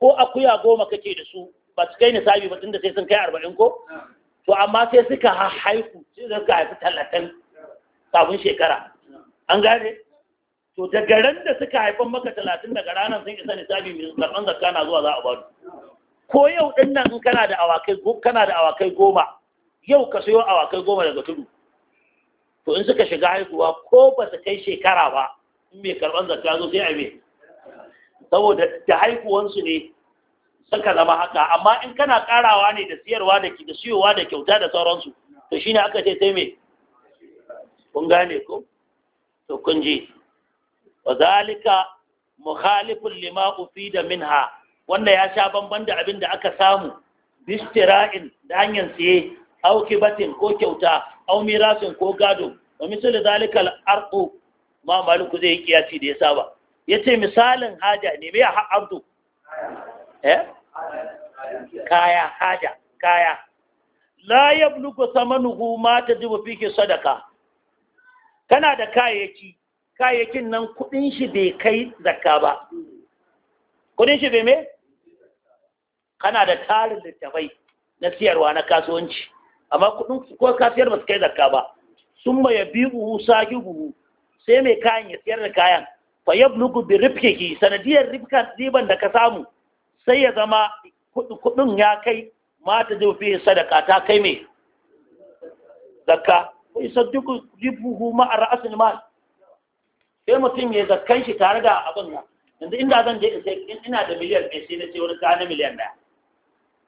ko akuya goma kake da su ba su kai nisabi ba tun da sai sun kai arba'in ko to amma sai suka haihu sai suka haifi talatin kafin shekara an gane to daga ran da suka haifan maka talatin daga ranar sun isa nisabi mai karɓan zarka na zuwa za a bani ko yau ɗin nan kana da awakai goma yau ka sayo awakai goma daga tudu to in suka shiga haihuwa ko ba su kai shekara ba in mai karɓar zarka zo sai a mai saboda da haihuwansu ne suka zama haka amma in kana ƙarawa ne da siyarwa da da siyowa da kyauta da sauransu to shine aka ce sai me kun gane ko to kun ji wa zalika mukhalifun lima ufida minha wanda ya sha bamban da abin da aka samu bistira'in da hanyar siye au kibatin ko kyauta au mirasin ko gado wa misali zalika al-arqu ma maliku zai yi kiyasi da ya saba yace misalin haja ne me ardu eh kaya haja kaya la yablugu samanuhu ma tajibu fiki sadaka kana da kayayyaki kayayyakin nan kudin shi bai kai zakka ba kudin shi bai me kana da tarin littafai na siyarwa na kasuwanci amma kudin ko kasuwar ba su kai zakka ba sun ma ya bi uhu saki buhu sai mai kayan ya siyar da kayan fa ya bulugu bi rifkihi sanadiyar rifkan riban da ka samu sai ya zama kudin ya kai mata zai fi sadaka ta kai mai zakka wa yusaddiqu jibbuhu ma'a ra'sil mal sai mutum ya zakkan shi tare da abin nan yanzu inda zan je in sai ina da miliyan ɗaya sai na ce wani kayan miliyan ɗaya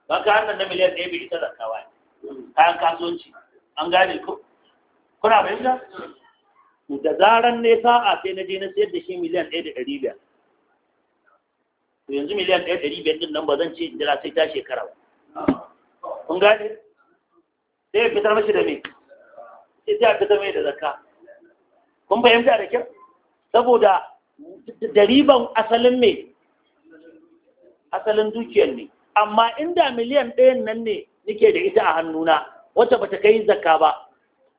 ba ka hannun na miliyan ɗaya bai ita zakka ne. kayan kasuwanci an gane ko kuna fahimta da zaran ne sa'a sai na je na sayar da shi miliyan ɗaya da ɗari biyar yanzu miliyan ɗaya ɗari biyar ɗin nan ba zan ce jira sai ta shekara ba kun gane sai ya fitar mashi da me sai sai aka zama da zakka kun fahimta da kyau saboda da asalin me asalin dukiyar ne amma inda miliyan ɗayan nan ne nike da ita a hannuna wata bata kai zakka ba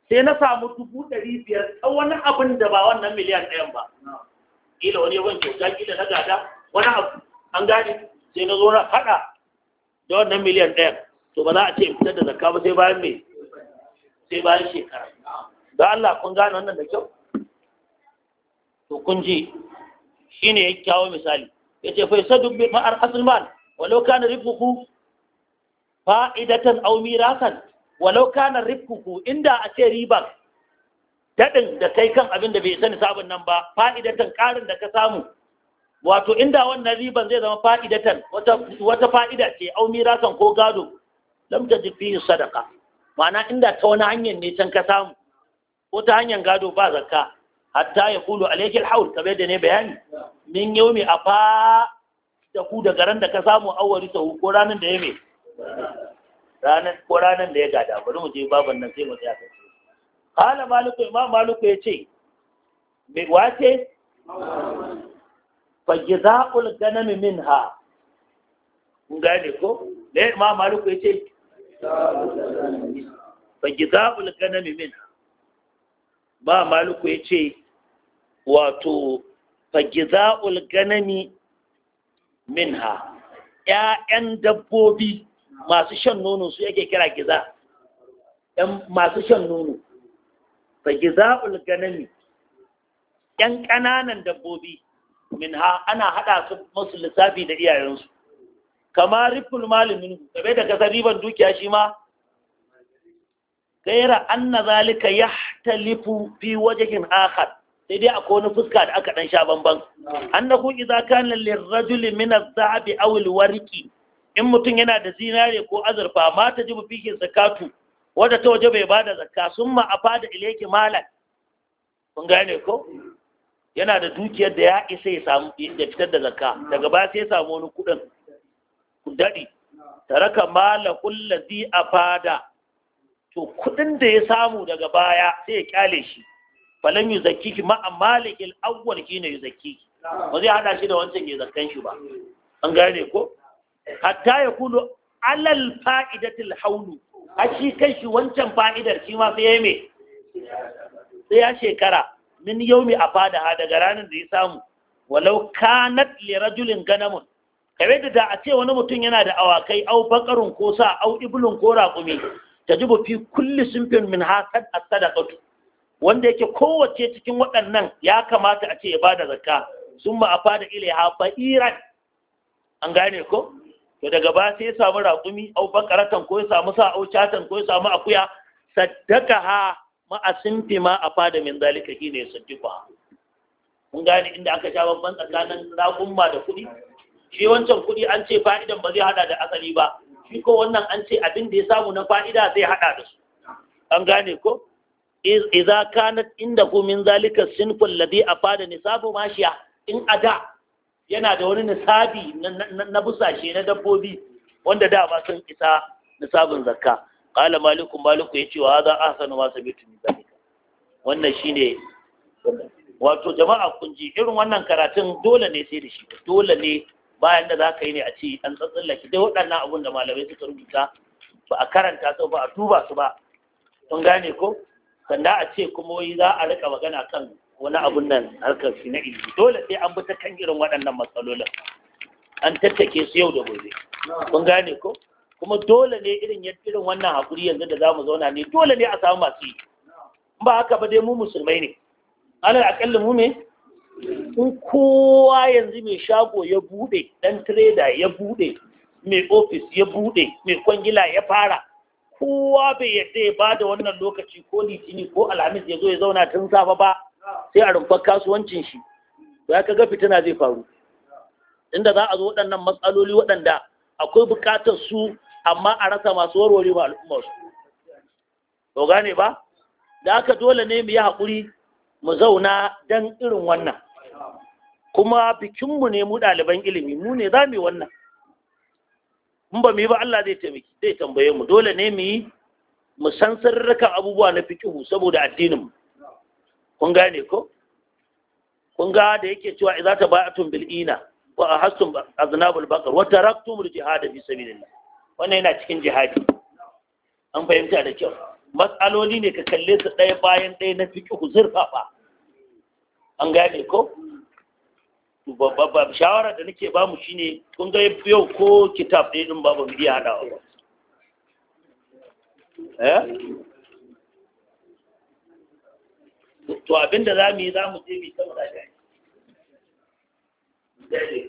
sai na samu dubu ɗari biyar ɗan wani abin da ba wannan miliyan ɗayan ba kila wani yawan kyauta kila na gada wani abu an gane sai na zo na haɗa da wannan miliyan ɗayan to ba za a ce in fitar da zakka ba sai bayan mai sai bayan shekara don Allah kun gane wannan da kyau to kun ji shine ya kyawo misali ya ce fai sadu bi ma'ar asulman walau kana rifkuku fa'idatan aumirasan mirasan walau kana rifkuku inda a ce ribar daɗin da kai kan abin da bai sani sabon nan ba fa'idatan ƙarin da ka samu wato inda wannan riban zai zama fa'idatan wata fa'ida ce aumirasan ko gado lamta jiffi sadaka ma'ana inda ta wani hanyar ne can ka samu ko ta hanyar gado ba zakka hatta ya kulu alaikil haul kamar da ne bayani min yau mai afa da ku daga ran da ka samu awari ta ko ranar da ya mai ko ranar da ya gada bari mu je baban nan sai mu tsaya kai kala maliku imam maliku ce me wace fa jazaa'ul ganam minha mun gane ko dai imam maliku ce fa gidabul ganami min ba maluku ya ce wato fa gidabul ganami ha, ‘ya’yan dabbobi masu shan nono su yake kira giza ‘yan masu shan nono fa gidabul ganami 'yan ƙananan dabbobi min ha ana haɗa su masu lissafi da iyayensu kama riful malimin kabe da kasar riban dukiya shi ma gaira anna zalika yahtalifu fi wajhin akhar sai dai akwai wani fuska da aka dan sha bamban annahu idza kana lirrajuli min adh-dhahab aw al-warqi in mutum yana da zinare ko azurfa ma ta jibu fihi zakatu wadda ta waje bai bada zakka sun ma a fada ilayki malan kun gane ko yana da dukiyar da ya isa ya samu ya fitar da zakka daga baya sai ya samu wani kuɗin. ku ta taraka mala a fada. to kudin da ya samu daga baya sai ya kyale shi falan yi zaki ki ma amalikil awwal ki ne yi zaki ba zai hada shi da wancan ke zakkan shi ba an gane ko hatta ya kulu alal fa'idatil haulu a shi kai shi wancan fa'idar shi ma sai ya sai ya shekara min yaumi a fada daga ranar da ya samu walau kanat lirajulin ganamun kamar da da a ce wani mutum yana da awakai au bakarun ko sa au ibulun ko raƙumi ta ji fi kulli sunfin min hakan a sadakatu wanda yake kowace cikin waɗannan ya kamata a ce ya bada zakka sun ma a fada ilaiha ba'iran an gane ko to daga ba sai ya samu raƙumi au bakaratan ko ya samu sa au catan ko ya samu akuya saddaka ha ma a sunfi ma a fada min zalika shine saddaka mun gane inda aka sha babban tsakanin raƙumma da kuɗi shi wancan kuɗi an ce fa'idan ba zai haɗa da asali ba shi ko wannan an ce abin da ya samu na fa'ida zai haɗa da su an gane ko idza kanat ku min zalika sinful ladhi afada nisabu mashiya in a da yana da wani nisabi na busashe na dabbobi wanda da ba sun isa nisabin zakka qala malikum maliku yace wa hadha ahsanu ma sabitu min zalika wannan shine wato jama'a kun ji irin wannan karatun dole ne sai da shi dole ne bayan da za ka yi ne a ce an tsatsallake dai waɗannan abun da malamai suka rubuta ba a karanta su ba a tuba su ba kun gane ko sanda a ce kuma wai za a rika magana kan wani abun nan harkar shi na ilimi dole sai an bi ta kan irin waɗannan matsalolin an tattake su yau da gobe kun gane ko kuma dole ne irin irin wannan hakuri yanzu da zamu zauna ne dole ne a samu masu yi ba haka ba dai mu musulmai ne alal akalli mu ne in kowa yanzu mai shago ya bude dan trader ya bude mai ofis ya bude mai kwangila ya fara kowa bai yadda ya ba da wannan lokaci ko litini ko alhamis ya zo ya zauna tun safa ba sai a rumfar kasuwancin shi ya ka ga fitina zai faru inda za a zo waɗannan matsaloli waɗanda akwai buƙatar su amma a rasa masu warware ba al'ummar su to gane ba da aka dole ne mu yi haƙuri mu zauna don irin wannan kuma bikinmu ne mu ɗaliban ilimi mu ne za mu yi wannan in ba mu ba Allah zai taimaki zai tambaye mu dole ne mu yi mu san sirrikan abubuwa na fikihu saboda addinin mu kun gane ko kun ga da yake cewa idza tabatun bil ina wa ahastum aznabul baqar wa taraktum al jihad fi sabilillah wannan yana cikin jihadi an fahimta da kyau matsaloli ne ka kalle su ɗaya bayan ɗaya na fiƙi ba. an gane ko shawara da nake ba mu shine kun ga yau ko kitab ɗaya din babu ba mu ba eh to abinda za mu yi za mu je bi sama da shi